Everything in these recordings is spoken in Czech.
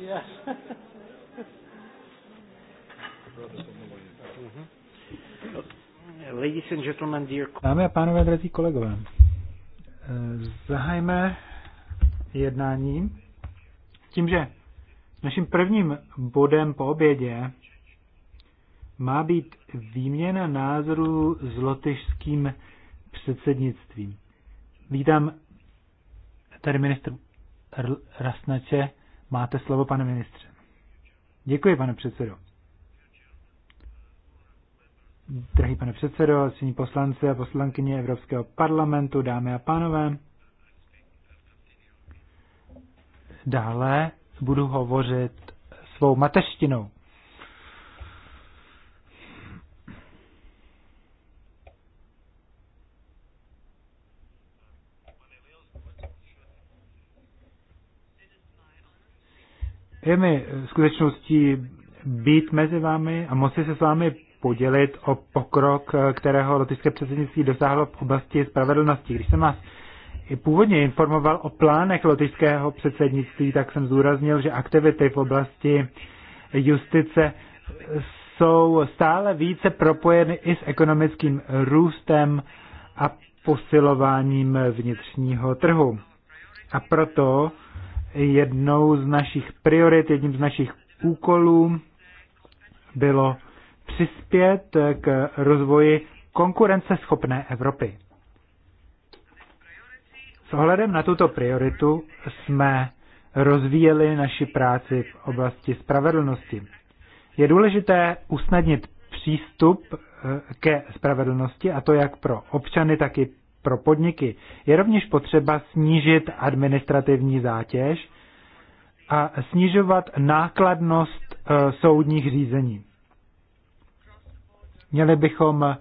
Ladies and gentlemen, dear... Dámy a pánové, drazí kolegové, eh, zahajme jednání tím, že naším prvním bodem po obědě má být výměna názoru s lotyšským předsednictvím. Vítám tady ministr Rasnače Máte slovo, pane ministře. Děkuji, pane předsedo. Drahý pane předsedo, svým poslanci a poslankyně Evropského parlamentu, dámy a pánové. Dále budu hovořit svou mateštinou. Je mi být mezi vámi a moci se s vámi podělit o pokrok, kterého lotické předsednictví dosáhlo v oblasti spravedlnosti. Když jsem vás i původně informoval o plánech lotyšského předsednictví, tak jsem zúraznil, že aktivity v oblasti justice jsou stále více propojeny i s ekonomickým růstem a posilováním vnitřního trhu. A proto jednou z našich priorit, jedním z našich úkolů bylo přispět k rozvoji konkurenceschopné Evropy. S ohledem na tuto prioritu jsme rozvíjeli naši práci v oblasti spravedlnosti. Je důležité usnadnit přístup eh, ke spravedlnosti, a to jak pro občany, tak i pro podniky. Je rovněž potřeba snížit administrativní zátěž a snižovat nákladnost e, soudních řízení. Měli bychom e,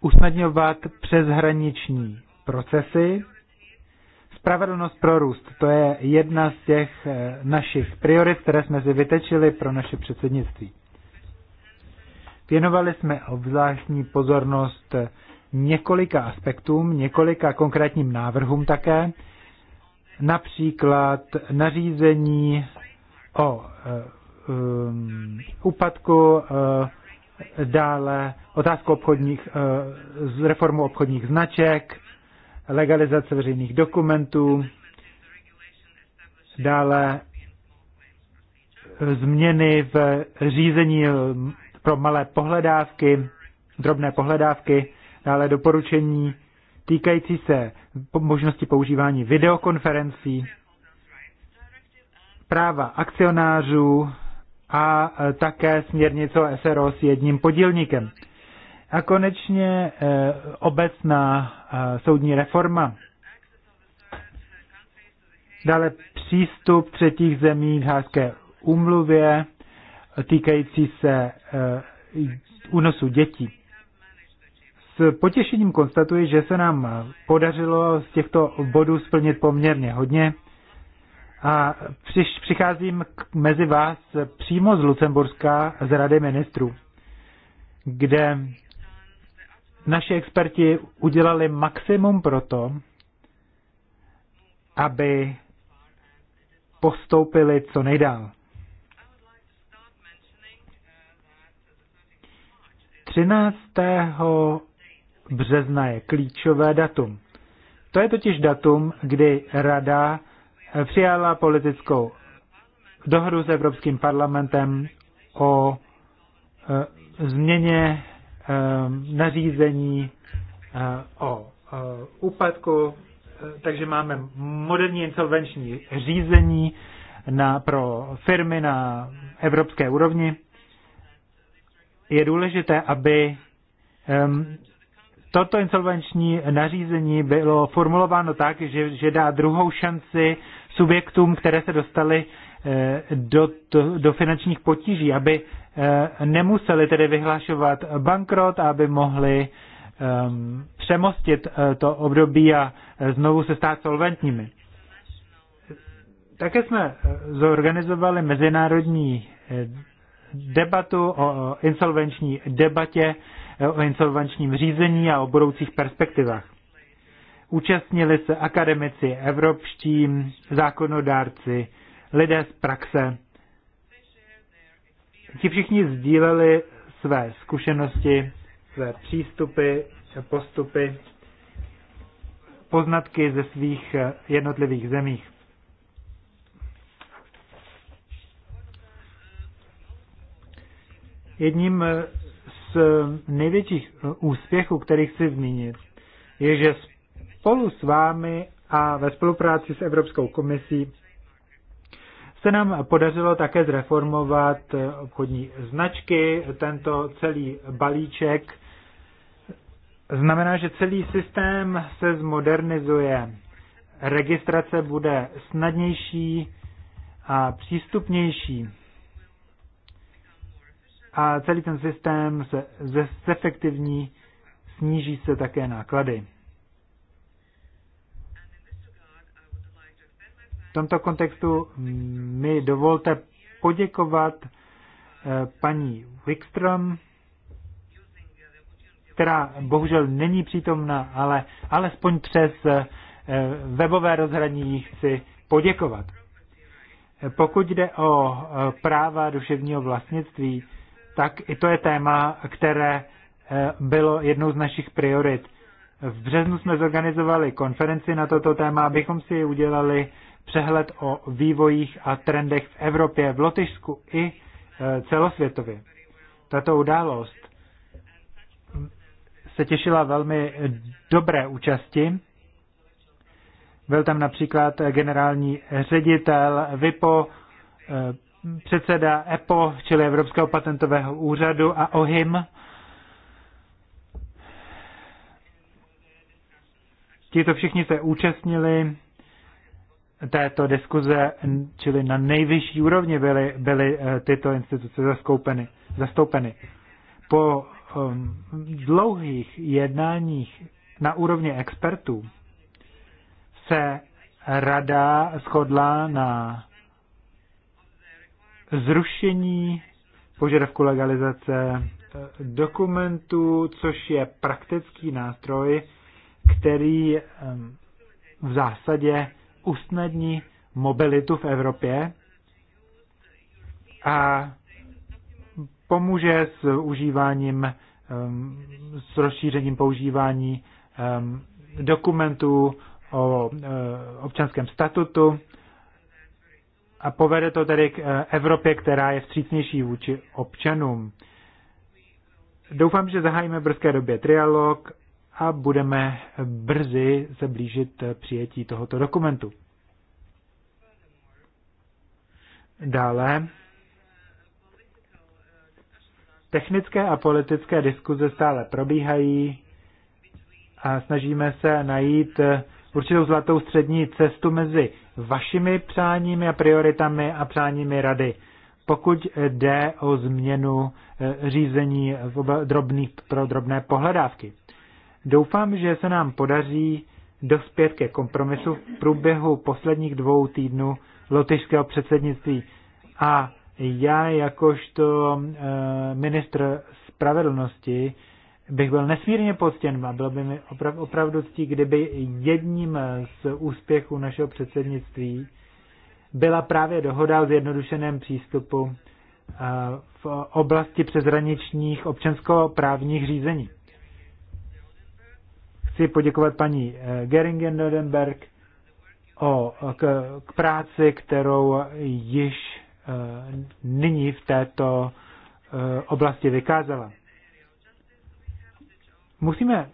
usnadňovat přeshraniční procesy. Spravedlnost pro růst, to je jedna z těch e, našich priorit, které jsme si vytečili pro naše předsednictví. Věnovali jsme obzvláštní pozornost několika aspektům, několika konkrétním návrhům také, například nařízení o eh, um, úpadku, uh, dále otázku obchodních, uh, reformu obchodních značek, legalizace veřejných dokumentů, dále změny v řízení pro malé pohledávky, drobné pohledávky, Dále doporučení týkající se možnosti používání videokonferencí, práva akcionářů a e, také směrnice o SRO s jedním podílníkem. A konečně e, obecná e, soudní reforma. Dále přístup třetích zemí k hářské úmluvě týkající se únosu dětí s potěšením konstatuji, že se nám podařilo z těchto bodů splnit poměrně hodně. A přicházím k, mezi vás přímo z Lucemburska z Rady ministrů, kde naši experti udělali maximum pro to, aby postoupili co nejdál. 13 března je klíčové datum. To je totiž datum, kdy Rada eh, přijala politickou dohodu s Evropským parlamentem o e, změně e, nařízení e, o e, úpadku, e, takže máme moderní insolvenční řízení na, pro firmy na evropské úrovni. Je důležité, aby toto insolvenční nařízení bylo formulováno tak, že, že dá druhou šanci subjektům, které se dostaly eh, do, do, do finančních potíží, aby eh, nemuseli tedy vyhlášovat bankrot, aby mohli um, přemostit eh, to období a znovu se stát solventními. Také jsme zorganizovali mezinárodní debatu o insolvenční debatě, o insolvenčním řízení a o budoucích perspektivách. Účastnili se akademici, evropští zákonodárci, lidé z praxe. Ti všichni sdíleli své zkušenosti, své přístupy, postupy, poznatky ze svých jednotlivých zemích. Jedním z eh, největších eh, úspěchů, který chci zmínit, je, že spolu s vámi a ve spolupráci s Evropskou komisí se nám podařilo také zreformovat eh, obchodní značky. Tento celý balíček znamená, že celý systém se zmodernizuje. Registrace bude snadnější a přístupnější a celý ten systém se zefektivní, sníží se také náklady. V tomto kontextu mi dovolte poděkovat eh, paní Wikström, která bohužel není přítomna, ale alespoň přes eh, webové rozhraní chci poděkovat. Pokud jde o eh, práva duševního vlastnictví, tak i to je téma, které eh, bylo jednou z našich priorit. V březnu jsme zorganizovali konferenci na toto téma, abychom si udělali přehled o vývojích a trendech v Evropě, v Lotyšsku i eh, celosvětově. Tato událost mm, se těšila velmi dobré účasti. Byl tam například generální ředitel VIPO, eh, předseda EPO, čili Evropského patentového úřadu a OHIM. Tito všichni se účastnili této diskuze, čili na nejvyšší úrovni byly, byly eh, tyto instituce zastoupeny. zastoupeny. Po um, dlouhých jednáních na úrovni expertů se rada shodla na zrušení požadavku legalizace eh, dokumentů, což je praktický nástroj, který v zásadě usnadní mobilitu v Evropě a pomůže s užíváním, s rozšířením používání dokumentů o eh, občanském statutu a povede to tedy k eh, Evropě, která je vstřícnější vůči občanům. Doufám, že zahájíme v brzké době trialog a budeme brzy se blížit eh, přijetí tohoto dokumentu. Dále technické a politické diskuze stále probíhají a snažíme se najít eh, určitou zlatou střední cestu mezi vašimi přáními a prioritami a přáními rady, pokud jde o změnu eh, řízení drobných, pro drobné pohledávky. Doufám, že se nám podaří dospět ke kompromisu v průběhu posledních dvou týdnů lotyšského předsednictví. A já jakožto eh, ministr spravedlnosti bych byl nesmírně poctěn a bylo by mi oprav, opravdu ctí, kdyby jedním z úspěchů našeho předsednictví byla právě dohoda o zjednodušeném přístupu eh, v oblasti přezraničních občanskoprávních řízení. Chci poděkovat paní eh, Geringen Nodenberg o, k, k práci, kterou již eh, nyní v této oblasti vykázala. Musíme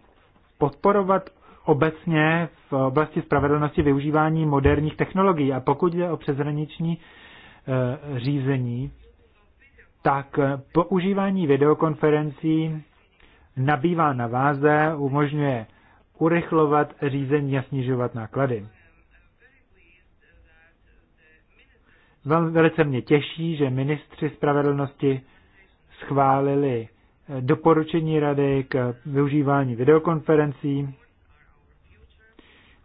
podporovat obecně v oblasti spravedlnosti využívání moderních technologií a pokud jde o přeshraniční e, řízení, tak e, používání videokonferencí nabývá na váze, umožňuje urychlovat řízení a snižovat náklady. Velice mě těší, že ministři spravedlnosti schválili doporučení rady k využívání videokonferencí.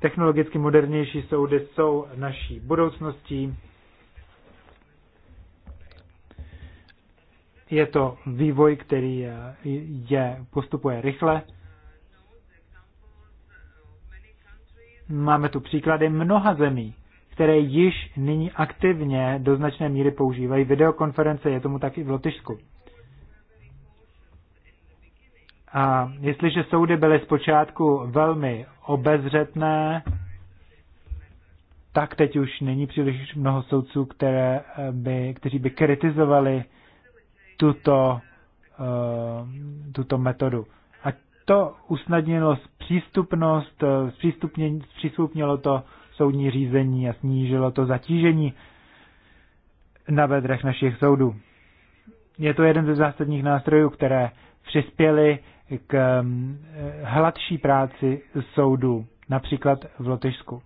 Technologicky modernější soudy jsou naší budoucností. Je to vývoj, který je, postupuje rychle. Máme tu příklady mnoha zemí, které již nyní aktivně do značné míry používají videokonference, je tomu tak i v Lotyšsku. A jestliže soudy byly zpočátku velmi obezřetné, tak teď už není příliš mnoho soudců, které eh, by, kteří by kritizovali tuto, uh, tuto metodu. A to usnadnilo přístupnost, eh, zpřístupnilo to soudní řízení a snížilo to zatížení na bedrech našich soudů. Je to jeden ze zásadních nástrojů, které přispěly k eh, hladší práci soudu, například v Lotyšsku.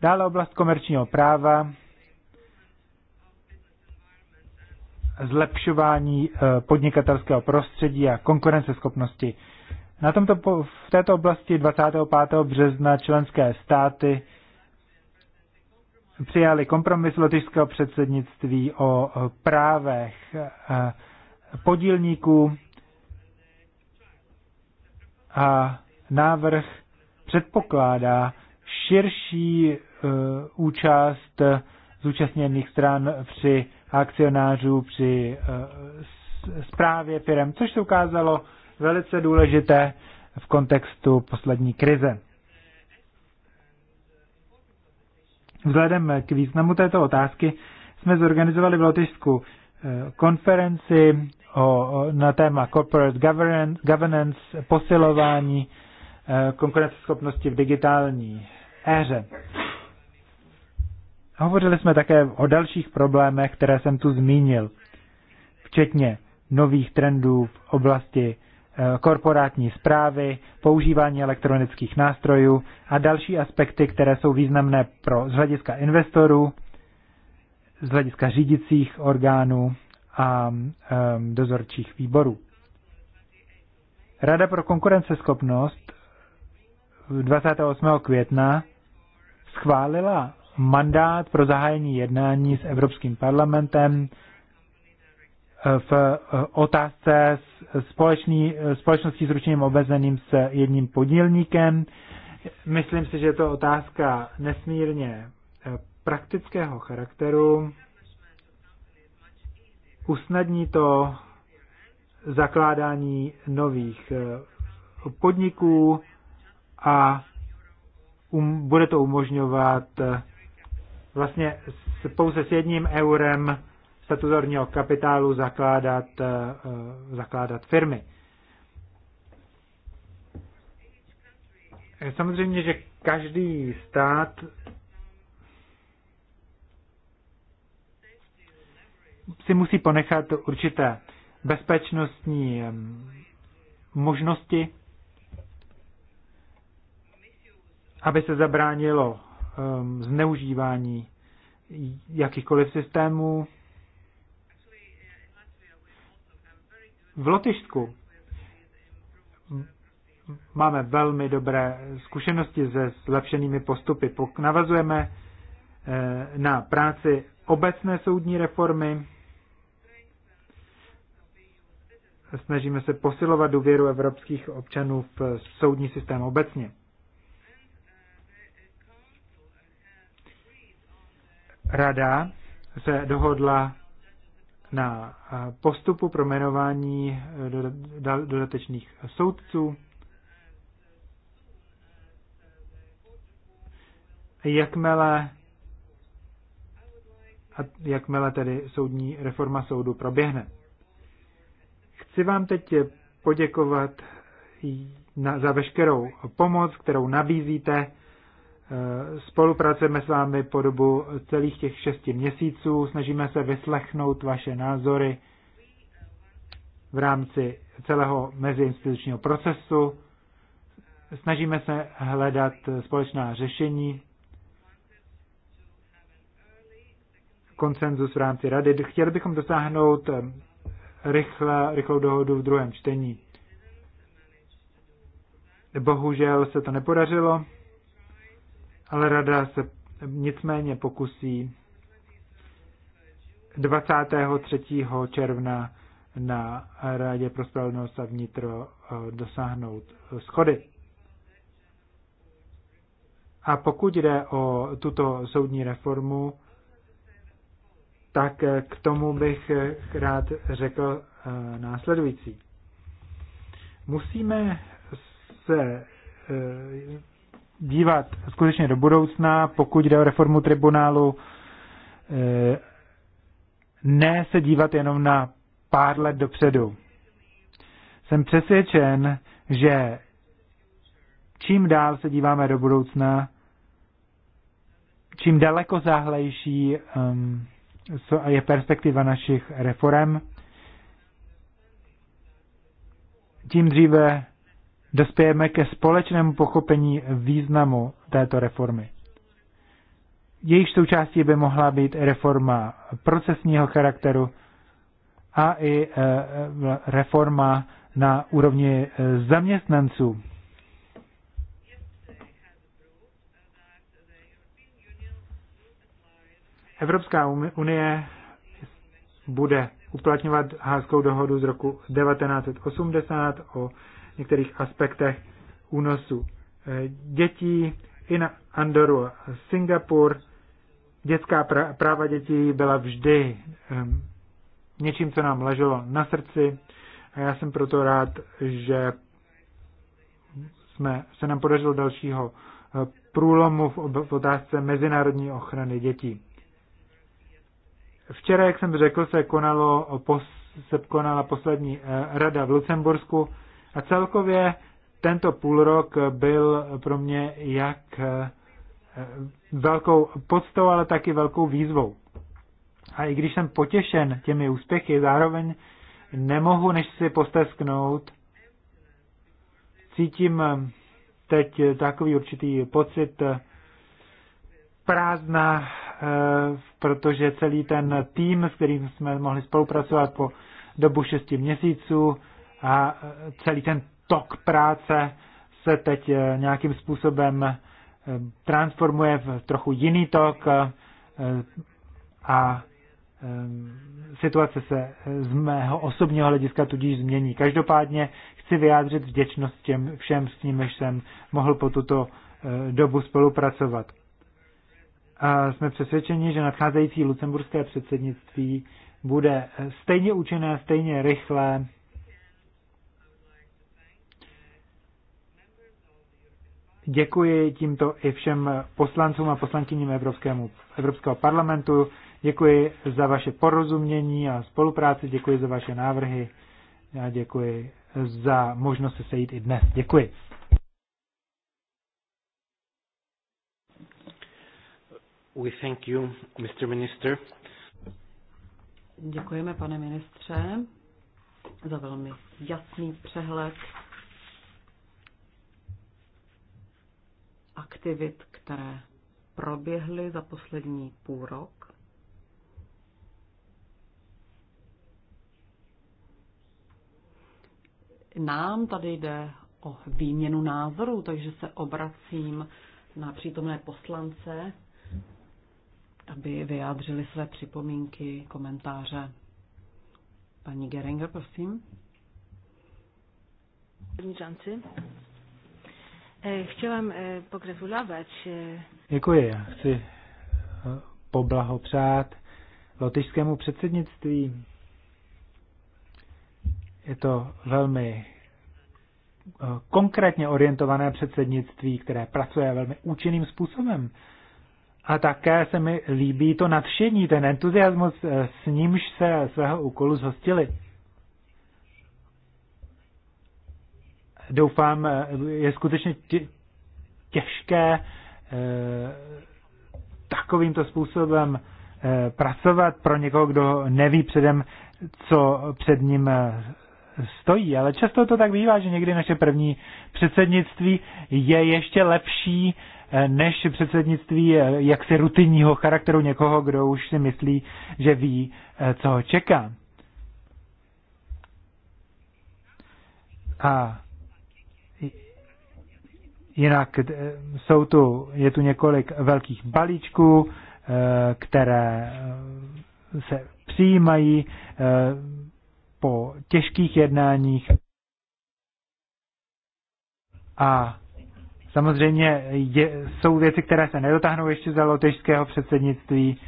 Dále oblast komerčního práva, zlepšování eh, podnikatelského prostředí a konkurenceschopnosti. Na tomto, v této oblasti 25. března členské státy přijali kompromis lotyšského předsednictví o eh, právech podílníků a návrh předpokládá širší eh, účast zúčastněných stran při akcionářů, při zprávě eh, firm, což se ukázalo velice důležité v kontextu poslední krize. Vzhledem k významu této otázky jsme zorganizovali v Lotyšsku eh, konferenci o, na téma corporate governance, governance posilování e, konkurenceschopnosti v digitální éře. Hovořili jsme také o dalších problémech, které jsem tu zmínil, včetně nových trendů v oblasti e, korporátní zprávy, používání elektronických nástrojů a další aspekty, které jsou významné pro z hlediska investorů, z hlediska řídicích orgánů a dozorčích výborů. Rada pro konkurenceschopnost 28. května schválila mandát pro zahájení jednání s Evropským parlamentem eh, v eh, otázce eh, společný, společností s ručením obezeným s jedním podílníkem. Myslím si, že je to otázka nesmírně praktického charakteru usnadní to zakládání nových eh, podniků a um, bude to umožňovat eh, vlastně s, pouze s jedním eurem statutorního kapitálu zakládat, eh, zakládat firmy. Samozřejmě, že každý stát si musí ponechat určité bezpečnostní možnosti, aby se zabránilo zneužívání jakýchkoliv systémů. V Lotyšsku máme velmi dobré zkušenosti se zlepšenými postupy. Navazujeme eh, na práci obecné soudní reformy, snažíme se posilovat důvěru evropských občanů v soudní systém obecně. Rada se dohodla na postupu pro jmenování dodatečných soudců. Jakmile, jakmile tedy soudní reforma soudu proběhne. Chci vám teď poděkovat za veškerou pomoc, kterou nabízíte. E, spolupracujeme s vámi po dobu celých těch šesti měsíců, snažíme se vyslechnout vaše názory v rámci celého meziinstitučního procesu. Snažíme se hledat společná řešení, konsenzus v rámci rady. Chtěli bychom dosáhnout rychle, rychlou dohodu v druhém čtení. Bohužel se to nepodařilo, ale rada se nicméně pokusí 23. června na Rádě pro spravedlnost a vnitro eh, dosáhnout schody. A pokud jde o tuto soudní reformu, tak eh, k tomu bych eh, rád řekl eh, následující. Musíme se dívat skutečně do budoucna, pokud jde o reformu tribunálu, ne se dívat jenom na pár let dopředu. Jsem přesvědčen, že čím dál se díváme do budoucna, čím daleko záhlejší um, co je perspektiva našich reform. Tím dříve dospějeme ke společnému pochopení významu této reformy. Jejich součástí by mohla být reforma procesního charakteru a i eh, eh, reforma na úrovni eh, zaměstnanců. Evropská unie bude uplatňovat házkou dohodu z roku 1980 o některých aspektech únosu eh, dětí i na Andoru a Singapur. Dětská práva dětí byla vždy ehm, něčím, co nám leželo na srdci a já jsem proto rád, že jsme, se nám podařilo dalšího eh, průlomu v otázce mezinárodní ochrany dětí. Včera, jak jsem řekl, se, konalo, se konala poslední eh, rada v Lucembursku a celkově tento půlrok byl pro mě jak eh, velkou podstou, ale taky velkou výzvou. A i když jsem potěšen těmi úspěchy, zároveň nemohu než si postesknout. Cítím eh, teď takový určitý pocit prázdná, eh, protože celý ten tým, s kterým jsme mohli spolupracovat po dobu šesti měsíců a eh, celý ten tok práce se teď eh, nějakým způsobem transformuje v trochu jiný tok a situace se z mého osobního hlediska tudíž změní. Každopádně chci vyjádřit vděčnost těm všem, s nimiž jsem mohl po tuto dobu spolupracovat. A jsme přesvědčeni, že nadcházející lucemburské předsednictví bude stejně účinné, stejně rychlé. Děkuji tímto i všem poslancům a poslankyním Evropskému, Evropského parlamentu. Děkuji za vaše porozumění a spolupráci, děkuji za vaše návrhy a děkuji za možnost se sejít i dnes. Děkuji. We thank you, Mr. Minister. Děkujeme, pane ministře, za velmi jasný přehled aktivit, které proběhly za poslední půl rok. Nám tady jde o výměnu názorů, takže se obracím na přítomné poslance aby vyjádřili své připomínky, komentáře. Paní Geringer, prosím. Chci eh, Chciałam eh, pogratulovat. Eh, Děkuji. Já chci poblahopřát lotyšskému předsednictví. Je to velmi konkrétně orientované předsednictví, které pracuje velmi účinným způsobem a také se mi líbí to nadšení, ten entuziasmus, eh, s nímž se svého úkolu zhostili. Doufám, eh, je skutečně těžké eh, takovýmto způsobem pracovat pro někoho, kdo neví předem, co před ním stojí. Ale často to tak bývá, že někdy naše první předsednictví je ještě lepší než předsednictví jaksi rutinního charakteru někoho, kdo už si myslí, že ví, eh, co ho čeká. A jinak eh, jsou tu, je tu několik velkých balíčků, eh, které se přijímají po těžkých jednáních. A Samozřejmě je, jsou věci, které se nedotáhnou ještě za lotyšského předsednictví,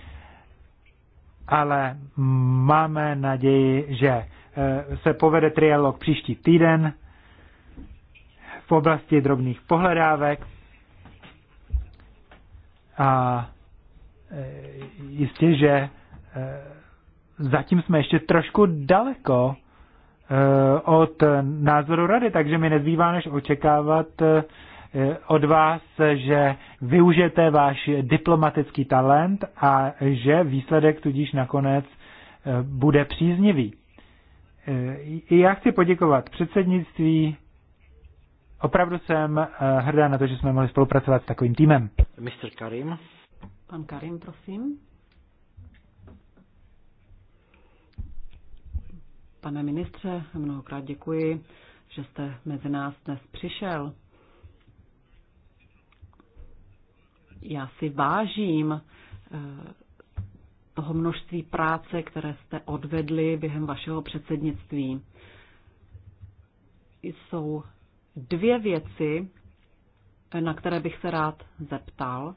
ale máme naději, že eh, se povede trialog příští týden v oblasti drobných pohledávek. A eh, jistě, že eh, zatím jsme ještě trošku daleko od názoru rady, takže mi nezbývá než očekávat Eh, od vás, že využijete váš diplomatický talent a že výsledek tudíž nakonec eh, bude příznivý. Eh, I já chci poděkovat předsednictví. Opravdu jsem hrdá na to, že jsme mohli spolupracovat s takovým týmem. Mr. Karim. Pan Karim, prosím. Pane ministře, mnohokrát děkuji, že jste mezi nás dnes přišel. Já si vážím eh, toho množství práce, které jste odvedli během vašeho předsednictví. Jsou dvě věci, na které bych se rád zeptal.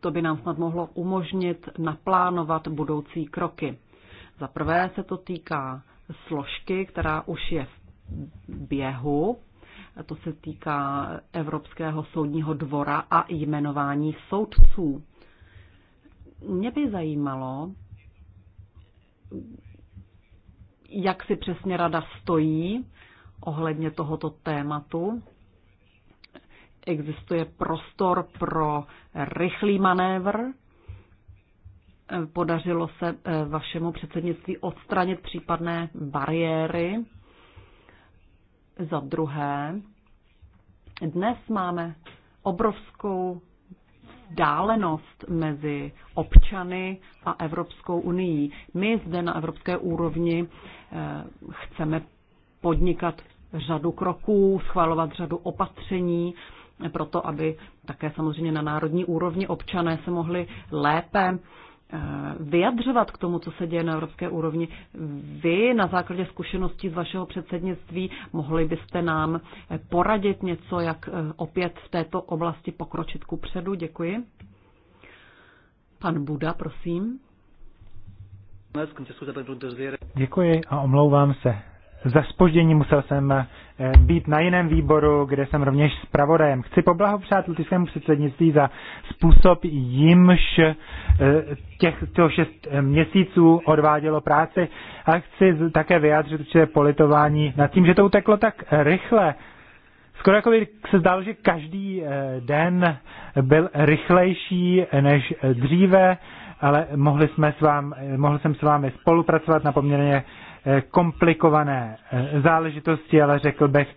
To by nám snad mohlo umožnit naplánovat budoucí kroky. Za prvé se to týká složky, která už je v běhu, to se týká Evropského soudního dvora a jmenování soudců. Mě by zajímalo, jak si přesně rada stojí ohledně tohoto tématu. Existuje prostor pro rychlý manévr. Podařilo se eh, vašemu předsednictví odstranit případné bariéry za druhé, dnes máme obrovskou dálenost mezi občany a Evropskou unii. My zde na evropské úrovni eh, chceme podnikat řadu kroků, schvalovat řadu opatření, eh, proto aby také samozřejmě na národní úrovni občané se mohli lépe Eh, vyjadřovat k tomu, co se děje na evropské úrovni. Vy na základě zkušeností z vašeho předsednictví mohli byste nám eh, poradit něco, jak eh, opět v této oblasti pokročit ku předu. Děkuji. Pan Buda, prosím. Děkuji a omlouvám se za spoždění musel jsem eh, být na jiném výboru, kde jsem rovněž zpravodajem. Chci poblahopřát Lutyskému předsednictví za způsob, jimž eh, těch, těchto šest eh, měsíců odvádělo práci a chci také vyjádřit určité politování nad tím, že to uteklo tak rychle. Skoro jako by se zdálo, že každý den byl rychlejší než dříve, ale mohli jsme s vám, mohl jsem s vámi spolupracovat na poměrně Eh, komplikované eh, záležitosti, ale řekl bych,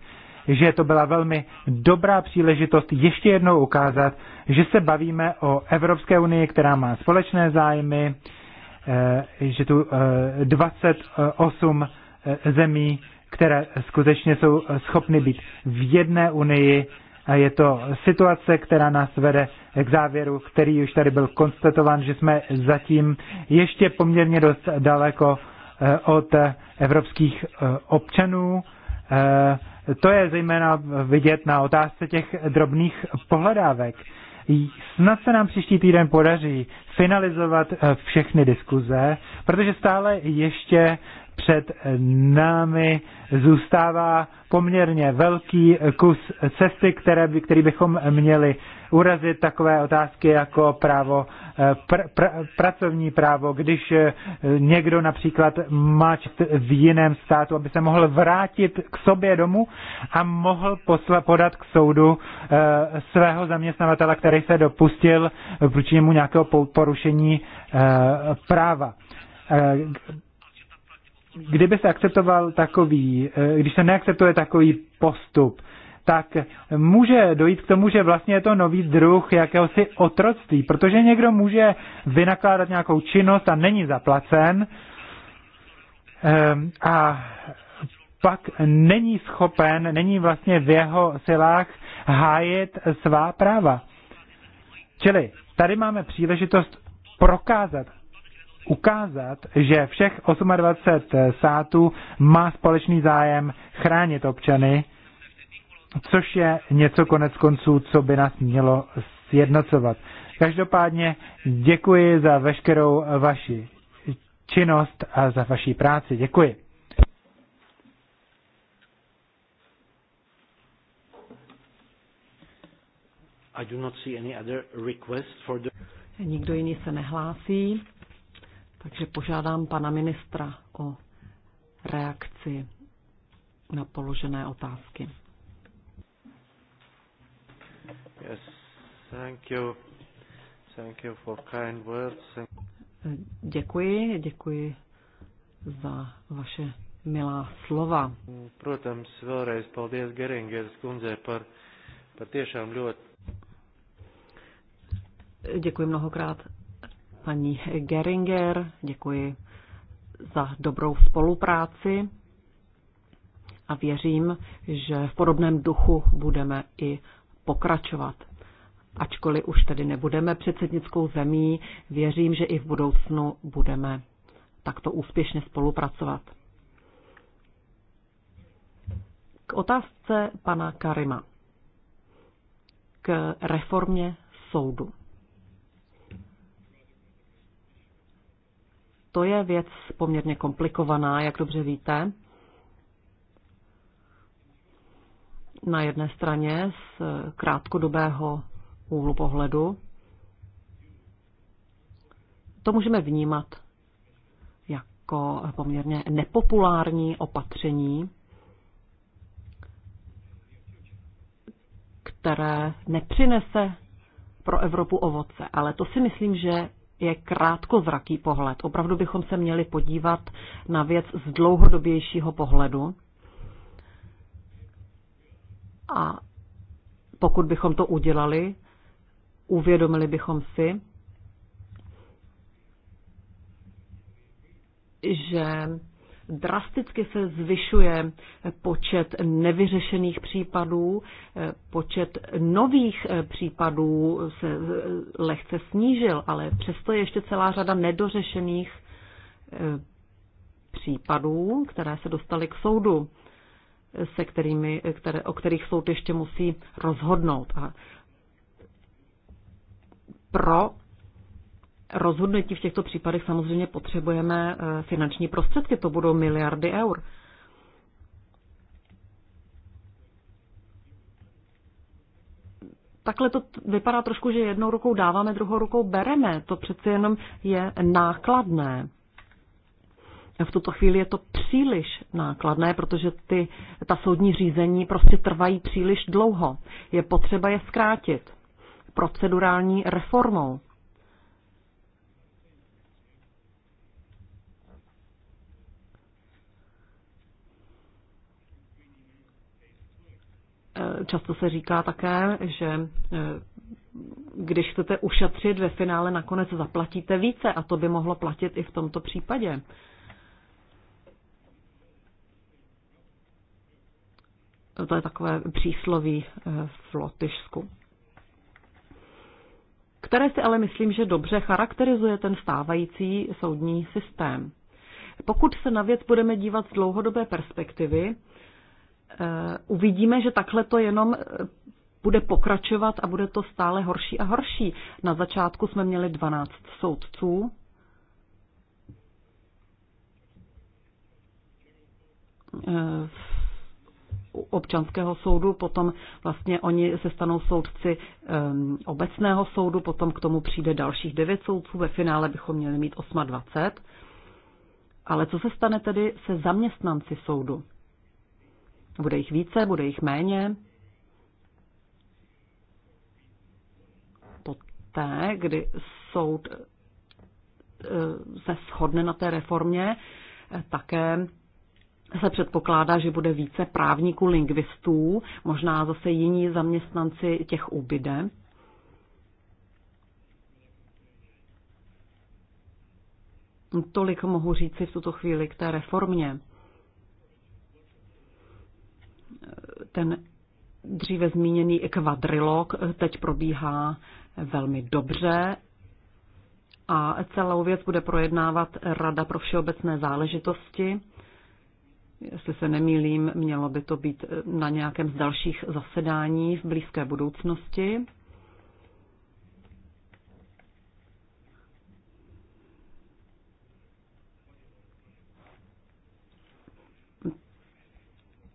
že to byla velmi dobrá příležitost ještě jednou ukázat, že se bavíme o Evropské unii, která má společné zájmy, eh, že tu 28 zemí, které skutečně jsou schopny být v jedné unii. A je to situace, která nás vede k závěru, který už tady byl konstatován, že jsme zatím ještě poměrně dost daleko Eh, od evropských eh, občanů. Eh, to je zejména vidět na otázce těch drobných pohledávek. Snad se nám příští týden podaří finalizovat všechny diskuze, protože stále ještě před námi zůstává poměrně velký kus cesty, které by, který bychom měli urazit takové otázky jako právo, eh, pr, pr, pracovní právo, když eh, někdo například má v jiném státu, aby se mohl vrátit k sobě domů a mohl posla, podat k soudu eh, svého zaměstnavatele, který se dopustil vůči němu nějakého porušení práva kdyby se akceptoval takový, když se neakceptuje takový postup, tak může dojít k tomu, že vlastně je to nový druh jakéhosi otroctví, protože někdo může vynakládat nějakou činnost a není zaplacen ehm, a pak není schopen, není vlastně v jeho silách hájit svá práva. Čili tady máme příležitost prokázat, ukázat, že všech 28 států má společný zájem chránit občany což je něco konec konců, co by nás mělo sjednocovat. Každopádně děkuji za veškerou vaši činnost a za vaši práci. Děkuji. I do not see any other request for the... Nikdo jiný se nehlásí, takže požádám pana ministra o reakci na položené otázky. Yes, thank you. Thank you for kind words. Děkuji, děkuji za vaše milá slova. Protams, vēlreiz paldies Geringeras kundzei par, par tiešām ļoti. Děkuji mnohokrát paní Geringer, děkuji za dobrou spolupráci a věřím, že v podobném duchu budeme i pokračovat. Ačkoliv už tedy nebudeme předsednickou zemí, věřím, že i v budoucnu budeme takto úspěšně spolupracovat. K otázce pana Karima. K reformě soudu. To je věc poměrně komplikovaná, jak dobře víte. na jedné straně z eh, krátkodobého úhlu pohledu. To můžeme vnímat jako poměrně nepopulární opatření, které nepřinese pro Evropu ovoce. Ale to si myslím, že je krátkozraký pohled. Opravdu bychom se měli podívat na věc z dlouhodobějšího pohledu. A pokud bychom to udělali, uvědomili bychom si, že drasticky se zvyšuje počet nevyřešených případů, počet nových případů se lehce snížil, ale přesto je ještě celá řada nedořešených případů, které se dostaly k soudu se kterými, které, o kterých soud ještě musí rozhodnout. A pro rozhodnutí v těchto případech samozřejmě potřebujeme eh, finanční prostředky, to budou miliardy eur. Takhle to vypadá trošku, že jednou rukou dáváme, druhou rukou bereme. To přeci jenom je nákladné. V tuto chvíli je to příliš nákladné, protože ty, ta soudní řízení prostě trvají příliš dlouho. Je potřeba je zkrátit procedurální reformou. Eh, často se říká také, že eh, když chcete ušetřit, ve finále nakonec zaplatíte více a to by mohlo platit i v tomto případě. To je takové přísloví eh, v Lotyšsku. Které si ale myslím, že dobře charakterizuje ten stávající soudní systém. Pokud se na věc budeme dívat z dlouhodobé perspektivy, eh, uvidíme, že takhle to jenom eh, bude pokračovat a bude to stále horší a horší. Na začátku jsme měli 12 soudců. V občanského soudu, potom vlastně oni se stanou soudci um, obecného soudu, potom k tomu přijde dalších devět soudců, ve finále bychom měli mít 28. Ale co se stane tedy se zaměstnanci soudu? Bude jich více, bude jich méně? Poté, kdy soud ehm, se shodne na té reformě, eh, také se předpokládá, že bude více právníků, lingvistů, možná zase jiní zaměstnanci těch ubyde. Tolik mohu říci v tuto chvíli k té reformě. Ten dříve zmíněný kvadrilog teď probíhá velmi dobře a celou věc bude projednávat Rada pro všeobecné záležitosti jestli se nemýlím, mělo by to být eh, na nějakém z dalších zasedání v blízké budoucnosti.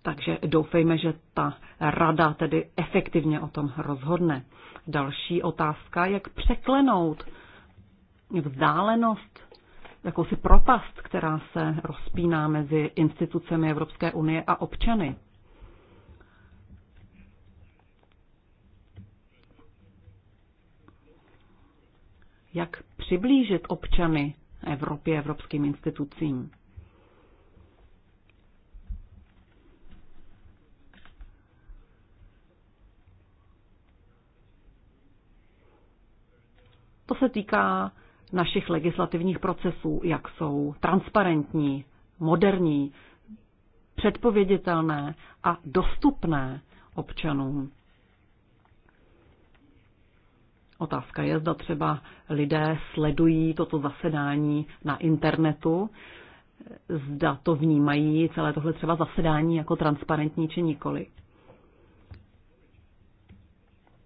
Takže doufejme, že ta rada tedy efektivně o tom rozhodne. Další otázka, jak překlenout vzdálenost jakousi propast, která se rozpíná mezi institucemi Evropské unie a občany. Jak přiblížit občany Evropě evropským institucím? To se týká našich legislativních procesů, jak jsou transparentní, moderní, předpověditelné a dostupné občanům. Otázka je, zda třeba lidé sledují toto zasedání na internetu, zda to vnímají celé tohle třeba zasedání jako transparentní či nikoli.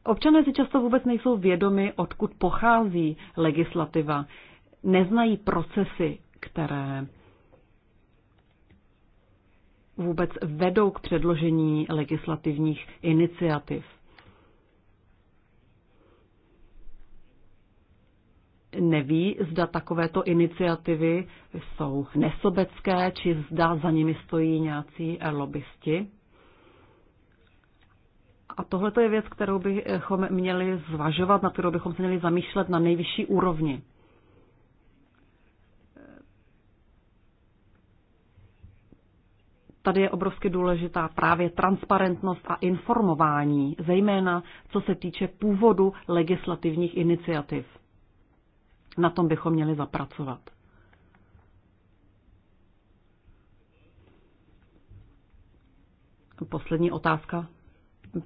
Občané si často vůbec nejsou vědomi, odkud pochází legislativa. Neznají procesy, které vůbec vedou k předložení legislativních iniciativ. Neví, zda takovéto iniciativy jsou nesobecké, či zda za nimi stojí nějací lobbysti. A tohle je věc, kterou bychom měli zvažovat, na kterou bychom se měli zamýšlet na nejvyšší úrovni. Tady je obrovsky důležitá právě transparentnost a informování, zejména co se týče původu legislativních iniciativ. Na tom bychom měli zapracovat. Poslední otázka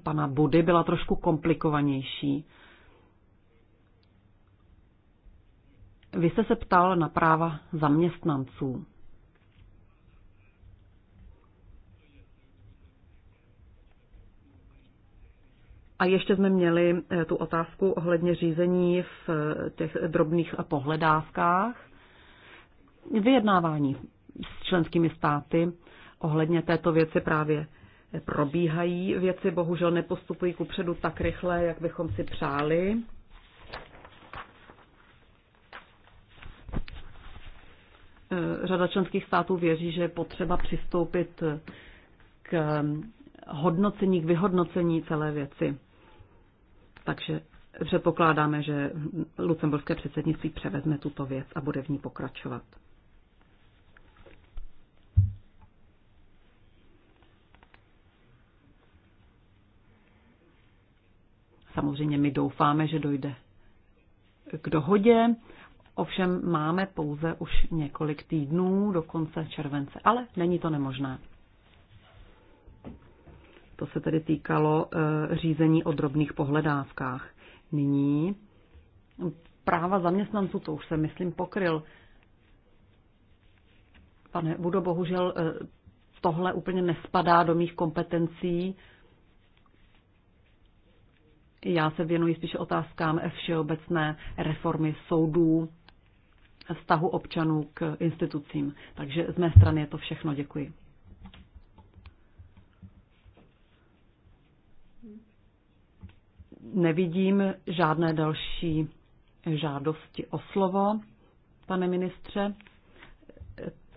pana Budy byla trošku komplikovanější. Vy jste se ptal na práva zaměstnanců. A ještě jsme měli eh, tu otázku ohledně řízení v eh, těch drobných pohledávkách. Vyjednávání s členskými státy ohledně této věci právě probíhají. Věci bohužel nepostupují kupředu tak rychle, jak bychom si přáli. Eh, řada členských států věří, že je potřeba přistoupit k hodnocení, k vyhodnocení celé věci. Takže předpokládáme, že lucemburské předsednictví převezme tuto věc a bude v ní pokračovat. Samozřejmě my doufáme, že dojde k dohodě, ovšem máme pouze už několik týdnů do konce července, ale není to nemožné. To se tedy týkalo eh, řízení o drobných pohledávkách. Nyní práva zaměstnanců, to už se, myslím, pokryl. Pane Budo, bohužel eh, tohle úplně nespadá do mých kompetencí. Já se věnuji spíše otázkám všeobecné reformy soudů, vztahu občanů k institucím. Takže z mé strany je to všechno. Děkuji. Nevidím žádné další žádosti o slovo, pane ministře.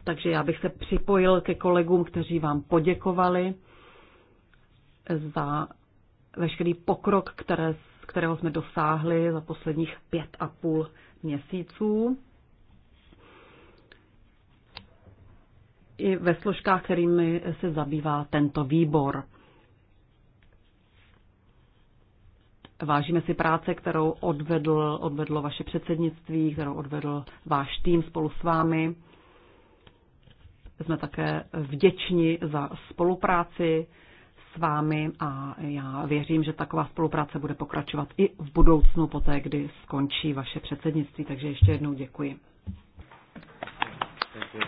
Takže já bych se připojil ke kolegům, kteří vám poděkovali za veškerý pokrok, které, kterého jsme dosáhli za posledních pět a půl měsíců. I ve složkách, kterými se zabývá tento výbor. Vážíme si práce, kterou odvedl, odvedlo vaše předsednictví, kterou odvedl váš tým spolu s vámi. Jsme také vděční za spolupráci, vámi a já věřím, že taková spolupráce bude pokračovat i v budoucnu poté, kdy skončí vaše předsednictví. Takže ještě jednou děkuji. Thank you.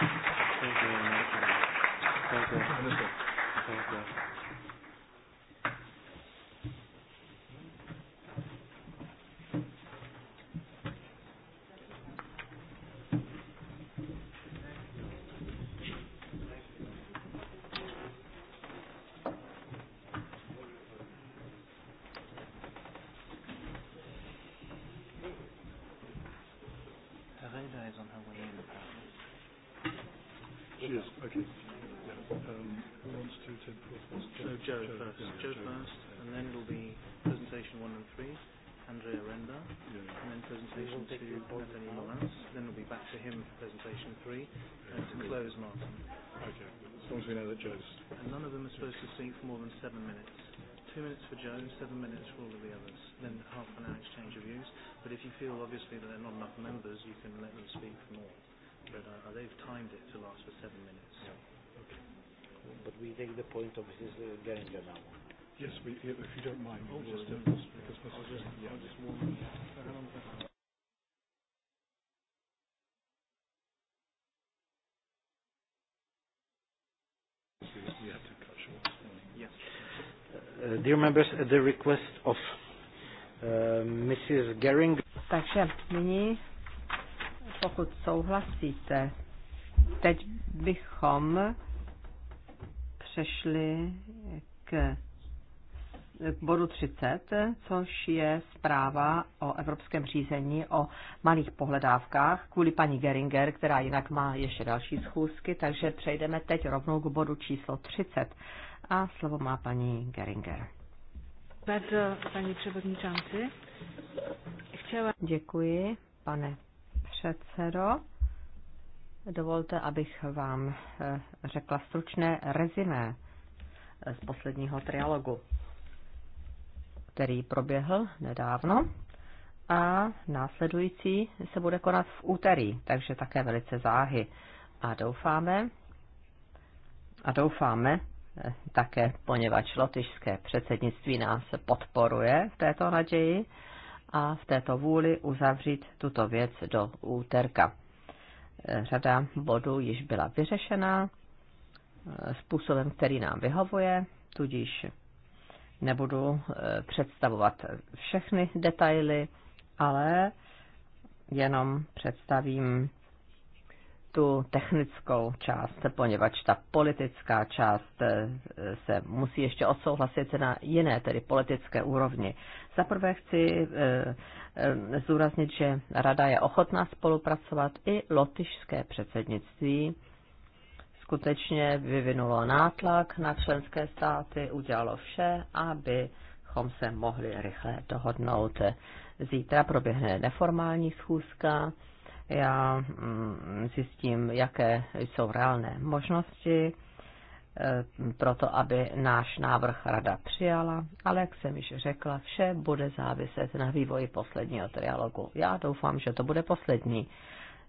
Thank you. Thank you. Thank you. seven minutes. Two minutes for Joe, seven minutes for all of the others. Then half an hour exchange of views. But if you feel obviously that there are not enough members, you can let them speak for more. But uh, uh, they've timed it to last for seven minutes. Yeah. Okay. But we take the point of his Mrs. Uh, Geringer now. Yes, we, if you don't mind, oh, just, uh, because Mrs. I'll just, yeah. I'll just warn you. Uh, dear members, at the request of uh, Mrs. Gering. Takže nyní, pokud souhlasíte, teď bychom přešli k k bodu 30, což je zpráva o evropském řízení o malých pohledávkách kvůli paní Geringer, která jinak má ještě další schůzky, takže přejdeme teď rovnou k bodu číslo 30 a slovo má paní Geringer. Bardzo, paní předsedající. Chtěla... Děkuji, pane předsedo. Dovolte, abych vám eh, řekla stručné rezimé eh, z posledního trialogu, který proběhl nedávno a následující se bude konat v úterý, takže také velice záhy. A doufáme, a doufáme, Eh, také, poněvadž lotyšské předsednictví nás podporuje v této naději a v této vůli uzavřít tuto věc do úterka. Eh, řada bodů již byla vyřešena eh, způsobem, který nám vyhovuje, tudíž nebudu představovat všechny detaily, ale jenom představím tu technickou část, poněvadž ta politická část eh, se musí ještě odsouhlasit na jiné, tedy politické úrovni. Za prvé chci eh, eh, zúraznit, že Rada je ochotná spolupracovat i lotyšské předsednictví skutečně vyvinulo nátlak na členské státy, udělalo vše, abychom se mohli rychle dohodnout. Zítra proběhne neformální schůzka já mm, zjistím, jaké jsou reálné možnosti e, pro to, aby náš návrh rada přijala, ale jak jsem již řekla, vše bude záviset na vývoji posledního trialogu. Já doufám, že to bude poslední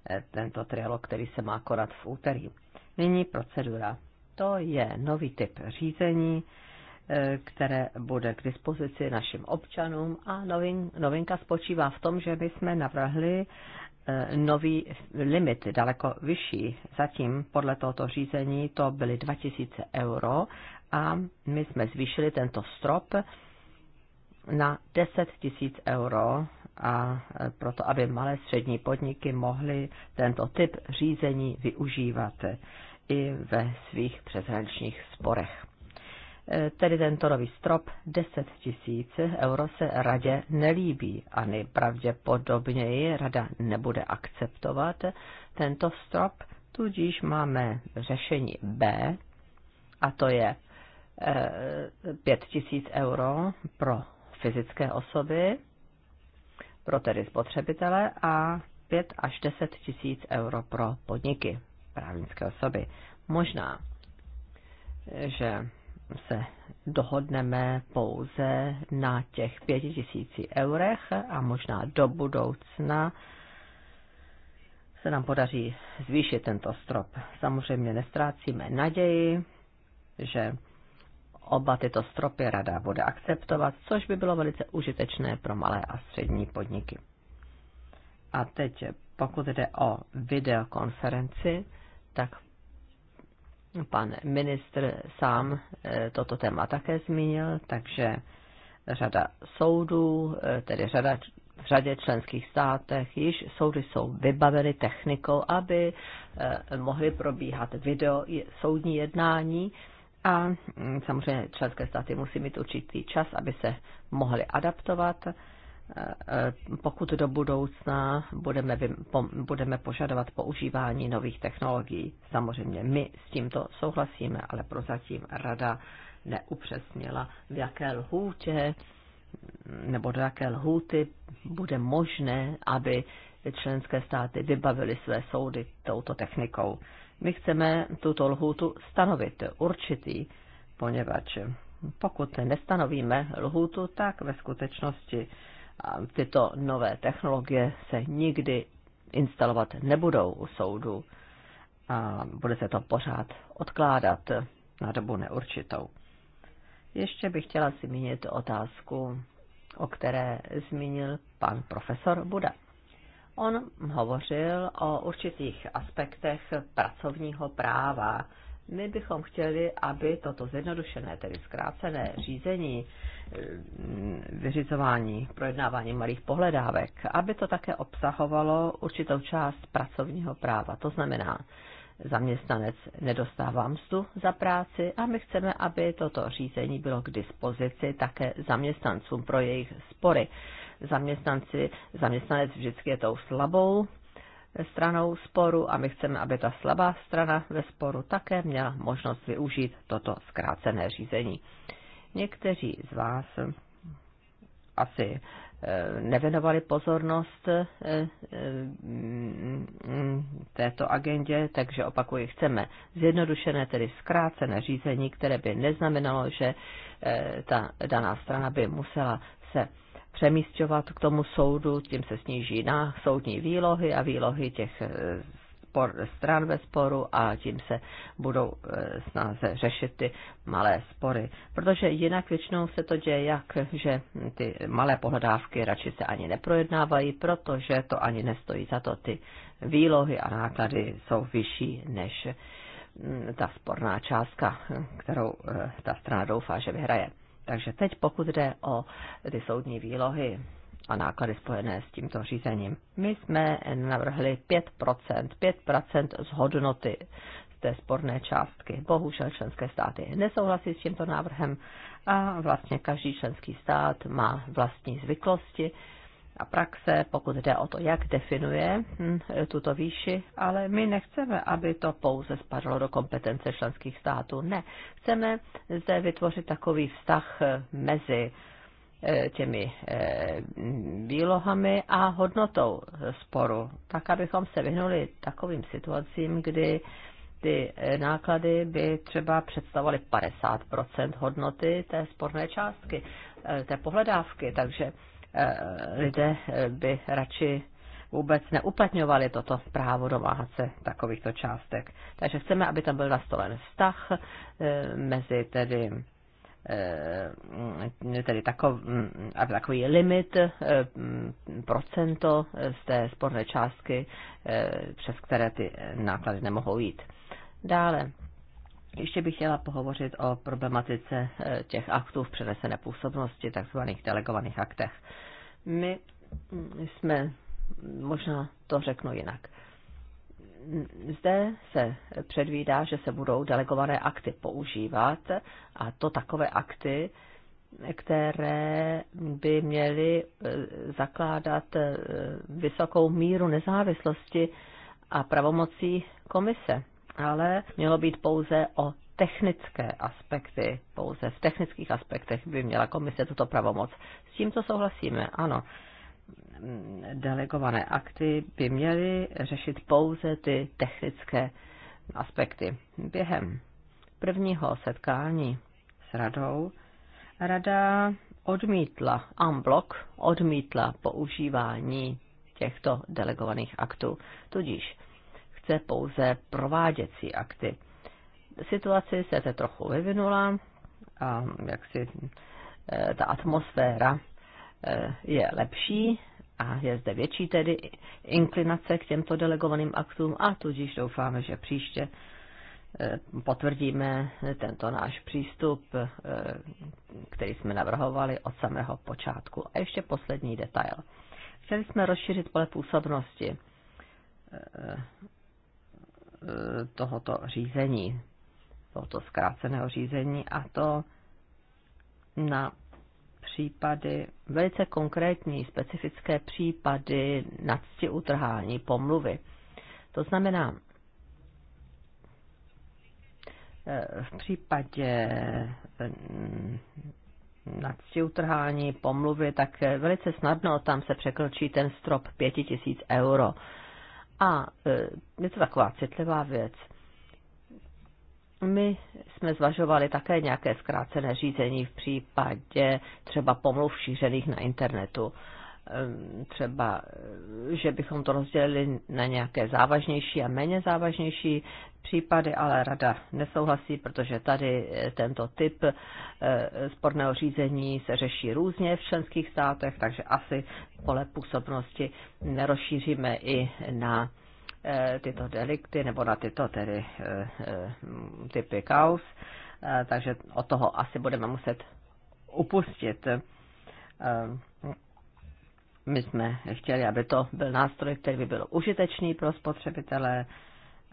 e, tento trialog, který se má konat v úterý. Nyní procedura. To je nový typ řízení, e, které bude k dispozici našim občanům a novinka spočívá v tom, že my jsme navrhli Eh, nový limit, daleko vyšší. Zatím podle tohoto řízení to byly 2000 euro a my jsme zvýšili tento strop na 10 000 euro a eh, proto, aby malé střední podniky mohly tento typ řízení využívat i ve svých přeshraničních sporech. Eh, tedy tento nový strop 10 tisíc euro se radě nelíbí a nejpravděpodobněji rada nebude akceptovat tento strop, tudíž máme řešení B, a to je 5 eh, tisíc euro pro fyzické osoby, pro tedy spotřebitele a 5 až 10 tisíc euro pro podniky, právnické osoby. Možná, že se dohodneme pouze na těch pěti tisíci eurech a možná do budoucna se nám podaří zvýšit tento strop. Samozřejmě nestrácíme naději, že oba tyto stropy rada bude akceptovat, což by bylo velice užitečné pro malé a střední podniky. A teď, pokud jde o videokonferenci, tak Pan ministr sám eh, toto téma také zmínil, takže řada soudů, eh, tedy řada v řadě členských státech již soudy jsou vybaveny technikou, aby eh, mohly probíhat video soudní jednání a mm, samozřejmě členské státy musí mít určitý čas, aby se mohly adaptovat pokud do budoucna budeme, budeme požadovat používání nových technologií. Samozřejmě my s tímto souhlasíme, ale prozatím rada neupřesnila, v jaké lhůtě nebo do jaké lhůty bude možné, aby členské státy vybavily své soudy touto technikou. My chceme tuto lhůtu stanovit určitý, poněvadž pokud nestanovíme lhůtu, tak ve skutečnosti tyto nové technologie se nikdy instalovat nebudou u soudu a bude se to pořád odkládat na dobu neurčitou. Ještě bych chtěla zmínit otázku, o které zmínil pan profesor Buda. On hovořil o určitých aspektech pracovního práva, my bychom chtěli, aby toto zjednodušené, tedy zkrácené řízení, eh, vyřizování, projednávání malých pohledávek, aby to také obsahovalo určitou část pracovního práva. To znamená, zaměstnanec nedostává mzdu za práci a my chceme, aby toto řízení bylo k dispozici také zaměstnancům pro jejich spory. Zaměstnanci, zaměstnanec vždycky je tou slabou stranou sporu a my chceme, aby ta slabá strana ve sporu také měla možnost využít toto zkrácené řízení. Někteří z vás eh, asi eh, nevěnovali pozornost eh, této agendě, takže opakuji, chceme zjednodušené, tedy zkrácené řízení, které by neznamenalo, že ta daná strana by musela se přemístovat k tomu soudu, tím se sníží na soudní výlohy a výlohy těch eh, spor, stran ve sporu a tím se budou eh, snáze řešit ty malé spory. Protože jinak většinou se to děje jak, že ty malé pohledávky radši se ani neprojednávají, protože to ani nestojí za to. Ty výlohy a náklady jsou vyšší než mm, ta sporná částka, kterou eh, ta strana doufá, že vyhraje. Takže teď, pokud jde o ty soudní výlohy a náklady spojené s tímto řízením, my jsme navrhli 5%, 5% z hodnoty z té sporné částky. Bohužel členské státy nesouhlasí s tímto návrhem a vlastně každý členský stát má vlastní zvyklosti a praxe, pokud jde o to, jak definuje hm, tuto výši, ale my nechceme, aby to pouze spadlo do kompetence členských států. Ne, chceme zde vytvořit takový vztah eh, mezi eh, těmi eh, výlohami a hodnotou sporu, tak abychom se vyhnuli takovým situacím, kdy ty náklady by třeba představovaly 50 hodnoty té sporné částky, té pohledávky. Takže Eh, lidé eh, by radši vůbec neuplatňovali toto právo domáhat se takovýchto částek. Takže chceme, aby tam byl nastolen vztah eh, mezi tedy tedy takov, mm, takový limit, mm, procento z té sporné částky, přes které ty náklady nemohou jít. Dále ještě bych chtěla pohovořit o problematice eh, těch aktů v přenesené působnosti, takzvaných delegovaných aktech. My mm, jsme, mm, možná to řeknu jinak, mm, zde se předvídá, že se budou delegované akty používat a to takové akty, které by měly eh, zakládat eh, vysokou míru nezávislosti a pravomocí komise ale mělo být pouze o technické aspekty, pouze v technických aspektech by měla komise tuto pravomoc. S tím, tímto souhlasíme, ano. Delegované akty by měly řešit pouze ty technické aspekty. Během prvního setkání s radou rada odmítla, amblok odmítla používání těchto delegovaných aktů. Tudíž chce pouze prováděcí akty. Situace se teď trochu vyvinula a jak si eh, ta atmosféra eh, je lepší a je zde větší tedy inklinace k těmto delegovaným aktům a tudíž doufáme, že příště eh, potvrdíme tento náš přístup, který jsme navrhovali od samého počátku. A ještě poslední detail. Chtěli jsme rozšířit pole působnosti Eh, tohoto řízení, tohoto zkráceného řízení a to na případy, velice konkrétní, specifické případy nadsti utrhání, pomluvy. To znamená, eh, v případě eh, nadsti utrhání, pomluvy, tak velice snadno tam se překročí ten strop 5000 euro. A e, je to taková citlivá věc. My jsme zvažovali také nějaké zkrácené řízení v případě třeba pomluv šířených na internetu. Eh, třeba, eh, že bychom to rozdělili na nějaké závažnější a méně závažnější případy, ale rada nesouhlasí, protože tady eh, tento typ sporného řízení se řeší různě v členských státech, takže asi pole působnosti nerozšíříme i na tyto delikty nebo na tyto tedy typy kaus, takže od toho asi budeme muset upustit. My jsme chtěli, aby to byl nástroj, který by byl užitečný pro spotřebitele,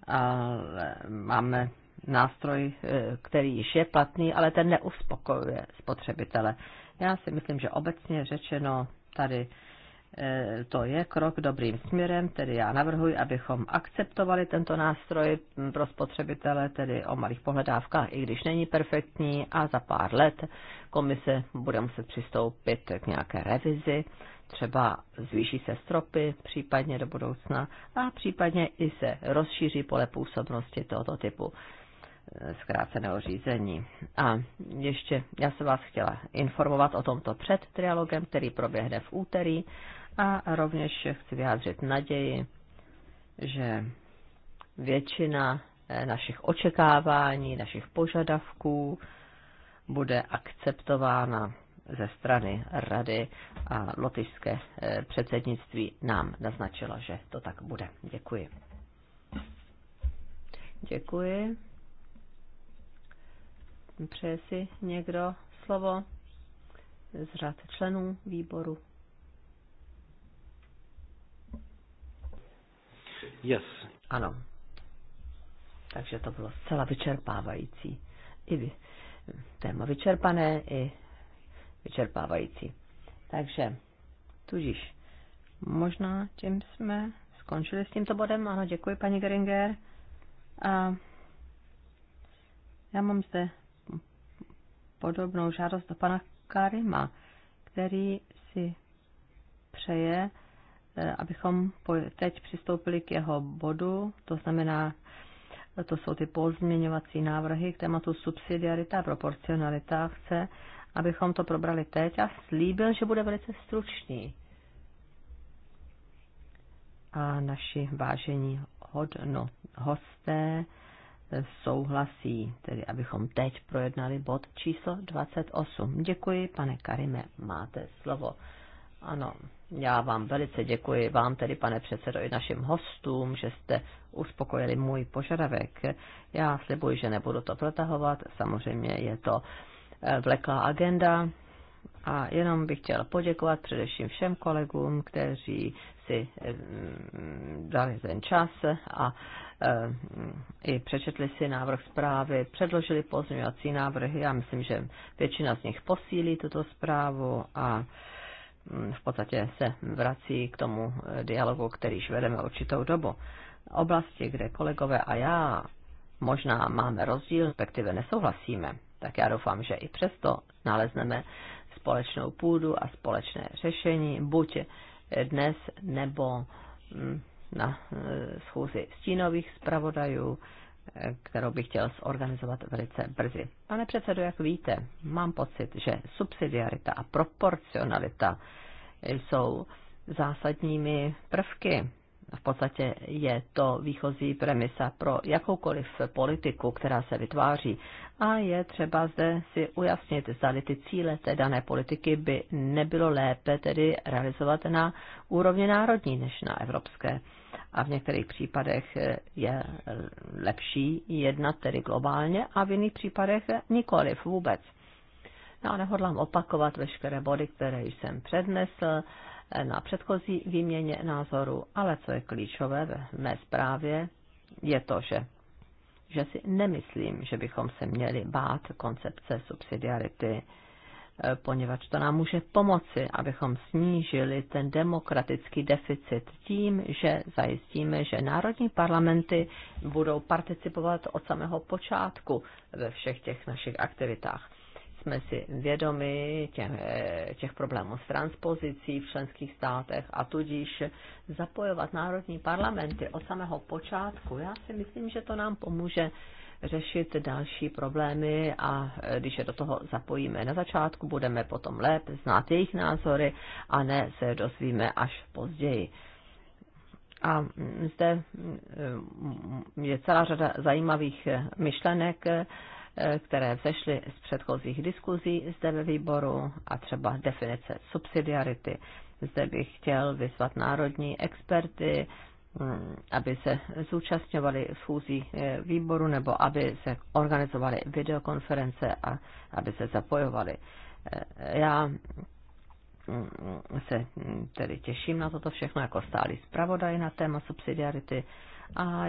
ale máme nástroj, eh, který již je platný, ale ten neuspokojuje spotřebitele. Já si myslím, že obecně řečeno tady eh, to je krok dobrým směrem, tedy já navrhuji, abychom akceptovali tento nástroj hm, pro spotřebitele, tedy o malých pohledávkách, i když není perfektní a za pár let komise bude muset přistoupit k nějaké revizi třeba zvýší se stropy případně do budoucna a případně i se rozšíří pole působnosti tohoto typu e, zkráceného řízení. A ještě já se vás chtěla informovat o tomto před trialogem, který proběhne v úterý a rovněž chci vyjádřit naději, že většina e, našich očekávání, našich požadavků bude akceptována ze strany rady a lotyšské eh, předsednictví nám naznačila, že to tak bude. Děkuji. Děkuji. Přeje si někdo slovo z řad členů výboru? Yes. Ano. Takže to bylo zcela vyčerpávající. I téma vyčerpané, i vyčerpávající. Takže, tužíš. možná tím jsme skončili s tímto bodem. Ano, děkuji, paní Geringer. A já mám zde podobnou žádost do pana Karima, který si přeje, eh, abychom teď přistoupili k jeho bodu, to znamená, to jsou ty pozměňovací návrhy k tématu subsidiarita a proporcionalita. Chce, abychom to probrali teď a slíbil, že bude velice stručný. A naši vážení hodno, hosté souhlasí, tedy abychom teď projednali bod číslo 28. Děkuji, pane Karime, máte slovo. Ano, já vám velice děkuji, vám tedy, pane předsedo, i našim hostům, že jste uspokojili můj požadavek. Já slibuji, že nebudu to protahovat, samozřejmě je to uh, Eh, vleklá agenda. A jenom bych chtěl poděkovat především všem kolegům, kteří si eh, dali ten čas a eh, i přečetli si návrh zprávy, předložili pozměňovací návrhy. Já myslím, že většina z nich posílí tuto zprávu a mm, v podstatě se vrací k tomu dialogu, který již vedeme určitou dobu. Oblasti, kde kolegové a já možná máme rozdíl, respektive nesouhlasíme, tak já doufám, že i přesto nalezneme společnou půdu a společné řešení, buď dnes nebo mm, na eh, schůzi stínových zpravodajů, eh, kterou bych chtěl zorganizovat velice brzy. Pane předsedo, jak víte, mám pocit, že subsidiarita a proporcionalita jsou zásadními prvky v podstatě je to výchozí premisa pro jakoukoliv politiku, která se vytváří. A je třeba zde si ujasnit, zda ty cíle té dané politiky by nebylo lépe tedy realizovat na úrovni národní než na evropské. A v některých případech je lepší jednat tedy globálně a v jiných případech nikoliv vůbec. Já no nehodlám opakovat veškeré body, které jsem přednesl na předchozí výměně názoru, ale co je klíčové v mé zprávě, je to, že, že si nemyslím, že bychom se měli bát koncepce subsidiarity, eh, poněvadž to nám může pomoci, abychom snížili ten demokratický deficit tím, že zajistíme, že národní parlamenty budou participovat od samého počátku ve všech těch našich aktivitách jsme si vědomi těch, eh, těch problémů s transpozicí v členských státech a tudíž zapojovat národní parlamenty od samého počátku. Já si myslím, že to nám pomůže řešit další problémy a eh, když je do toho zapojíme na začátku, budeme potom lépe znát jejich názory a ne se dozvíme až později. A zde eh, je celá řada zajímavých myšlenek, Eh, které vzešly z předchozích diskuzí zde ve výboru a třeba definice subsidiarity. Zde bych chtěl vyzvat národní experty, mm, aby se zúčastňovali schůzí eh, výboru nebo aby se organizovaly videokonference a aby se zapojovali. Eh, já mm, se tedy těším na toto všechno jako stálý zpravodaj na téma subsidiarity a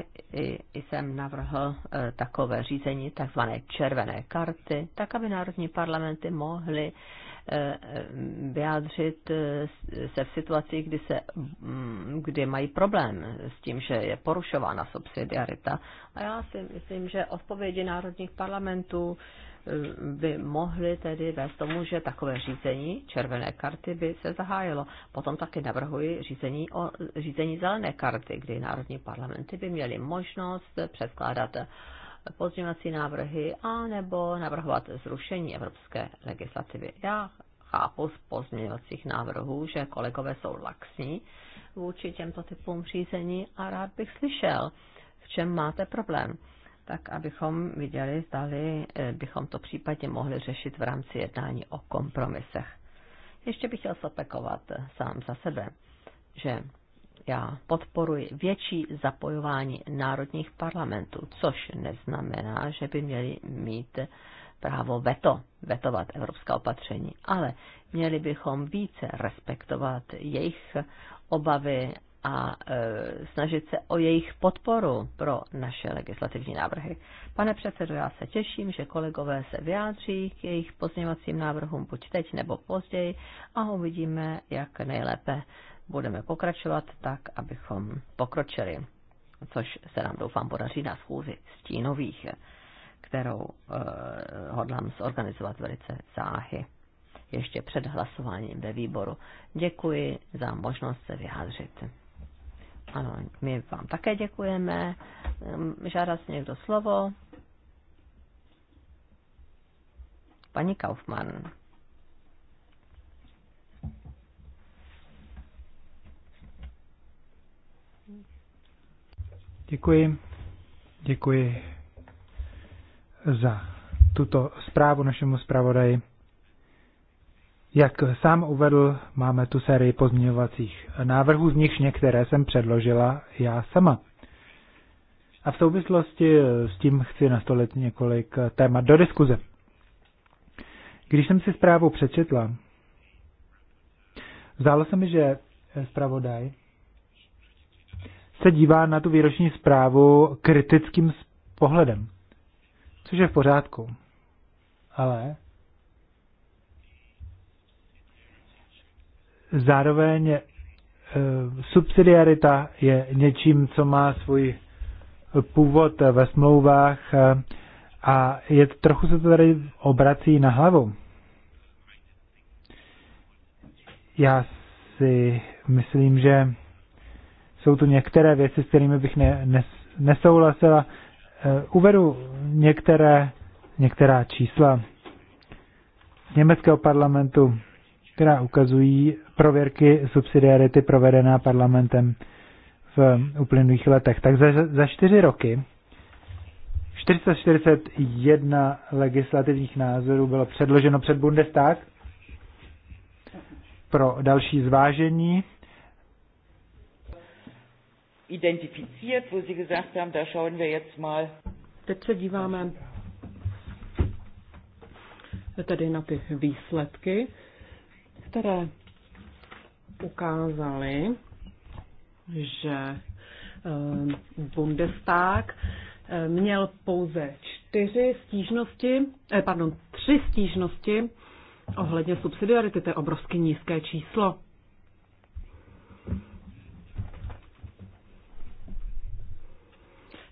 jsem navrhl e, takové řízení, takzvané červené karty, tak aby národní parlamenty mohly e, vyjádřit e, se v situaci, kdy, se, kdy mají problém s tím, že je porušována subsidiarita. A já si myslím, že odpovědi národních parlamentů by mohly tedy vést tomu, že takové řízení červené karty by se zahájilo. Potom taky navrhuji řízení, o, řízení zelené karty, kdy národní parlamenty by měly možnost předkládat pozměňovací návrhy a nebo navrhovat zrušení evropské legislativy. Já chápu z pozměňovacích návrhů, že kolegové jsou laxní vůči těmto typům řízení a rád bych slyšel, v čem máte problém tak abychom viděli, zdali eh, bychom to případně mohli řešit v rámci jednání o kompromisech. Ještě bych chtěl zopakovat eh, sám za sebe, že já podporuji větší zapojování národních parlamentů, což neznamená, že by měli mít právo veto, vetovat evropská opatření, ale měli bychom více respektovat jejich obavy a e, snažit se o jejich podporu pro naše legislativní návrhy. Pane předsedo, já se těším, že kolegové se vyjádří k jejich pozněvacím návrhům buď teď nebo později a uvidíme, jak nejlépe budeme pokračovat tak, abychom pokročili, což se nám doufám podaří na schůzi stínových, kterou e, hodlám zorganizovat velice záhy ještě před hlasováním ve výboru. Děkuji za možnost se vyjádřit. Ano, my vám také děkujeme. Ehm, žádá si někdo slovo? Pani Kaufmann. Děkuji. Děkuji za tuto zprávu našemu zpravodaji. Jak sám uvedl, máme tu sérii pozměňovacích návrhů, z nichž některé jsem předložila já sama. A v souvislosti s tím chci nastolit několik témat do diskuze. Když jsem si zprávu přečetla, zdálo se mi, že zpravodaj se dívá na tu výroční zprávu kritickým pohledem, což je v pořádku. Ale Zároveň eh, subsidiarita je něčím, co má svůj původ ve smlouvách eh, a je, trochu se to tady obrací na hlavu. Já si myslím, že jsou tu některé věci, s kterými bych ne, nes, nesouhlasila. Eh, uvedu některé, některá čísla z německého parlamentu která ukazují prověrky subsidiarity provedená parlamentem v uplynulých letech. Tak za, za čtyři roky 441 legislativních názorů bylo předloženo před Bundestag pro další zvážení. Identifiziert, wo Sie gesagt haben, da schauen wir jetzt mal. Teď se díváme tady na ty výsledky které ukázaly, že eh, Bundestag eh, měl pouze čtyři stížnosti, eh, pardon, tři stížnosti ohledně subsidiarity, to je obrovsky nízké číslo.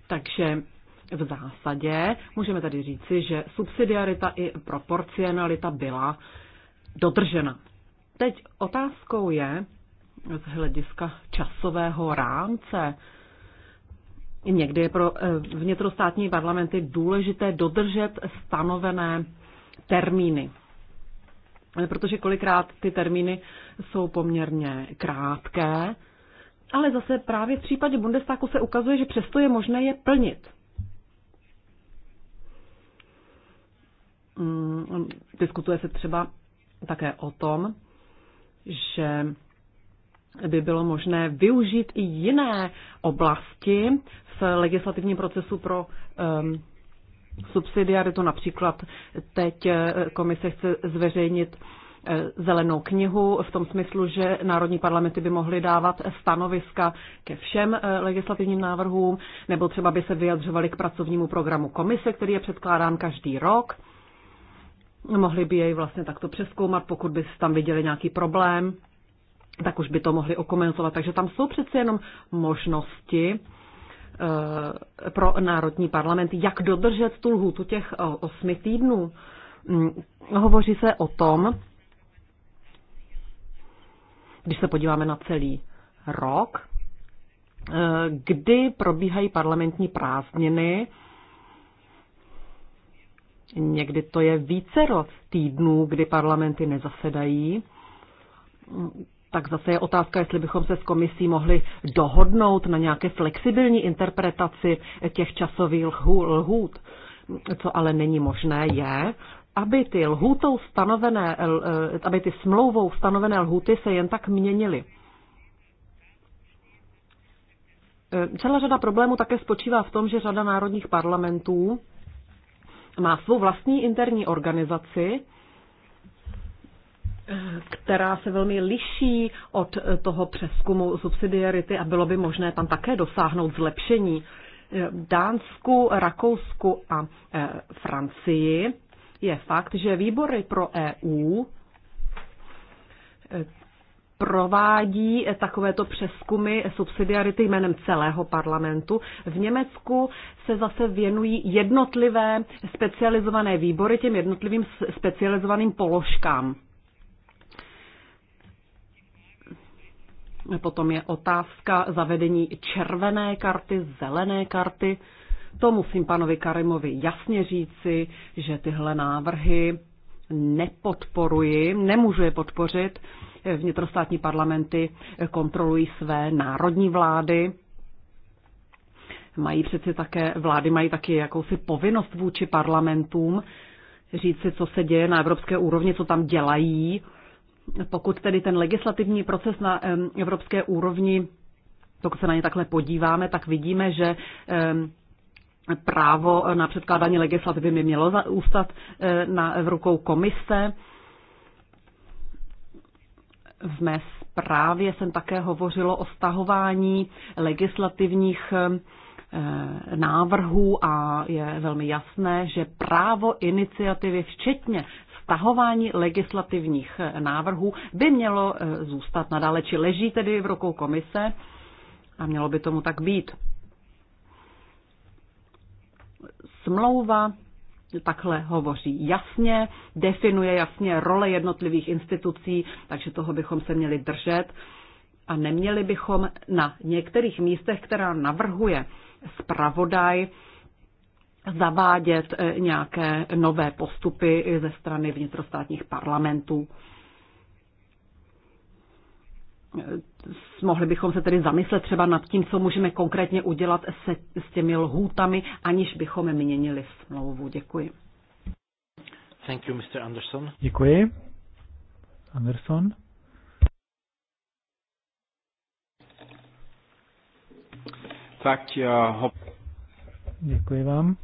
Takže v zásadě můžeme tady říci, že subsidiarita i proporcionalita byla dodržena. Teď otázkou je, z hlediska časového rámce, někdy je pro eh, vnitrostátní parlamenty důležité dodržet stanovené termíny. Protože kolikrát ty termíny jsou poměrně krátké, ale zase právě v případě Bundestagu se ukazuje, že přesto je možné je plnit. Hmm, diskutuje se třeba také o tom, že by bylo možné využít i jiné oblasti v legislativním procesu pro um, subsidiaritu. Například teď eh, komise chce zveřejnit eh, zelenou knihu v tom smyslu, že národní parlamenty by mohly dávat stanoviska ke všem eh, legislativním návrhům, nebo třeba by se vyjadřovali k pracovnímu programu komise, který je předkládán každý rok. Mohli by jej vlastně takto přeskoumat, pokud by tam viděli nějaký problém, tak už by to mohli okomentovat. Takže tam jsou přece jenom možnosti eh, pro národní parlament, jak dodržet tu lhůtu těch eh, osmi týdnů. Mm, hovoří se o tom, když se podíváme na celý rok, eh, kdy probíhají parlamentní prázdniny, Někdy to je vícero týdnů, kdy parlamenty nezasedají. Tak zase je otázka, jestli bychom se s komisí mohli dohodnout na nějaké flexibilní interpretaci těch časových lhůt. Co ale není možné je, aby ty lhůtou stanovené, eh, aby ty smlouvou stanovené lhůty se jen tak měnily. Eh, celá řada problémů také spočívá v tom, že řada národních parlamentů má svou vlastní interní organizaci, která se velmi liší od toho přeskumu subsidiarity a bylo by možné tam také dosáhnout zlepšení. Dánsku, Rakousku a e, Francii je fakt, že výbory pro EU provádí takovéto přeskumy subsidiarity jménem celého parlamentu. V Německu se zase věnují jednotlivé specializované výbory těm jednotlivým specializovaným položkám. Potom je otázka zavedení červené karty, zelené karty. To musím panovi Karimovi jasně říci, že tyhle návrhy nepodporuji, nemůžu je podpořit vnitrostátní parlamenty kontrolují své národní vlády. Mají přeci také, vlády mají taky jakousi povinnost vůči parlamentům říct si co se děje na evropské úrovni, co tam dělají. Pokud tedy ten legislativní proces na evropské úrovni, pokud se na ně takhle podíváme, tak vidíme, že právo na předkládání legislativy by mělo zůstat e, na, v rukou komise. V mé zprávě jsem také hovořilo o stahování legislativních eh, návrhů a je velmi jasné, že právo iniciativy, včetně stahování legislativních eh, návrhů, by mělo eh, zůstat nadále, či leží tedy v rukou komise a mělo by tomu tak být. Smlouva takhle hovoří jasně, definuje jasně role jednotlivých institucí, takže toho bychom se měli držet a neměli bychom na některých místech, která navrhuje zpravodaj, zavádět eh, nějaké nové postupy ze strany vnitrostátních parlamentů. Eh, mohli bychom se tedy zamyslet třeba nad tím, co můžeme konkrétně udělat se, s těmi lhůtami, aniž bychom měnili smlouvu. Děkuji. Thank you, Mr. Anderson. Děkuji. Anderson. Tak já ho... Děkuji vám.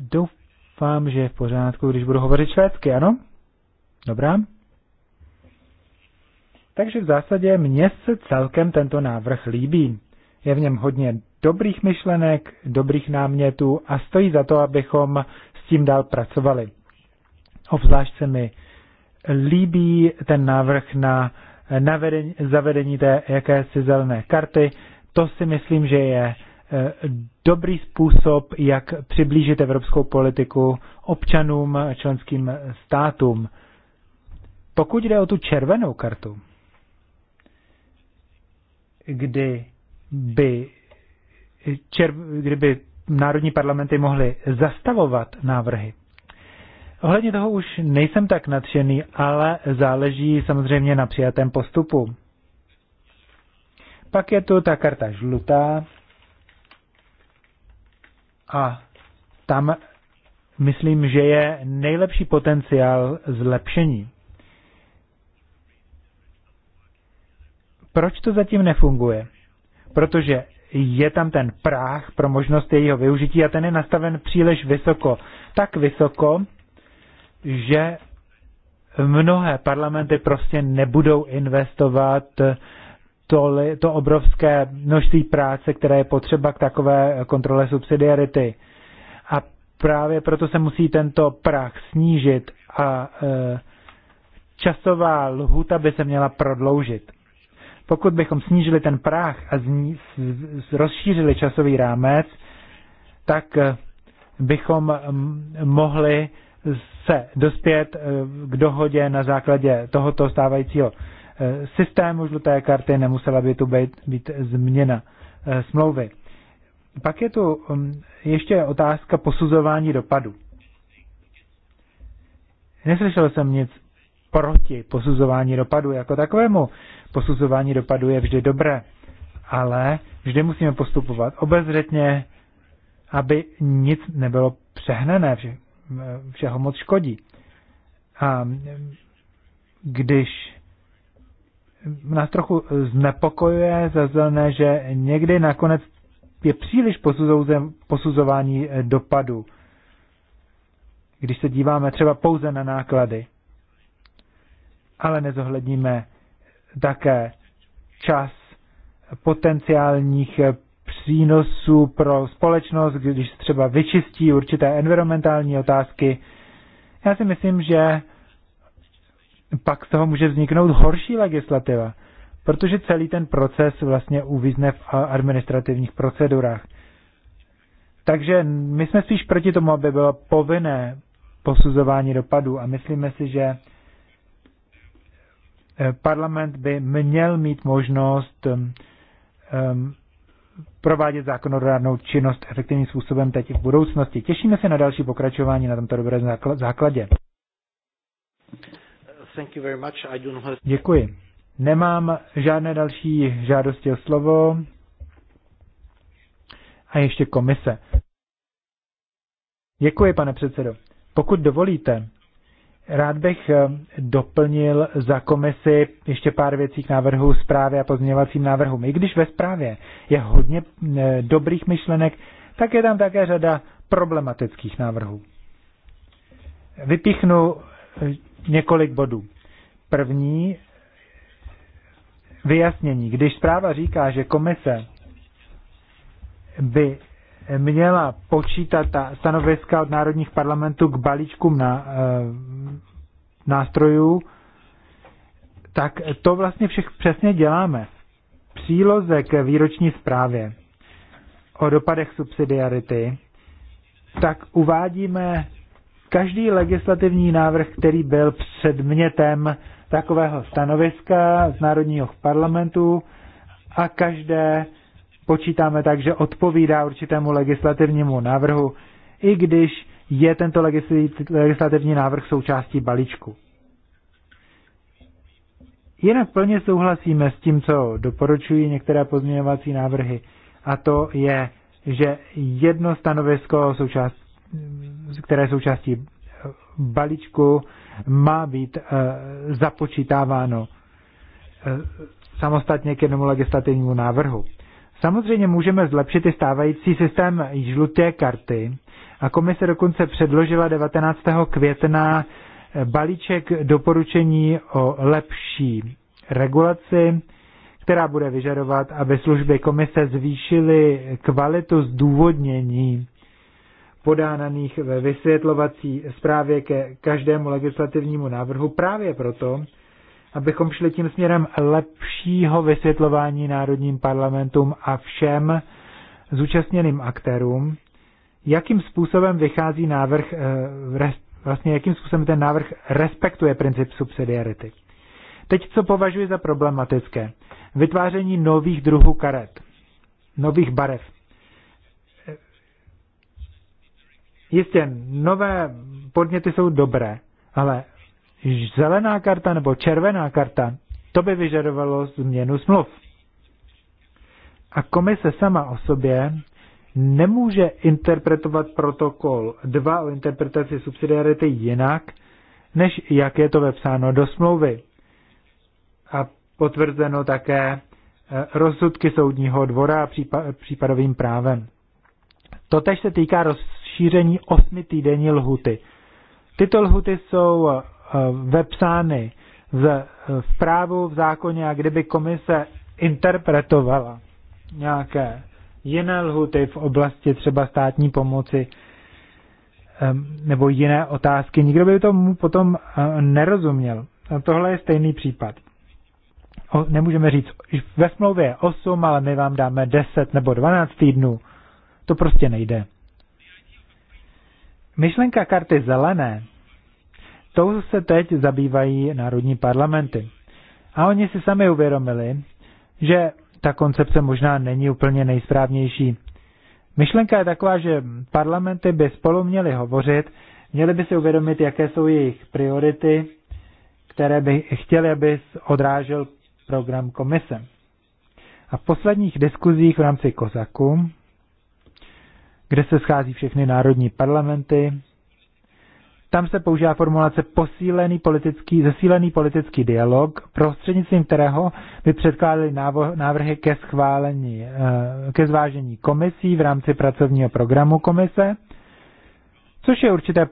Doufám, že je v pořádku, když budu hovořit švédsky, ano? Dobrá. Takže v zásadě mně se celkem tento návrh líbí. Je v něm hodně dobrých myšlenek, dobrých námětů a stojí za to, abychom s tím dál pracovali. Obzvlášť se mi líbí ten návrh na navedení, zavedení té jakési zelené karty. To si myslím, že je eh, dobrý způsob, jak přiblížit evropskou politiku občanům, členským státům. Pokud jde o tu červenou kartu, kdy by, čer, kdyby národní parlamenty mohly zastavovat návrhy. Ohledně toho už nejsem tak nadšený, ale záleží samozřejmě na přijatém postupu. Pak je tu ta karta žlutá a tam myslím, že je nejlepší potenciál zlepšení. Proč to zatím nefunguje? Protože je tam ten práh pro možnost jejího využití a ten je nastaven příliš vysoko. Tak vysoko, že mnohé parlamenty prostě nebudou investovat to, to obrovské množství práce, které je potřeba k takové kontrole subsidiarity. A právě proto se musí tento prach snížit a e, časová lhuta by se měla prodloužit. Pokud bychom snížili ten práh a zní, rozšířili časový rámec, tak eh, bychom mm, mohli se dospět eh, k dohodě na základě tohoto stávajícího eh, systému žluté karty, nemusela by tu být, být změna smlouvy. Pak je tu mm, ještě otázka posuzování dopadu. Neslyšel jsem nic proti posuzování dopadu jako takovému. Posuzování dopadu je vždy dobré, ale vždy musíme postupovat obezřetně, aby nic nebylo přehnané, vše, všeho moc škodí. A když nás trochu znepokojuje zazelné, že někdy nakonec je příliš posuzování dopadu. Když se díváme třeba pouze na náklady, ale nezohledníme také čas potenciálních přínosů pro společnost, když třeba vyčistí určité environmentální otázky. Já si myslím, že pak z toho může vzniknout horší legislativa, protože celý ten proces vlastně uvízne v administrativních procedurách. Takže my jsme spíš proti tomu, aby bylo povinné posuzování dopadů a myslíme si, že parlament by měl mít možnost um, um, provádět zákonodárnou činnost efektivním způsobem teď v budoucnosti. Těšíme se na další pokračování na tomto dobrém základě. Thank you very much. I don't have... Děkuji. Nemám žádné další žádosti o slovo. A ještě komise. Děkuji, pane předsedo. Pokud dovolíte, Rád bych eh, doplnil za komisi ještě pár věcí k návrhu zprávy a pozměňovacím návrhům. I když ve zprávě je hodně eh, dobrých myšlenek, tak je tam také řada problematických návrhů. Vypíchnu eh, několik bodů. První vyjasnění. Když zpráva říká, že komise by měla počítat ta stanoviska od národních parlamentů k balíčkům na, eh, nástrojů, tak to vlastně všech přesně děláme. příloze k výroční zprávě o dopadech subsidiarity, tak uvádíme každý legislativní návrh, který byl předmětem takového stanoviska z Národního parlamentu a každé počítáme tak, že odpovídá určitému legislativnímu návrhu, i když je tento legislativní návrh součástí balíčku. Jinak plně souhlasíme s tím, co doporučují některé pozměňovací návrhy, a to je, že jedno stanovisko, součást, které je součástí balíčku, má být e, započítáváno e, samostatně k jednomu legislativnímu návrhu. Samozřejmě můžeme zlepšit i stávající systém žluté karty a komise dokonce předložila 19. května eh, balíček doporučení o lepší regulaci, která bude vyžadovat, aby služby komise zvýšily kvalitu zdůvodnění podánaných ve vysvětlovací zprávě ke každému legislativnímu návrhu právě proto, abychom šli tím směrem lepšího vysvětlování národním parlamentům a všem zúčastněným aktérům, jakým způsobem vychází návrh, eh, vlastně jakým způsobem ten návrh respektuje princip subsidiarity. Teď, co považuji za problematické. Vytváření nových druhů karet, nových barev. Eh, jistě, nové podněty jsou dobré, ale zelená karta nebo červená karta, to by vyžadovalo změnu smluv. A komise sama o sobě nemůže interpretovat protokol 2 o interpretaci subsidiarity jinak, než jak je to vepsáno do smlouvy. A potvrzeno také eh, rozsudky soudního dvora a případovým právem. Totež se týká rozšíření osmi týdenní lhuty. Tyto lhuty jsou eh, Eh, vepsány z v právu, v zákoně a kdyby komise interpretovala nějaké jiné lhuty v oblasti třeba státní pomoci nebo jiné otázky, nikdo by tomu potom eh, nerozuměl. A tohle je stejný případ. O, nemůžeme říct, ve smlouvě je 8, ale my vám dáme 10 nebo 12 týdnů. To prostě nejde. Myšlenka karty zelené tou se teď zabývají národní parlamenty. A oni si sami uvědomili, že ta koncepce možná není úplně nejsprávnější. Myšlenka je taková, že parlamenty by spolu měly hovořit, měly by si uvědomit, jaké jsou jejich priority, které by chtěli, aby odrážel program komise. A v posledních diskuzích v rámci Kozaku, kde se schází všechny národní parlamenty, tam se používá formulace posílený politický, zesílený politický dialog, prostřednictvím kterého by předkládali návrhy ke schválení, eh, ke zvážení komisí v rámci pracovního programu komise, což je určité,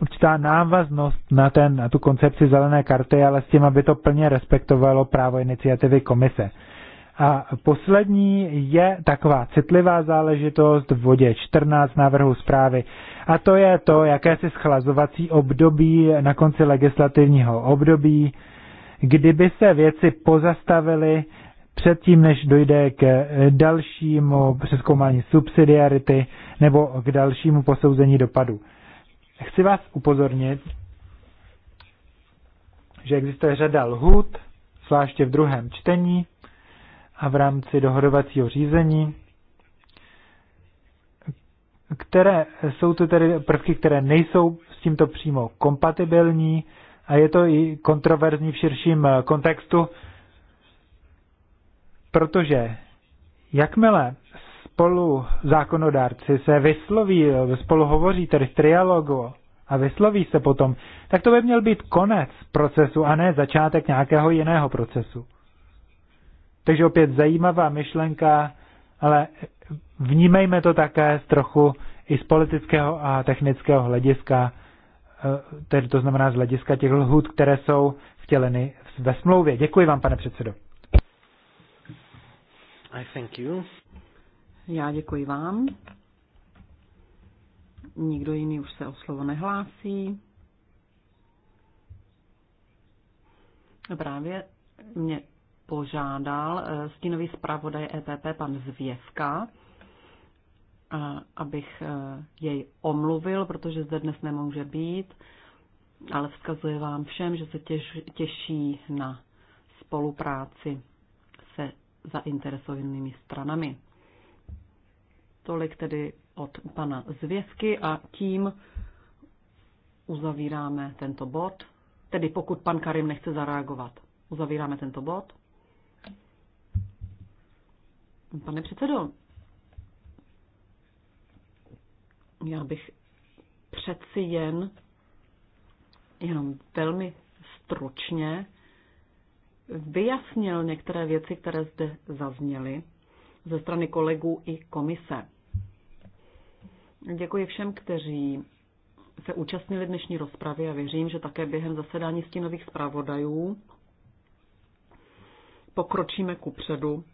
určitá návaznost na, ten, na tu koncepci zelené karty, ale s tím, aby to plně respektovalo právo iniciativy komise. A poslední je taková citlivá záležitost v vodě 14 návrhu zprávy. A to je to jakési schlazovací období na konci legislativního období, kdyby se věci pozastavily předtím, než dojde k dalšímu přeskoumání subsidiarity nebo k dalšímu posouzení dopadu. Chci vás upozornit, že existuje řada lhůt, zvláště v druhém čtení a v rámci dohodovacího řízení které jsou tu tedy prvky, které nejsou s tímto přímo kompatibilní a je to i kontroverzní v širším eh, kontextu, protože jakmile spolu zákonodárci se vysloví, eh, spolu hovoří tedy v trialogu a vysloví se potom, tak to by měl být konec procesu a ne začátek nějakého jiného procesu. Takže opět zajímavá myšlenka, ale vnímejme to také z trochu i z politického a technického hlediska, eh, tedy to znamená z hlediska těch lhůt, které jsou vtěleny ve smlouvě. Děkuji vám, pane předsedo. I thank you. Já děkuji vám. Nikdo jiný už se o slovo nehlásí. Právě mě požádal eh, stínový zpravodaj EPP pan Zvěvka, abych eh, jej omluvil, protože zde dnes nemůže být, ale vzkazuje vám všem, že se těší na spolupráci se zainteresovanými stranami. Tolik tedy od pana Zvězky a tím uzavíráme tento bod. Tedy pokud pan Karim nechce zareagovat, uzavíráme tento bod. Pane předsedo, já bych přeci jen jenom velmi stručně vyjasnil některé věci, které zde zazněly ze strany kolegů i komise. Děkuji všem, kteří se účastnili dnešní rozpravy a věřím, že také během zasedání stínových zpravodajů pokročíme ku předu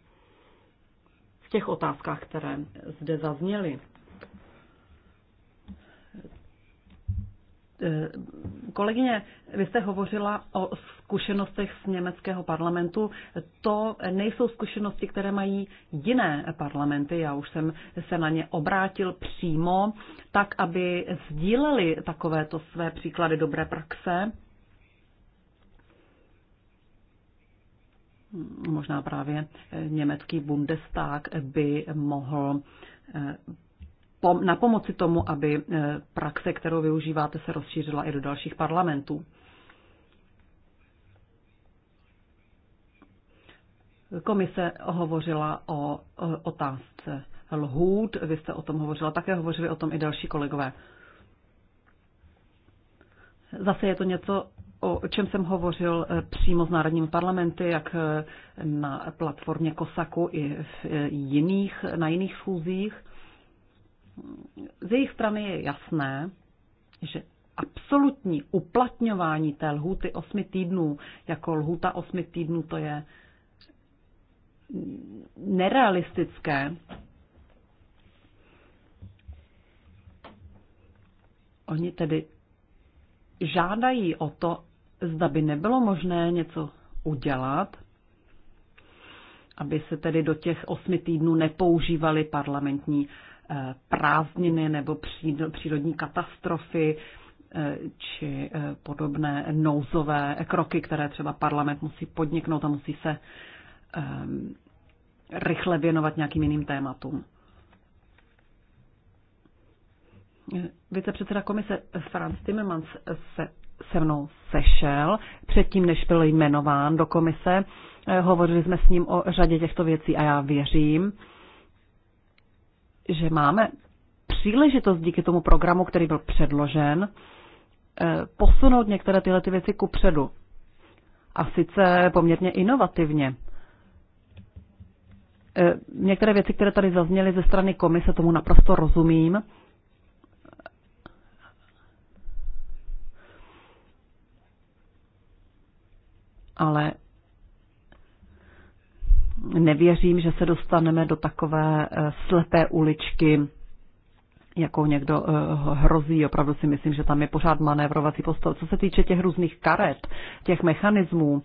v těch otázkách, které zde zazněly. Eh, kolegyně, vy jste hovořila o zkušenostech z německého parlamentu. To nejsou zkušenosti, které mají jiné parlamenty. Já už jsem se na ně obrátil přímo, tak aby sdíleli takovéto své příklady dobré praxe. Možná právě německý Bundestag by mohl eh, na pomoci tomu, aby eh, praxe, kterou využíváte, se rozšířila i do dalších parlamentů. Komise hovořila o otázce lhůt, vy jste o tom hovořila, také hovořili o tom i další kolegové. Zase je to něco, o čem jsem hovořil eh, přímo s Národním parlamenty, jak eh, na platformě Kosaku i v jiných, na jiných schůzích z jejich strany je jasné, že absolutní uplatňování té lhuty osmi týdnů, jako lhuta osmi týdnů, to je nerealistické. Oni tedy žádají o to, zda by nebylo možné něco udělat, aby se tedy do těch osmi týdnů nepoužívaly parlamentní Eh, prázdniny nebo přírodní katastrofy eh, či eh, podobné nouzové kroky, které třeba parlament musí podniknout a musí se rychle věnovat nějakým jiným tématům. Vicepředseda komise Franz Timmermans se se mnou sešel předtím, než byl jmenován do komise. Hovořili jsme s ním o řadě těchto věcí a já věřím, že máme příležitost díky tomu programu, který byl předložen, eh, posunout některé tyhle ty věci ku předu. A sice poměrně inovativně. Eh, některé věci, které tady zazněly ze strany komise, tomu naprosto rozumím. Ale nevěřím, že se dostaneme do takové eh, slepé uličky, jakou někdo eh, hrozí. Opravdu si myslím, že tam je pořád manévrovací postoj. Co se týče těch různých karet, těch mechanismů,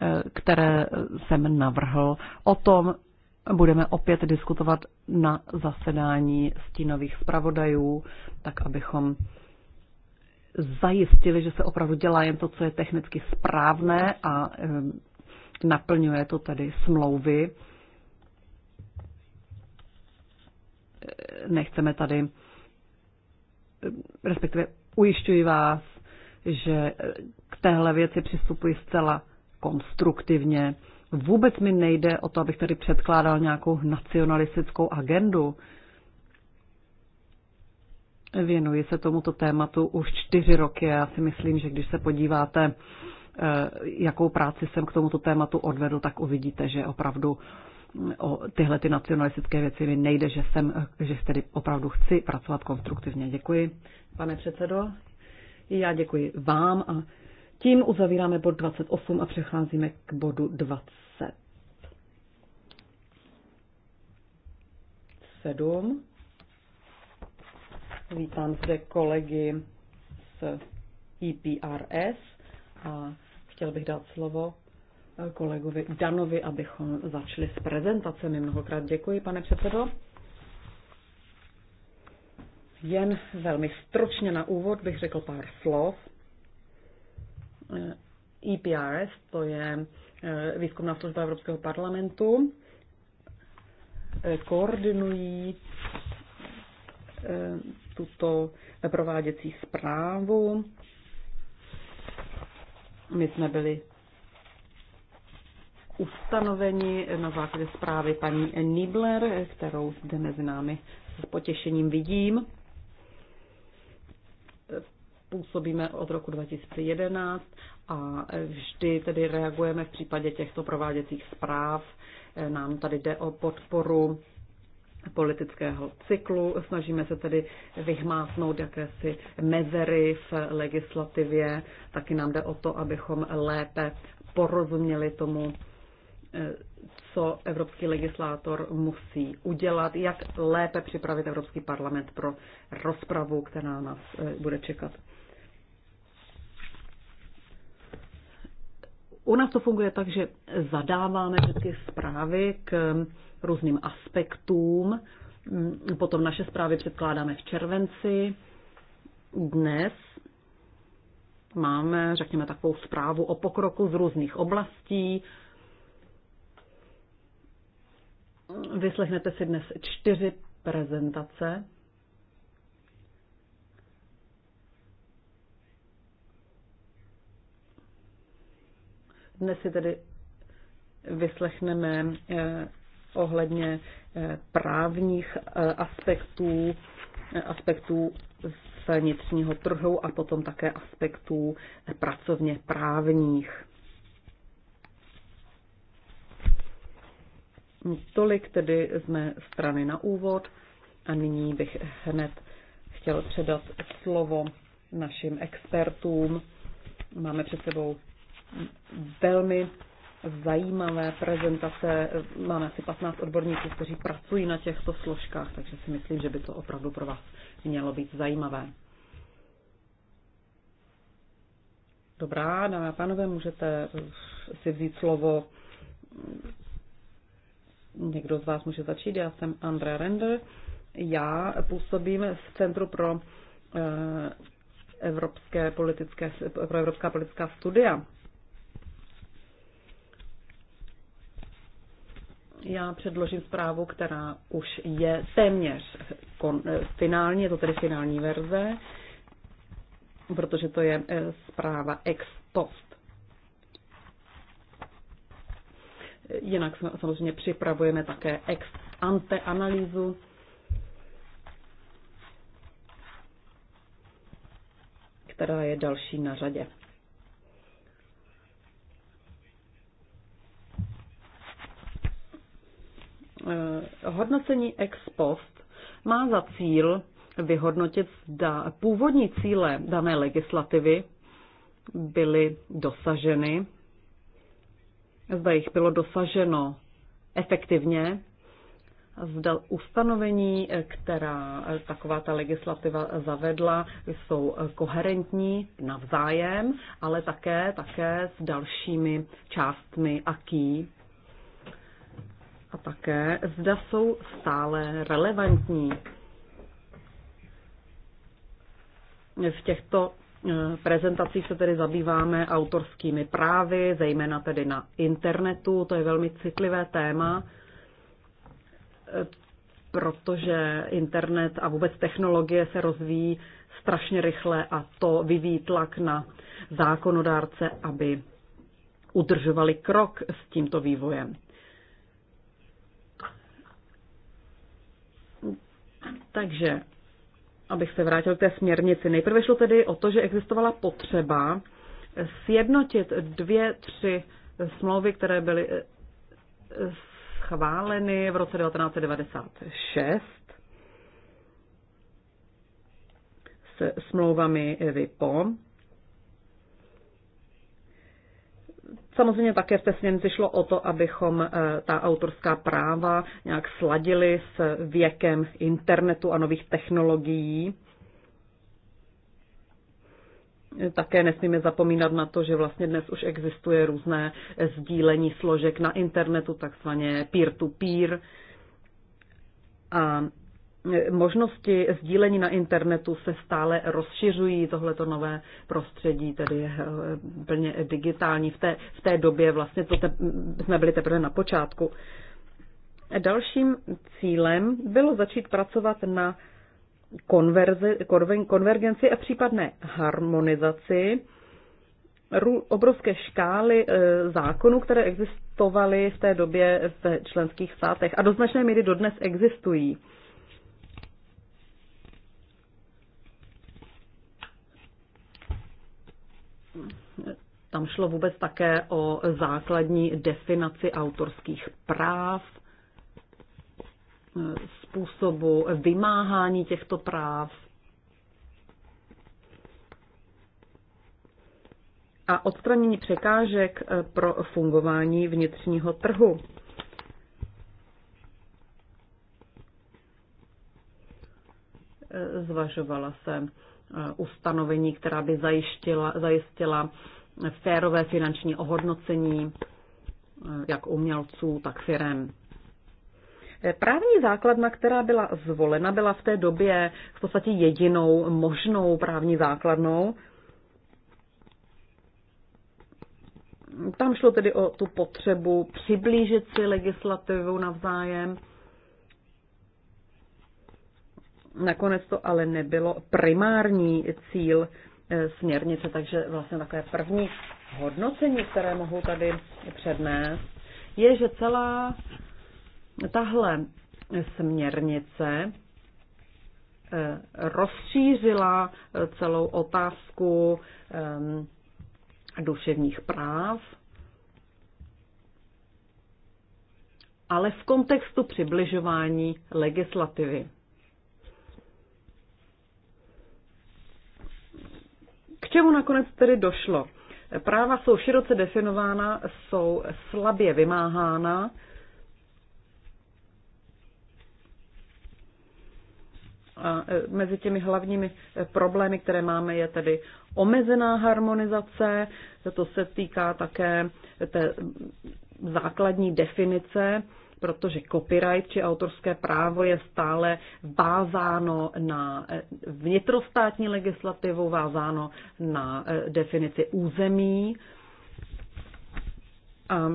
eh, které jsem navrhl, o tom budeme opět diskutovat na zasedání stínových zpravodajů, tak abychom zajistili, že se opravdu dělá jen to, co je technicky správné a naplňuje to tedy smlouvy. Nechceme tady, respektive ujišťuji vás, že k téhle věci přistupuji zcela konstruktivně. Vůbec mi nejde o to, abych tady předkládal nějakou nacionalistickou agendu. Věnuji se tomuto tématu už čtyři roky a já si myslím, že když se podíváte Eh, jakou práci jsem k tomuto tématu odvedl, tak uvidíte, že opravdu mm, o tyhle ty nacionalistické věci mi nejde, že, jsem, eh, že tedy opravdu chci pracovat konstruktivně. Děkuji, pane předsedo. Já děkuji vám a tím uzavíráme bod 28 a přecházíme k bodu 27. Vítám zde kolegy z EPRS a Chtěl bych dát slovo eh, kolegovi Danovi, abychom začali s prezentacemi. Mnohokrát děkuji, pane předsedo. Jen velmi stručně na úvod bych řekl pár slov. EPRS, eh, e to je eh, výzkumná služba Evropského parlamentu, koordinují tuto prováděcí zprávu my jsme byli ustanoveni na základě zprávy paní Nibler, kterou zde mezi námi s potěšením vidím. Působíme od roku 2011 a vždy tedy reagujeme v případě těchto prováděcích zpráv. Nám tady jde o podporu politického cyklu. Snažíme se tedy vyhmátnout jakési mezery v legislativě. Taky nám jde o to, abychom lépe porozuměli tomu, eh, co evropský legislátor musí udělat, jak lépe připravit Evropský parlament pro rozpravu, která nás eh, bude čekat. U nás to funguje tak, že zadáváme vždycky zprávy k různým aspektům. Mm, Potom naše zprávy předkládáme v červenci. Dnes máme, řekněme, takovou zprávu o pokroku z různých oblastí. Vyslechnete si dnes čtyři prezentace. Dnes si tedy vyslechneme eh, ohledně eh, právních eh, aspektů, eh, aspektů vnitřního trhu a potom také aspektů pracovně právních. Tolik tedy z mé strany na úvod a nyní bych hned chtěl předat slovo našim expertům. Máme před sebou velmi zajímavé prezentace. Máme asi 15 odborníků, kteří pracují na těchto složkách, takže si myslím, že by to opravdu pro vás mělo být zajímavé. Dobrá, dámy a pánové, můžete si vzít slovo. Někdo z vás může začít. Já jsem Andrea Render. Já působím v Centru pro eh, evropské politické, pro evropská politická studia já předložím zprávu, která už je téměř kon, eh, finální, je to tedy finální verze, protože to je eh, zpráva ex post. Jinak samozřejmě připravujeme také ex ante analýzu. která je další na řadě. Eh, hodnocení ex post má za cíl vyhodnotit, zda původní cíle dané legislativy byly dosaženy, zda jich bylo dosaženo efektivně, zda ustanovení, která taková ta legislativa zavedla, jsou koherentní navzájem, ale také, také s dalšími částmi aký a také zda jsou stále relevantní v těchto eh, prezentacích se tedy zabýváme autorskými právy, zejména tedy na internetu. To je velmi citlivé téma, eh, protože internet a vůbec technologie se rozvíjí strašně rychle a to vyvíjí tlak na zákonodárce, aby udržovali krok s tímto vývojem. Takže, abych se vrátil k té směrnici. Nejprve šlo tedy o to, že existovala potřeba sjednotit dvě, tři smlouvy, které byly eh, schváleny v roce 1996 s smlouvami VIPO Samozřejmě také v té směrnici šlo o to, abychom eh, ta autorská práva nějak sladili s věkem internetu a nových technologií. Také nesmíme zapomínat na to, že vlastně dnes už existuje různé sdílení složek na internetu, takzvaně peer-to-peer. A možnosti sdílení na internetu se stále rozšiřují. Tohleto nové prostředí tedy je eh, plně digitální. V té, v té době vlastně to te, jsme byli teprve na počátku. Dalším cílem bylo začít pracovat na konverze, konvergenci a případné harmonizaci obrovské škály eh, zákonů, které existovaly v té době v členských státech a do značné míry dodnes existují. Tam šlo vůbec také o základní definaci autorských práv, způsobu vymáhání těchto práv a odstranění překážek pro fungování vnitřního trhu. Zvažovala jsem Eh, ustanovení, která by zajistila, zajistila férové finanční ohodnocení eh, jak umělců, tak firem. Eh, právní základna, která byla zvolena, byla v té době v podstatě jedinou možnou právní základnou. Tam šlo tedy o tu potřebu přiblížit si legislativu navzájem Nakonec to ale nebylo primární cíl eh, směrnice, takže vlastně takové první hodnocení, které mohu tady přednést, je, že celá tahle směrnice eh, rozšířila eh, celou otázku duševních práv, ale v kontextu přibližování legislativy. K čemu nakonec tedy došlo? Práva jsou široce definována, jsou slabě vymáhána. A e, mezi těmi hlavními e, problémy, které máme, je tedy omezená harmonizace, to se týká také té základní definice protože copyright či autorské právo je stále vázáno na eh, vnitrostátní legislativu, vázáno na eh, definici území. A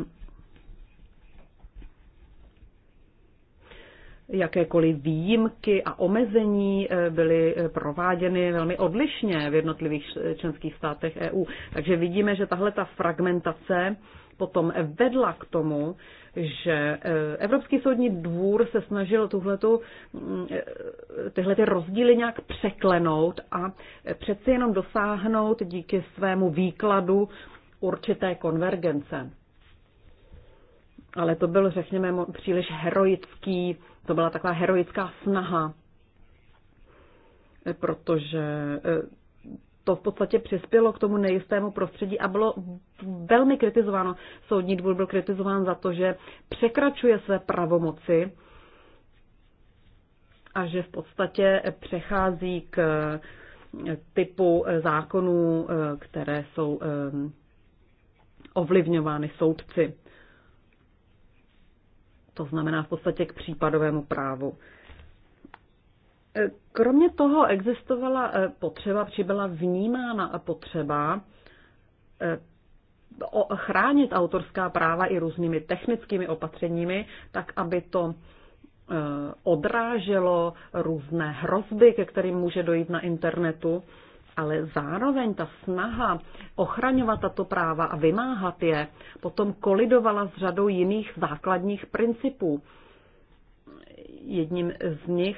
jakékoliv výjimky a omezení eh, byly prováděny velmi odlišně v jednotlivých členských státech EU. Takže vidíme, že tahle ta fragmentace potom vedla k tomu, že eh, Evropský soudní dvůr se snažil tuhletu, mm, tyhle ty rozdíly nějak překlenout a přeci jenom dosáhnout díky svému výkladu určité konvergence. Ale to byl, řekněme, příliš heroický, to byla taková heroická snaha, eh, protože eh, to v podstatě přispělo k tomu nejistému prostředí a bylo velmi kritizováno. Soudní dvůr byl kritizován za to, že překračuje své pravomoci a že v podstatě přechází k eh, typu eh, zákonů, eh, které jsou ovlivňovány soudci. To znamená v podstatě k případovému právu. Kromě toho existovala eh, potřeba, či byla vnímána potřeba eh, chránit autorská práva i různými technickými opatřeními, tak aby to eh, odráželo různé hrozby, ke kterým může dojít na internetu, ale zároveň ta snaha ochraňovat tato práva a vymáhat je potom kolidovala s řadou jiných základních principů. Jedním z nich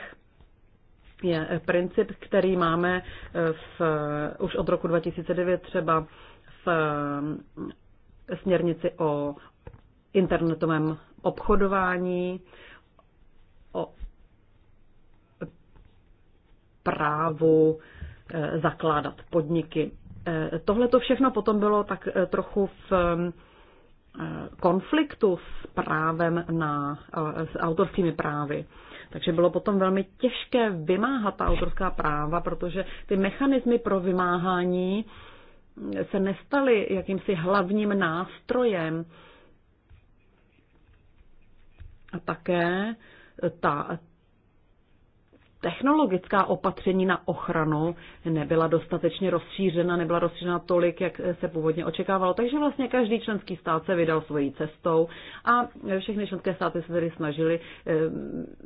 je vlastně, eh, princip, který máme eh, v, eh, už od roku 2009 třeba v směrnici o internetovém obchodování, o právu zakládat podniky. Tohle to všechno potom bylo tak trochu v konfliktu s právem na, s autorskými právy. Takže bylo potom velmi těžké vymáhat ta autorská práva, protože ty mechanismy pro vymáhání se nestaly jakýmsi hlavním nástrojem. A také ta technologická opatření na ochranu nebyla dostatečně rozšířena, nebyla rozšířena tolik, jak se původně očekávalo. Takže vlastně každý členský stát se vydal svojí cestou a všechny členské státy se tedy snažili eh,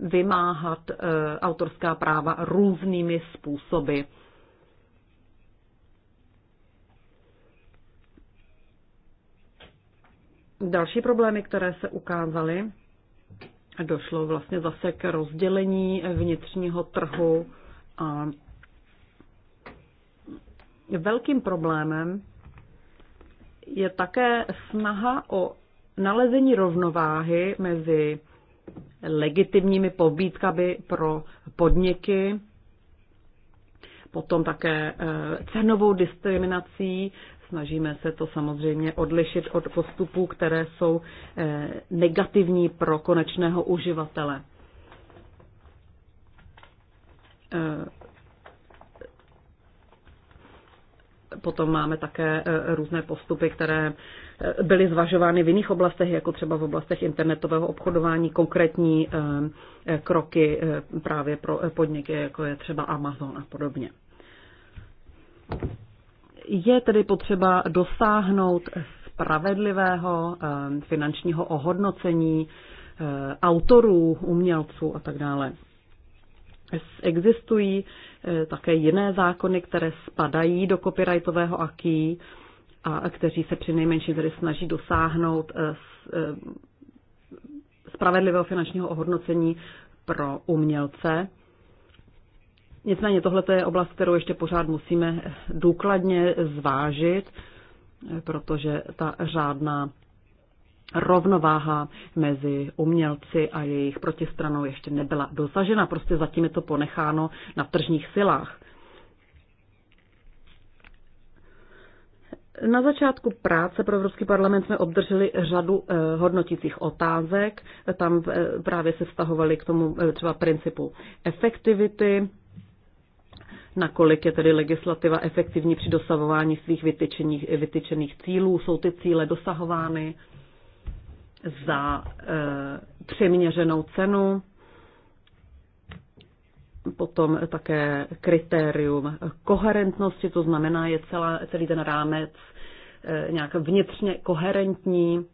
vymáhat eh, autorská práva různými způsoby. Další problémy, které se ukázaly, došlo vlastně zase k rozdělení vnitřního trhu a velkým problémem je také snaha o nalezení rovnováhy mezi legitimními pobídkami pro podniky, potom také eh, cenovou diskriminací, Snažíme se to samozřejmě odlišit od postupů, které jsou eh, negativní pro konečného uživatele. Eh, potom máme také eh, různé postupy, které byly zvažovány v jiných oblastech, jako třeba v oblastech internetového obchodování, konkrétní kroky právě pro podniky, jako je třeba Amazon a podobně. Je tedy potřeba dosáhnout spravedlivého eh, finančního ohodnocení eh, autorů, umělců a tak dále. Existují eh, také jiné zákony, které spadají do copyrightového aký a kteří se při nejmenší tedy snaží dosáhnout spravedlivého finančního ohodnocení pro umělce. Nicméně tohle je oblast, kterou ještě pořád musíme důkladně zvážit, protože ta řádná rovnováha mezi umělci a jejich protistranou ještě nebyla dosažena. Prostě zatím je to ponecháno na tržních silách. Na začátku práce pro Evropský parlament jsme obdrželi řadu eh, hodnotících otázek. Tam eh, právě se vztahovaly k tomu eh, třeba principu efektivity, nakolik je tedy legislativa efektivní při dosahování svých vytyčených, vytyčených cílů, jsou ty cíle dosahovány za e, přeměřenou cenu, potom také kritérium koherentnosti, to znamená, je celá, celý ten rámec e, nějak vnitřně koherentní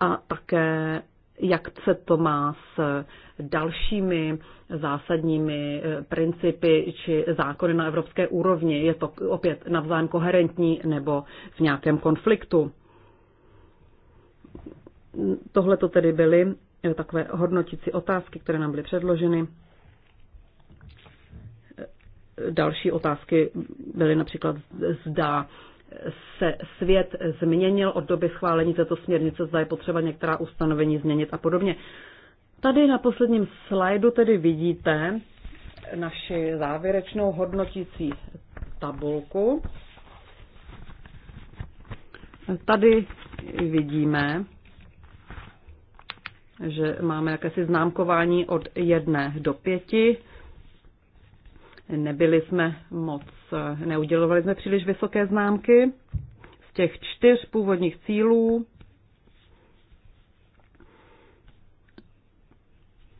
a také jak se to má s dalšími zásadními eh, principy či zákony na evropské úrovni. Je to opět navzájem koherentní nebo v nějakém konfliktu. Tohle to tedy byly eh, takové hodnotící otázky, které nám byly předloženy. Eh, další otázky byly například zda se svět změnil od doby schválení této směrnice, zda je potřeba některá ustanovení změnit a podobně. Tady na posledním slajdu tedy vidíte naši závěrečnou hodnotící tabulku. Tady vidíme, že máme jakési známkování od 1 do 5. Nebyli jsme moc, neudělovali jsme příliš vysoké známky. Z těch čtyř původních cílů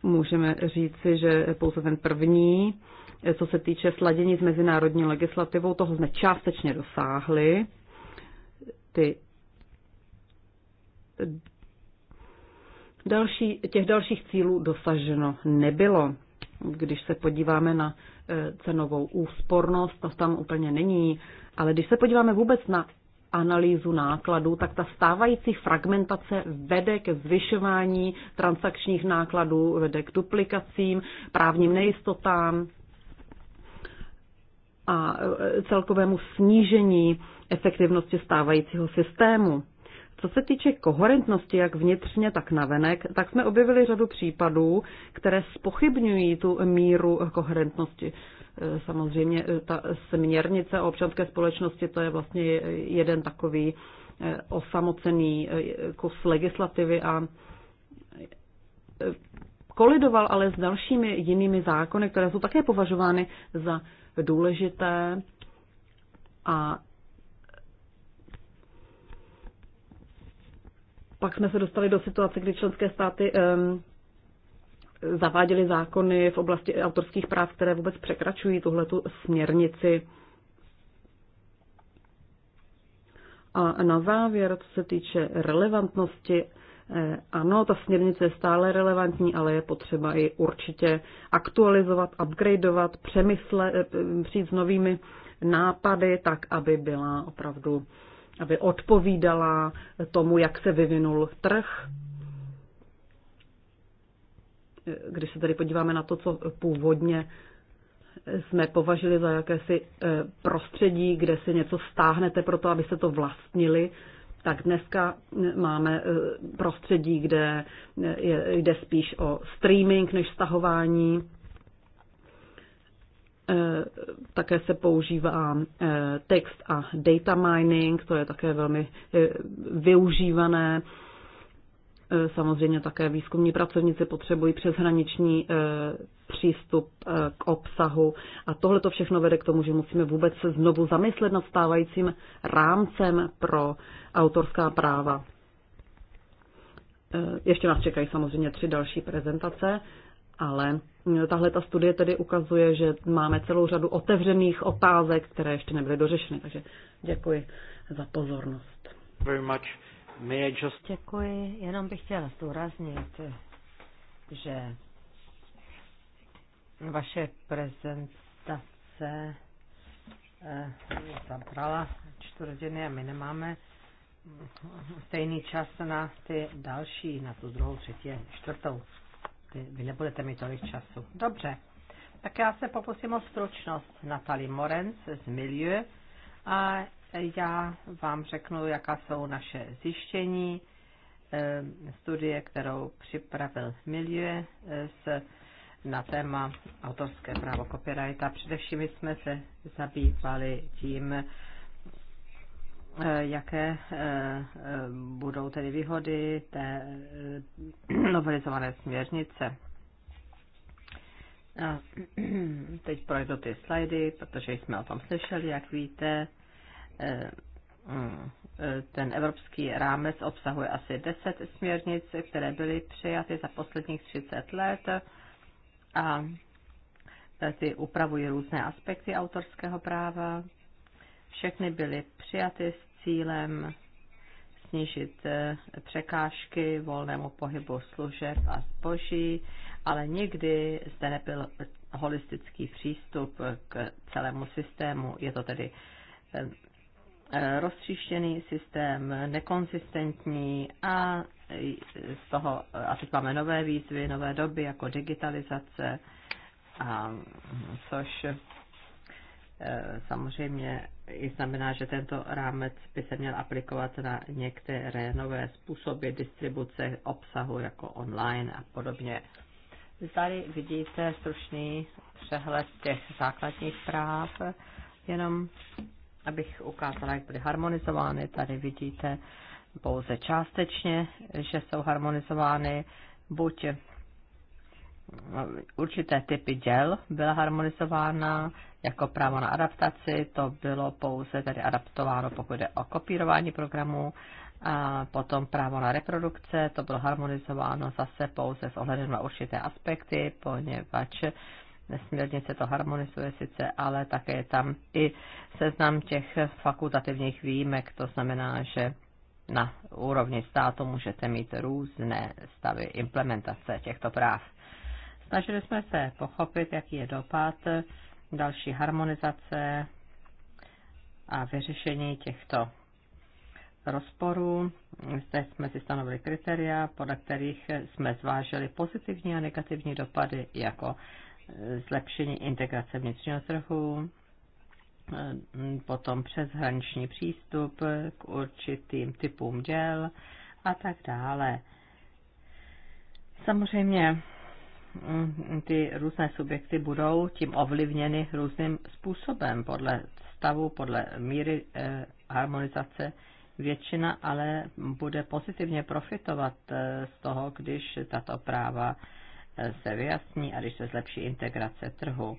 můžeme říci, že pouze ten první, co se týče sladění s mezinárodní legislativou, toho jsme částečně dosáhli. Ty další, těch dalších cílů dosaženo nebylo. Když se podíváme na eh, cenovou úspornost, to tam úplně není. Ale když se podíváme vůbec na analýzu nákladů, tak ta stávající fragmentace vede ke zvyšování transakčních nákladů, vede k duplikacím, právním nejistotám a e, celkovému snížení efektivnosti stávajícího systému. Co se týče koherentnosti jak vnitřně, tak navenek, tak jsme objevili řadu případů, které spochybňují tu míru koherentnosti. Samozřejmě e, ta směrnice o občanské společnosti, to je vlastně jeden takový e, osamocený e, kus legislativy a kolidoval ale s dalšími jinými zákony, které jsou také považovány za důležité a pak jsme se dostali do situace, kdy členské státy um, zaváděly zákony v oblasti autorských práv, které vůbec překračují tuhletu směrnici. A na závěr, co se týče relevantnosti, eh, ano, ta směrnice je stále relevantní, ale je potřeba ji určitě aktualizovat, upgradeovat, přemysle, eh, přijít s novými nápady, tak aby byla opravdu, aby odpovídala tomu, jak se vyvinul trh když se tady podíváme na to, co původně jsme považili za jakési e, prostředí, kde si něco stáhnete pro to, abyste to vlastnili, tak dneska máme e, prostředí, kde e, jde spíš o streaming než stahování. Také se používá text a data mining, to je také velmi využívané E, samozřejmě také výzkumní pracovníci potřebují přeshraniční e, přístup e, k obsahu a tohle to všechno vede k tomu, že musíme vůbec se znovu zamyslet nad stávajícím rámcem pro autorská práva. Ještě nás čekají samozřejmě tři další prezentace, ale tahle ta studie tedy ukazuje, že máme celou řadu otevřených otázek, které ještě nebyly dořešeny. Takže děkuji za pozornost. Very much. May I just... Děkuji, jenom bych chtěla zdůraznit, že vaše prezentace eh, zabrala čtvrtiny a my nemáme stejný čas na ty další, na tu druhou, třetí, čtvrtou. Ty, vy nebudete mít tolik času. Dobře. Tak já se pokusím o stručnost. Natalie Morenc z Milieu a já vám řeknu, jaká jsou naše zjištění eh, studie, kterou připravil Milie eh, na téma autorské právo copyright. A především jsme se zabývali tím, eh, jaké budou tedy výhody té novelizované směrnice. A teď projdu ty slajdy, protože jsme o tom slyšeli, jak víte, Eh, mm, eh, ten evropský rámec obsahuje asi 10 směrnic, které byly přijaty za posledních 30 let a ty upravují různé aspekty autorského práva. Všechny byly přijaty s cílem snížit eh, překážky volnému pohybu služeb a zboží, ale nikdy zde nebyl holistický přístup k celému systému. Je to tedy Eh, roztříštěný systém, nekonsistentní a eh, z toho, eh, a teď máme nové výzvy, nové doby, jako digitalizace, a, což samozřejmě i znamená, že tento rámec by se měl aplikovat na některé nové způsoby distribuce obsahu, jako online a podobně. Tady vidíte stručný přehled těch základních práv, jenom abych ukázala, jak byly harmonizovány. Tady vidíte pouze částečně, že jsou harmonizovány buď eh, určité typy děl byla harmonizována jako právo na adaptaci, to bylo pouze tedy adaptováno, pokud jde o kopírování programu. a potom právo na reprodukce, to bylo harmonizováno zase pouze s ohledem na určité aspekty, poněvadž nesmírně se to harmonizuje sice, ale také je tam i seznam těch fakultativních výjimek, to znamená, že na úrovni státu můžete mít různé stavy implementace těchto práv. Snažili jsme se pochopit, jaký je dopad další harmonizace a vyřešení těchto rozporů. Zde jsme si stanovili kritéria, podle kterých jsme zvážili pozitivní a negativní dopady jako zlepšení integrace vnitřního trhu, potom přeshraniční přístup k určitým typům děl a tak dále. Samozřejmě mm, ty různé subjekty budou tím ovlivněny různým způsobem podle stavu, podle míry eh, harmonizace většina ale bude pozitivně profitovat eh, z toho, když tato práva se vyjasní a když se zlepší integrace trhu.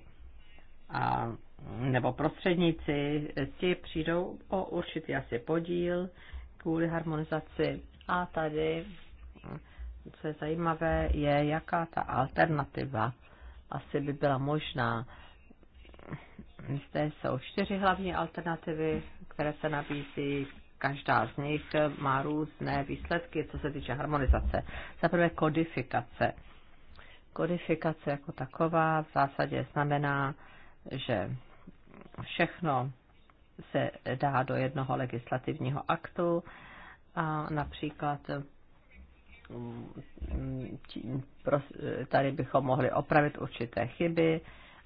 A, nebo prostředníci ti přijdou o určitý asi podíl kvůli harmonizaci. A tady, co je zajímavé, je, jaká ta alternativa asi by byla možná. Zde jsou čtyři hlavní alternativy, které se nabízí. Každá z nich má různé výsledky, co se týče harmonizace. Za prvé kodifikace kodifikace jako taková v zásadě znamená, že všechno se dá do jednoho legislativního aktu a například mm, tady bychom mohli opravit určité chyby,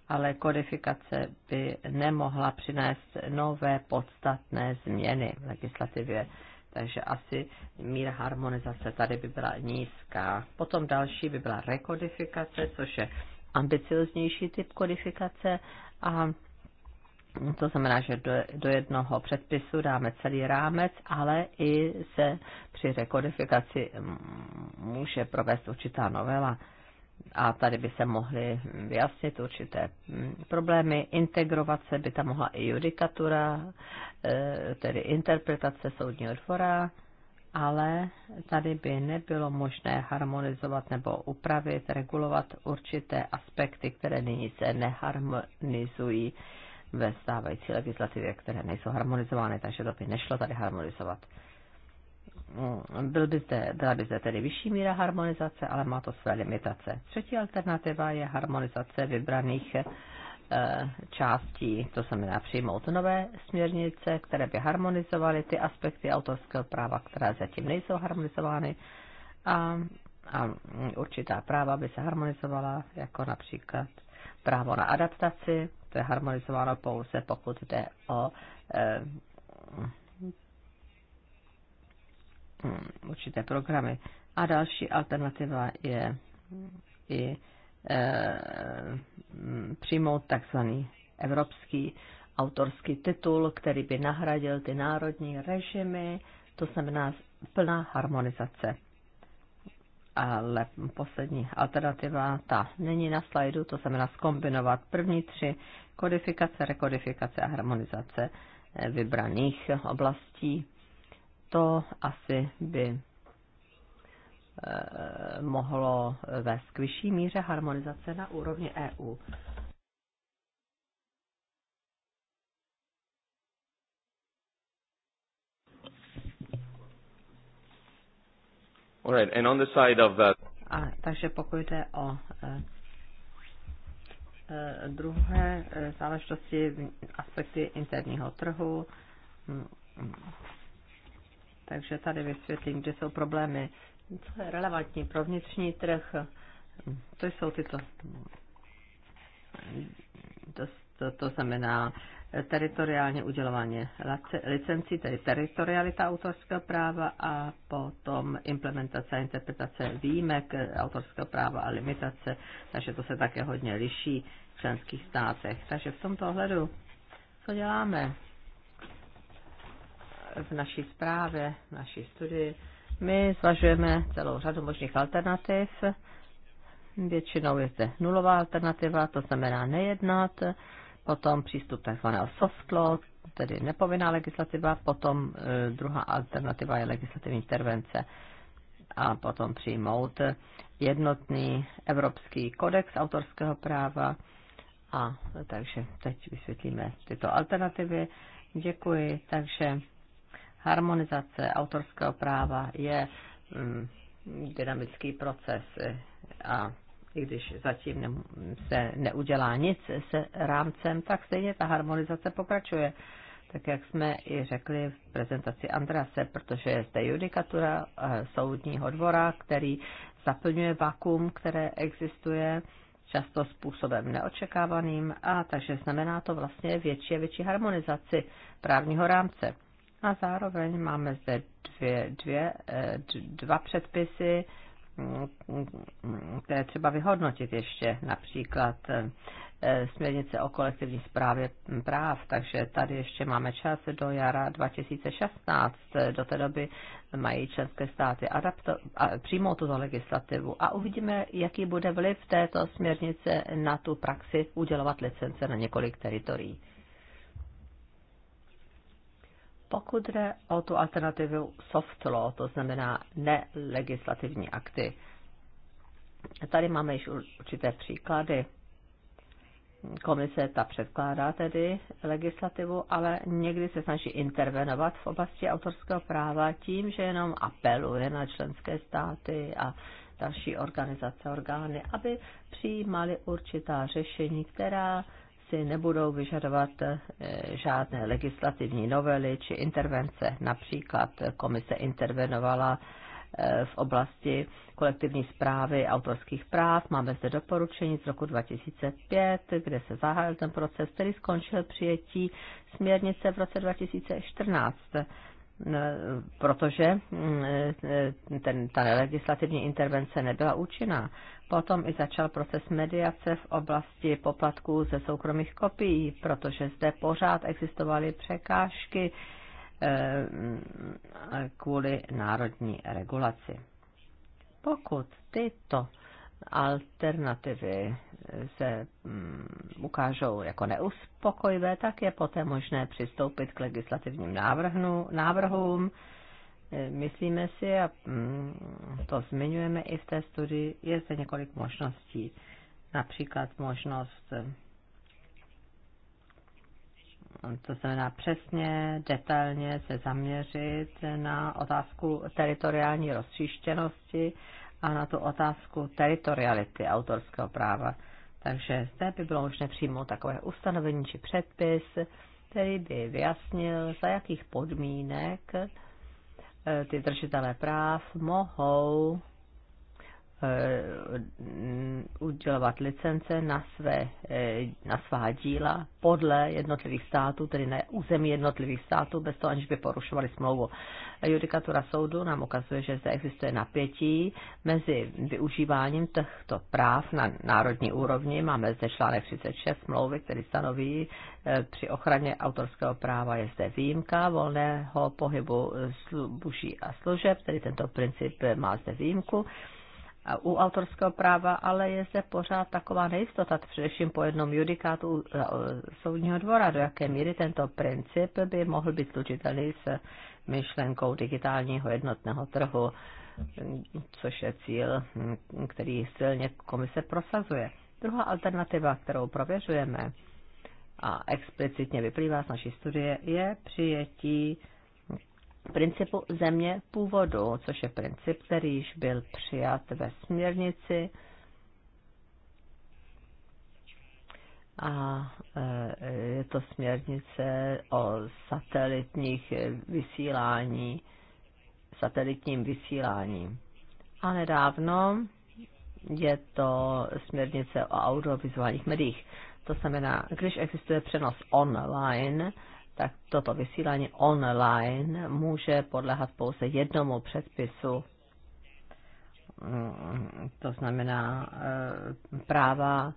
ale kodifikace by nemohla přinést nové podstatné změny v legislativě takže asi míra harmonizace tady by byla nízká. Potom další by byla rekodifikace, což je ambicioznější typ kodifikace a to znamená, že do, do jednoho předpisu dáme celý rámec, ale i se při rekodifikaci může provést určitá novela a tady by se mohly vyjasnit určité mm, problémy. Integrovat se by tam mohla i judikatura, e, tedy interpretace soudního dvora, ale tady by nebylo možné harmonizovat nebo upravit, regulovat určité aspekty, které nyní se neharmonizují ve stávající legislativě, které nejsou harmonizovány, takže to by nešlo tady harmonizovat. No, byl by zde, byla by zde tedy vyšší míra harmonizace, ale má to své limitace. Třetí alternativa je harmonizace vybraných eh, částí, to znamená přijmout nové směrnice, které by harmonizovaly ty aspekty autorského práva, které zatím nejsou harmonizovány a, a určitá práva by se harmonizovala, jako například právo na adaptaci, to je harmonizováno pouze pokud jde o e, Mm, určité programy. A další alternativa je i e, mm, přijmout takzvaný evropský autorský titul, který by nahradil ty národní režimy, to znamená plná harmonizace. Ale poslední alternativa, ta není na slajdu, to znamená skombinovat první tři kodifikace, rekodifikace a harmonizace e, vybraných oblastí to asi by eh, mohlo vést k vyšší míře harmonizace na úrovni EU. All right, and on the side of that... A, takže pokud jde o e, druhé záležitosti, aspekty interního trhu, mm, mm, takže tady vysvětlím, kde jsou problémy. Co je relevantní pro vnitřní trh, to jsou tyto. To, to, to znamená teritoriálně udělování licencí, tedy teritorialita autorského práva a potom implementace a interpretace výjimek autorského práva a limitace, takže to se také hodně liší v členských státech. Takže v tomto ohledu, co děláme? v naší zprávě, v naší studii, my zvažujeme celou řadu možných alternativ. Většinou je zde nulová alternativa, to znamená nejednat, potom přístup tzv. soft law, tedy nepovinná legislativa, potom e, druhá alternativa je legislativní intervence a potom přijmout jednotný evropský kodex autorského práva. A takže teď vysvětlíme tyto alternativy. Děkuji, takže harmonizace autorského práva je mm, dynamický proces eh, a i když zatím se neudělá nic se rámcem, tak stejně ta harmonizace pokračuje. Tak jak jsme i řekli v prezentaci Andrase, protože je zde judikatura eh, soudního dvora, který zaplňuje vakuum, které existuje často způsobem neočekávaným a takže znamená to vlastně větší a větší harmonizaci právního rámce. A zároveň máme zde dvě, dvě, eh, dva předpisy, mm, které třeba vyhodnotit ještě, například eh, směrnice o kolektivní zprávě práv, takže tady ještě máme čas do jara 2016. Do té doby mají členské státy adapto- a přijmout tuto legislativu a uvidíme, jaký bude vliv této směrnice na tu praxi udělovat licence na několik teritorií. Pokud jde o tu alternativu soft law, to znamená nelegislativní akty, tady máme již určité příklady. Komise ta předkládá tedy legislativu, ale někdy se snaží intervenovat v oblasti autorského práva tím, že jenom apeluje na členské státy a další organizace, orgány, aby přijímali určitá řešení, která si nebudou vyžadovat eh, žádné legislativní novely či intervence. Například komise intervenovala eh, v oblasti kolektivní zprávy autorských práv. Máme zde doporučení z roku 2005, kde se zahájil ten proces, který skončil přijetí směrnice v roce 2014 no, protože mm, eh, ten, ta legislativní intervence nebyla účinná. Potom i začal proces mediace v oblasti poplatků ze soukromých kopií, protože zde pořád existovaly překážky eh, kvůli národní regulaci. Pokud tyto alternativy se mm, ukážou jako neuspokojivé, tak je poté možné přistoupit k legislativním návrhnu, návrhům myslíme si, a mm, to zmiňujeme i v té studii, je zde několik možností. Například možnost, eh, to znamená přesně, detailně se zaměřit na otázku teritoriální rozstříštěnosti a na tu otázku teritoriality autorského práva. Takže zde by bylo možné přijmout takové ustanovení či předpis, který by vyjasnil, za jakých podmínek Eh, ty držitelé práv mohou Eh, udělovat licence na, své, eh, na svá díla podle jednotlivých států, tedy na území jednotlivých států, bez toho, aniž by porušovali smlouvu. Judikatura soudu nám ukazuje, že zde existuje napětí mezi využíváním těchto práv na národní úrovni. Máme zde článek 36 smlouvy, který stanoví eh, při ochraně autorského práva je zde výjimka volného pohybu zboží a služeb, tedy tento princip má zde výjimku u autorského práva, ale je zde pořád taková nejistota, především po jednom judikátu e, soudního dvora, do jaké míry tento princip by mohl být slučitelný s myšlenkou digitálního jednotného trhu, což je cíl, hm, který silně komise prosazuje. Druhá alternativa, kterou prověřujeme a explicitně vyplývá z naší studie, je přijetí principu země původu, což je princip, který již byl přijat ve směrnici a e, je to směrnice o satelitních vysílání, satelitním vysílání. A nedávno je to směrnice o audiovizuálních médiích. To znamená, když existuje přenos online, tak toto vysílání online může podléhat pouze jednomu předpisu, mm, to znamená eh, práva,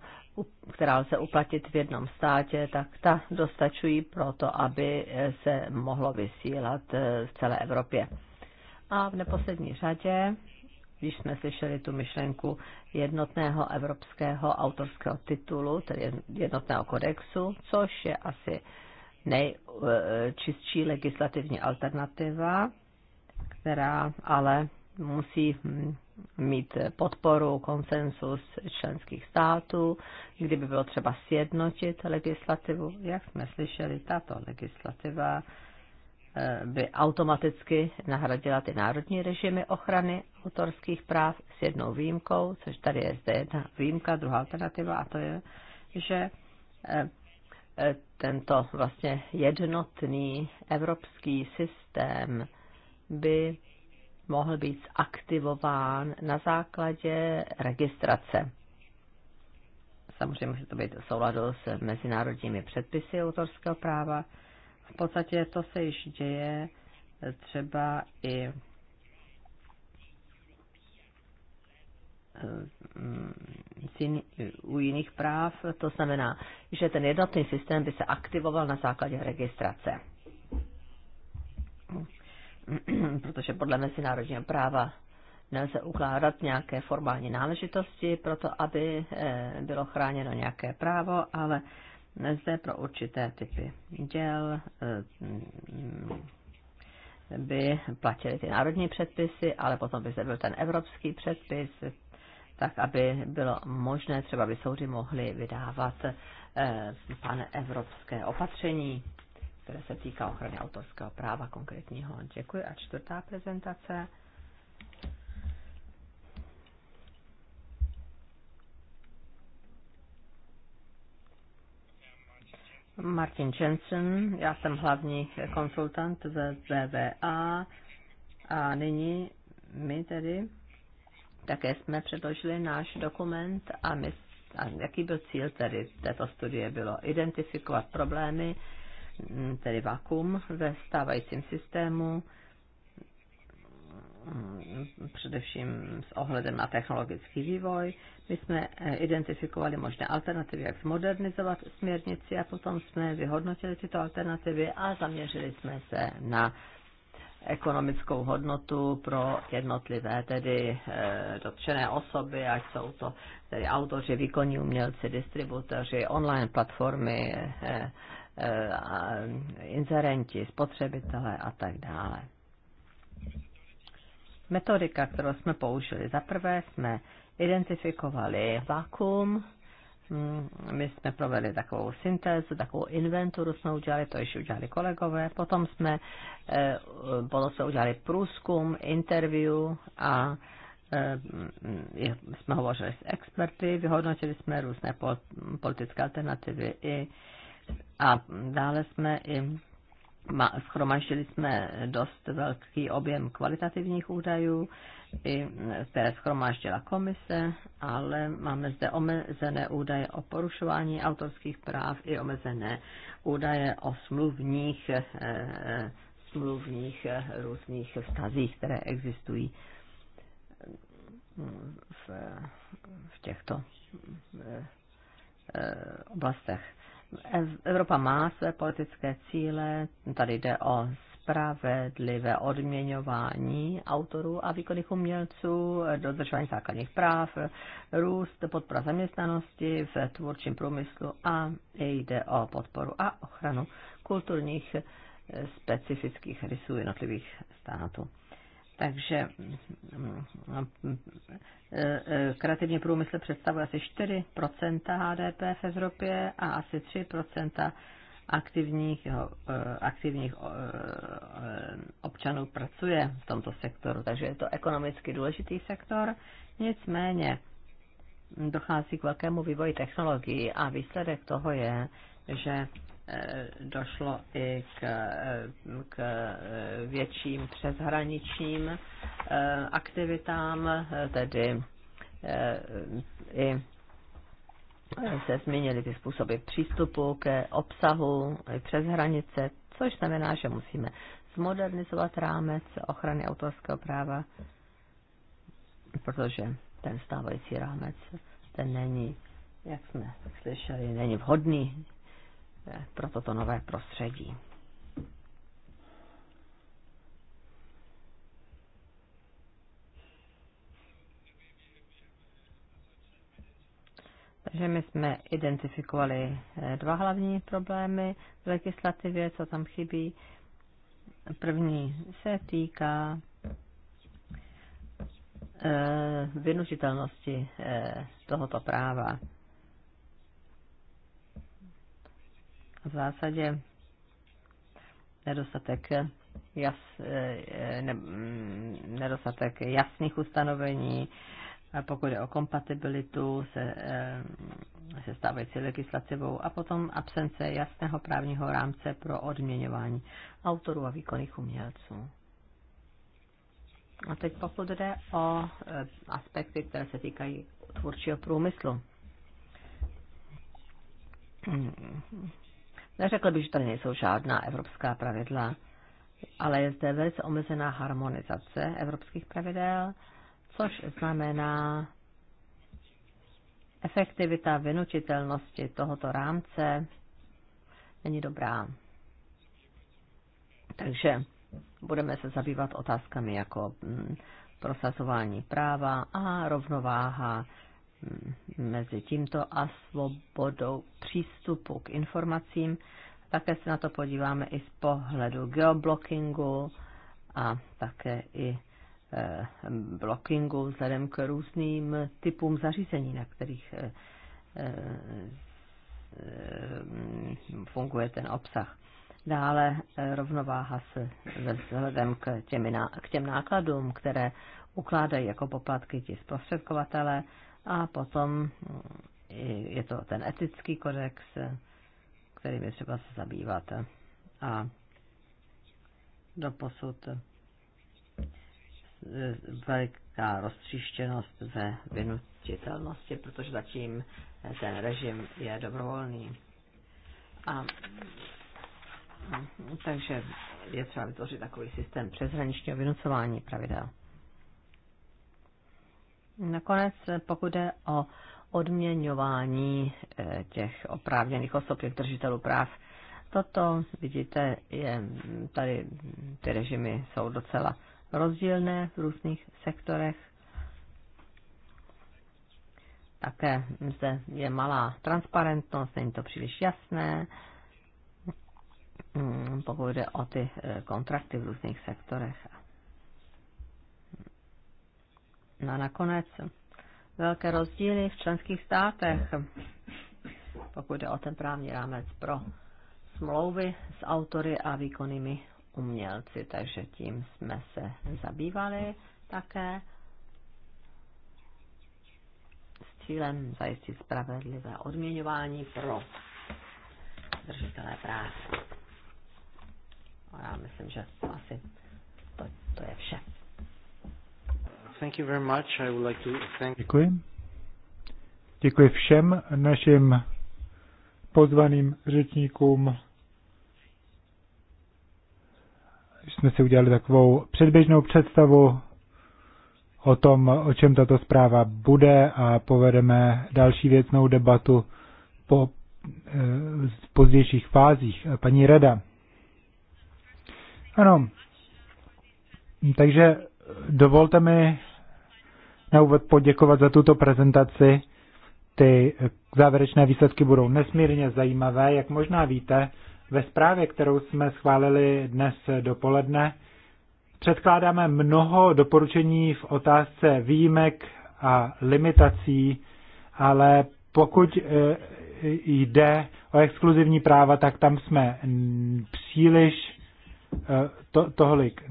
která lze uplatit v jednom státě, tak ta dostačují pro to, aby se mohlo vysílat eh, v celé Evropě. A v neposlední řadě, když jsme slyšeli tu myšlenku jednotného evropského autorského titulu, tedy jednotného kodexu, což je asi nejčistší eh, legislativní alternativa, která ale musí hm, mít podporu, konsensus členských států, kdyby bylo třeba sjednotit legislativu. Jak jsme slyšeli, tato legislativa eh, by automaticky nahradila ty národní režimy ochrany autorských práv s jednou výjimkou, což tady je zde jedna výjimka, druhá alternativa, a to je, že eh, tento vlastně jednotný evropský systém by mohl být aktivován na základě registrace. Samozřejmě může to být souladu s mezinárodními předpisy autorského práva. V podstatě to se již děje třeba i Eh, mm, u jiných práv. To znamená, že ten jednotný systém by se aktivoval na základě registrace. Protože podle mezinárodního práva nelze ukládat nějaké formální náležitosti proto, aby eh, bylo chráněno nějaké právo, ale zde pro určité typy děl eh, mm, by platili ty národní předpisy, ale potom by zde byl ten evropský předpis, tak aby bylo možné, třeba by soudy mohly vydávat eh, pan evropské opatření, které se týká ochrany autorského práva konkrétního. Děkuji. A čtvrtá prezentace. Martin Jensen, já jsem hlavní konsultant ze ZVA a nyní my tedy také jsme předložili náš dokument a, my, a jaký byl cíl tedy této studie bylo identifikovat problémy, mm, tedy vakuum ve stávajícím systému, mm, především s ohledem na technologický vývoj. My jsme eh, identifikovali možné alternativy, jak zmodernizovat směrnici a potom jsme vyhodnotili tyto alternativy a zaměřili jsme se na ekonomickou hodnotu pro jednotlivé tedy e, dotčené osoby, ať jsou to tedy autoři, výkonní umělci, distributoři, online platformy, e, e, a, inzerenti, spotřebitelé a tak dále. Metodika, kterou jsme použili, za prvé jsme identifikovali vakuum Hmm, my jsme provedli takovou syntézu, takovou inventuru jsme udělali, to již udělali kolegové, potom jsme, potom eh, jsme udělali průzkum, interview a eh, jsme hovořili s experty, vyhodnotili jsme různé politické alternativy i a dále jsme i Schromaždili jsme dost velký objem kvalitativních údajů, i, které schromáždila komise, ale máme zde omezené údaje o porušování autorských práv i omezené údaje o smluvních, eh, eh, smluvních eh, různých vztazích, které existují mm, v, v těchto oblastech. Evropa má své politické cíle, tady jde o spravedlivé odměňování autorů a výkonných umělců, dodržování základních práv, růst, podpora zaměstnanosti v tvůrčím průmyslu a jde o podporu a ochranu kulturních eh, specifických rysů jednotlivých států. Takže kreativní průmysl představuje asi 4 HDP v Evropě a asi 3 aktivních, aktivních občanů pracuje v tomto sektoru. Takže je to ekonomicky důležitý sektor. Nicméně dochází k velkému vývoji technologií a výsledek toho je, že Eh, došlo i k, eh, k eh, větším přeshraničním aktivitám, tedy i se změnily ty způsoby přístupu ke obsahu přes hranice, což znamená, že musíme zmodernizovat rámec ochrany autorského práva, protože ten stávající rámec, ten není, jak jsme slyšeli, není vhodný pro toto nové prostředí. Takže my jsme identifikovali eh, dva hlavní problémy v legislativě, co tam chybí. První se týká eh, vynužitelnosti eh, tohoto práva. v zásadě nedostatek, jas, eh, ne, mm, nedostatek jasných ustanovení, pokud je o kompatibilitu se, eh, se stávající legislativou a potom absence jasného právního rámce pro odměňování autorů a výkonných umělců. A teď pokud jde o eh, aspekty, které se týkají tvůrčího průmyslu Neřekl bych, že tady nejsou žádná evropská pravidla, ale je zde velice omezená harmonizace evropských pravidel, což znamená efektivita vynučitelnosti tohoto rámce není dobrá. Takže budeme se zabývat otázkami jako mm, prosazování práva a rovnováha mezi tímto a svobodou přístupu k informacím. Také se na to podíváme i z pohledu geoblockingu a také i e, blockingu vzhledem k různým typům zařízení, na kterých e, e, funguje ten obsah. Dále rovnováha se vzhledem k, těmi, k těm nákladům, které ukládají jako poplatky ti zprostředkovatele, a potom mm, je to ten etický kodex, kterým je třeba se zabývat. A doposud veliká roztříštěnost ve vynutitelnosti, protože zatím ten režim je dobrovolný. A, mm, takže je třeba vytvořit takový systém přeshraničního vynucování pravidel. Nakonec, pokud jde o odměňování eh, těch oprávněných osob, těch držitelů práv, toto, vidíte, je, tady ty režimy jsou docela rozdílné v různých sektorech. Také zde je malá transparentnost, není to příliš jasné, hmm, pokud jde o ty eh, kontrakty v různých sektorech. No a nakonec velké rozdíly v členských státech, pokud jde o ten právní rámec pro smlouvy s autory a výkonnými umělci. Takže tím jsme se zabývali také s cílem zajistit spravedlivé odměňování pro držitelé práv. A já myslím, že asi to, to je vše. Děkuji. Děkuji všem našim pozvaným řečníkům. Jsme si udělali takovou předběžnou představu o tom, o čem tato zpráva bude a povedeme další věcnou debatu po eh, v pozdějších fázích. Paní Reda. Ano, takže dovolte mi na úvod poděkovat za tuto prezentaci. Ty závěrečné výsledky budou nesmírně zajímavé. Jak možná víte, ve zprávě, kterou jsme schválili dnes dopoledne, předkládáme mnoho doporučení v otázce výjimek a limitací, ale pokud e, jde o exkluzivní práva, tak tam jsme příliš e, to, tolik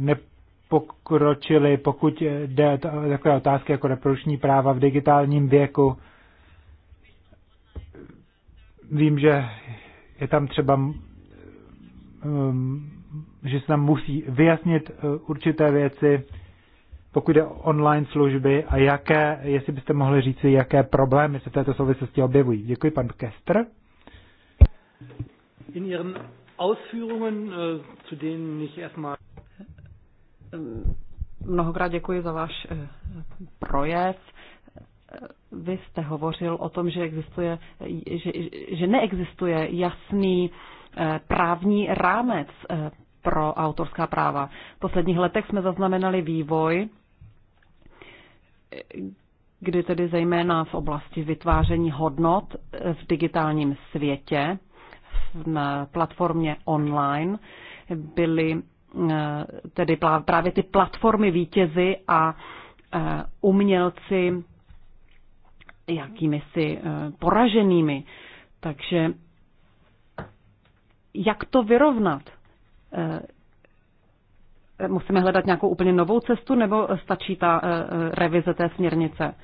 pokročili, pokud jde o takové otázky jako reprodukční práva v digitálním věku. Vím, že je tam třeba, že se tam musí vyjasnit e, určité věci, pokud jde o online služby a jaké, jestli byste mohli říci, jaké problémy se v této souvislosti objevují. Děkuji, pan Kester. In Ihren Ausführungen, äh, zu denen ich erstmal mnohokrát děkuji za váš eh, projev. Vy jste hovořil o tom, že, existuje, že, že neexistuje jasný eh, právní rámec eh, pro autorská práva. V posledních letech jsme zaznamenali vývoj, kdy tedy zejména v oblasti vytváření hodnot v digitálním světě, na platformě online, byly Eh, tedy právě ty platformy vítězy a eh, umělci jakými si eh, poraženými. Takže jak to vyrovnat? Musíme hledat nějakou úplně novou cestu nebo stačí ta revize té směrnice?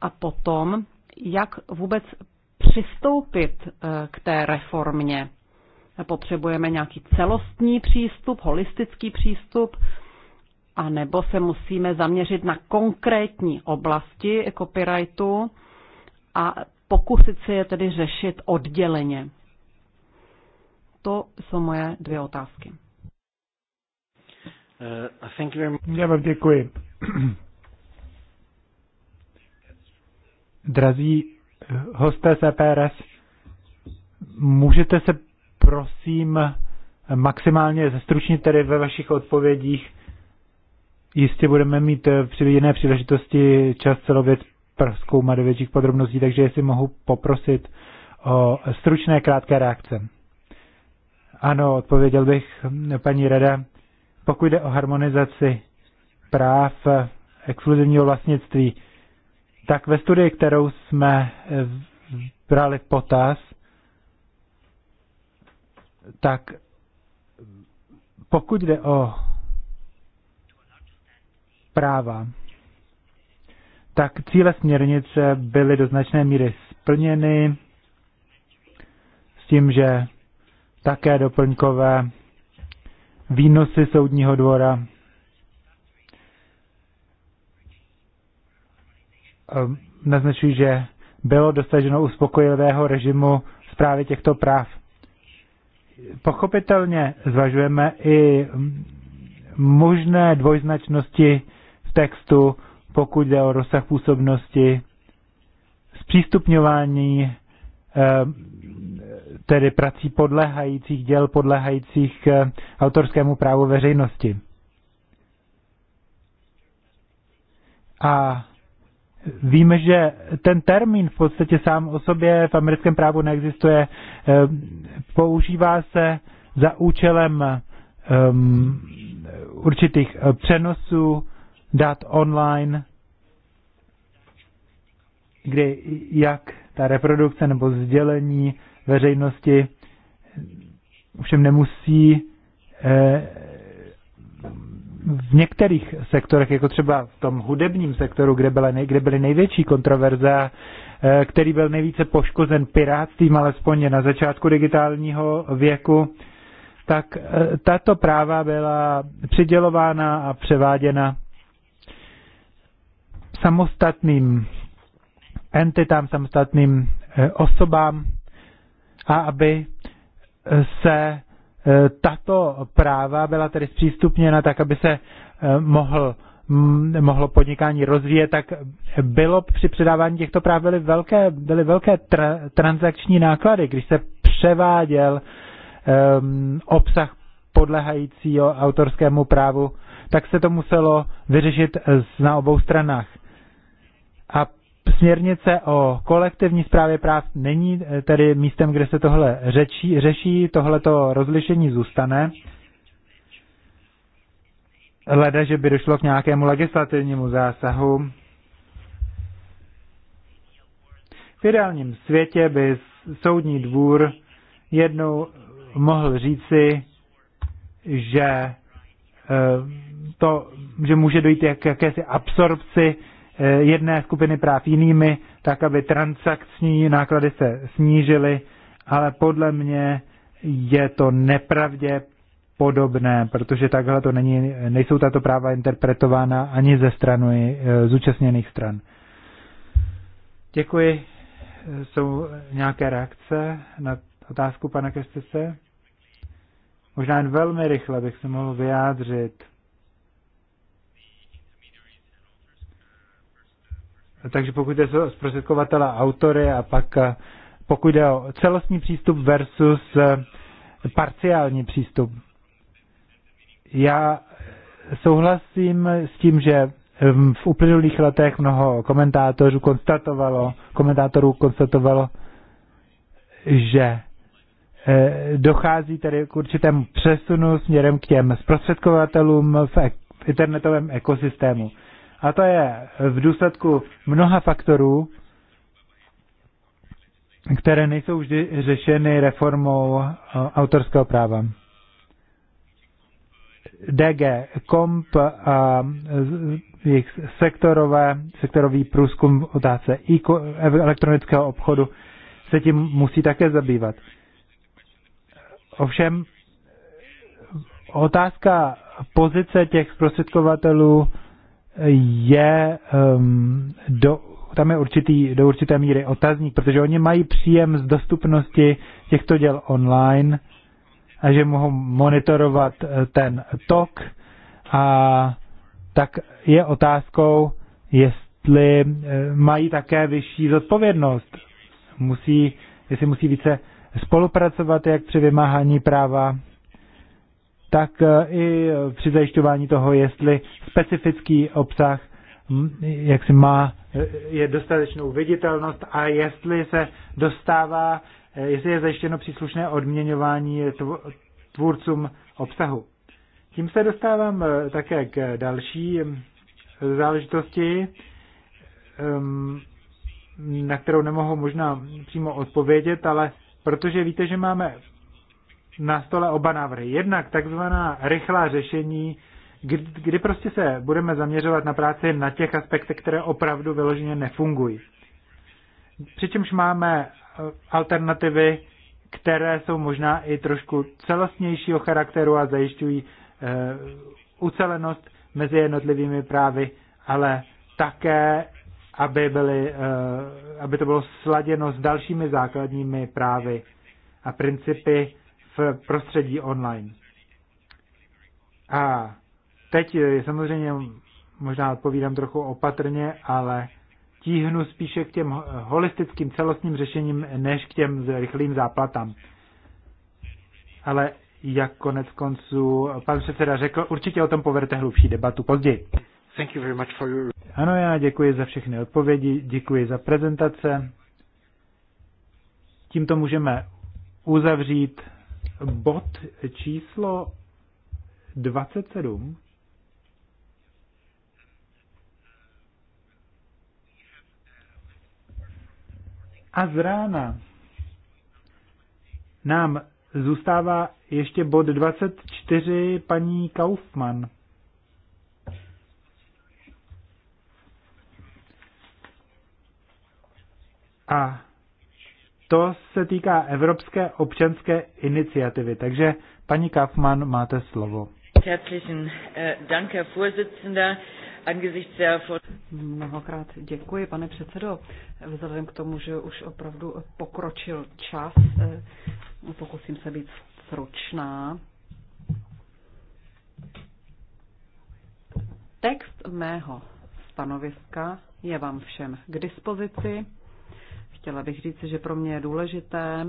A potom, jak vůbec přistoupit k té reformě? potřebujeme nějaký celostní přístup, holistický přístup, a nebo se musíme zaměřit na konkrétní oblasti copyrightu a pokusit se je tedy řešit odděleně. To jsou moje dvě otázky. Uh, Já vám děkuji. Drazí eh, hosté CPRS, e můžete se prosím maximálně zestručnit tedy ve vašich odpovědích. Jistě budeme mít eh, při jiné příležitosti čas celou věc proskoumat do větších podrobností, takže jestli mohu poprosit o stručné krátké reakce. Ano, odpověděl bych paní Rada. Pokud jde o harmonizaci práv eh, exkluzivního vlastnictví, tak ve studii, kterou jsme eh, brali v potaz, tak pokud jde o práva, tak cíle směrnice byly do značné míry splněny s tím, že také doplňkové výnosy soudního dvora ehm, naznačují, že bylo dosaženo uspokojivého režimu zprávy těchto práv pochopitelně zvažujeme i možné dvojznačnosti v textu, pokud jde o rozsah působnosti, zpřístupňování eh, tedy prací podléhajících děl, podléhajících eh, autorskému právu veřejnosti. A víme, že ten termín v podstatě sám o sobě v americkém právu neexistuje. Eh, používá se za účelem um, určitých eh, přenosů dat online, kdy jak ta reprodukce nebo sdělení veřejnosti všem nemusí eh, v některých sektorech, jako třeba v tom hudebním sektoru, kde, byla nej, kde byly největší kontroverze, eh, který byl nejvíce poškozen pirátstvím, alespoň na začátku digitálního věku, tak eh, tato práva byla přidělována a převáděna samostatným entitám, samostatným eh, osobám a aby se Eh, tato práva byla tedy zpřístupněna tak, aby se eh, mohl, mohlo podnikání rozvíjet, tak bylo při předávání těchto práv byly velké, byly velké tra, transakční náklady, když se převáděl um, obsah podlehajícího autorskému právu, tak se to muselo vyřešit na obou stranách. A Směrnice o kolektivní správě práv není eh, tedy místem, kde se tohle řeší, řeší tohleto rozlišení zůstane. Leda, že by došlo k nějakému legislativnímu zásahu. V ideálním světě by soudní dvůr jednou mohl říci, že eh, to, že může dojít jak, jakési absorpci Eh, jedné skupiny práv jinými, tak aby transakční náklady se snížily, ale podle mě je to nepravděpodobné, protože takhle to není, nejsou tato práva interpretována ani ze strany eh, zúčastněných stran. Děkuji. Jsou nějaké reakce na otázku pana Kestice? Možná jen velmi rychle bych se mohl vyjádřit Takže pokud jde o zprostředkovatele autory a pak eh, pokud jde o celostní přístup versus eh, parciální přístup. Já souhlasím s tím, že ehm, v uplynulých letech mnoho komentátorů konstatovalo, komentátorů konstatovalo, že eh, dochází tedy k určitému přesunu směrem k těm zprostředkovatelům v internetovém ekosystému. A to je v důsledku mnoha faktorů, které nejsou vždy řešeny reformou eh, autorského práva. DG Komp a eh, jejich sektorové, sektorový průzkum v otázce elektronického obchodu se tím musí také zabývat. Ovšem, otázka pozice těch zprostředkovatelů je ehm, do, tam je určitý, do určité míry otazník, protože oni mají příjem z dostupnosti těchto děl online a že mohou monitorovat eh, ten tok a tak je otázkou, jestli eh, mají také vyšší zodpovědnost. Musí, jestli musí více spolupracovat jak při vymáhání práva, tak eh, i eh, při zajišťování toho, jestli specifický obsah hm, jak si má, eh, je dostatečnou viditelnost a jestli se dostává, jestli je zajištěno příslušné odměňování tvůrcům obsahu. Tím se dostávám také k další hm, záležitosti, hm, na kterou nemohu možná přímo odpovědět, ale protože víte, že máme na stole oba návrhy. Jednak takzvaná rychlá řešení, kdy, kdy prostě se budeme zaměřovat na práci na těch aspektech, které opravdu vyloženě nefungují. Přičemž máme eh, alternativy, které jsou možná i trošku celostnějšího charakteru a zajišťují e, ucelenost mezi jednotlivými právy, ale také, aby, byly, e, aby to bylo sladěno s dalšími základními právy a principy, v prostředí online. A teď eh, samozřejmě možná odpovídám trochu opatrně, ale tíhnu spíše k těm holistickým celostním řešením, než k těm rychlým záplatám. Ale jak konec konců pan předseda řekl, určitě o tom povedete hlubší debatu později. Thank you very much for your... Ano, já děkuji za všechny odpovědi, děkuji za prezentace. Tímto můžeme uzavřít bod číslo 27 a z rána nám zůstává ještě bod 24 paní Kaufmann. A to se týká Evropské občanské iniciativy. Takže paní Kaufmann, máte slovo. Herzlichen eh, Dank, Herr Vorsitzender. Mnohokrát děkuji, pane předsedo. Vzhledem k tomu, že už opravdu pokročil čas, eh, pokusím se být stručná. Text mého stanoviska je vám všem k dispozici. Chtěla bych říct, že pro mě je důležité,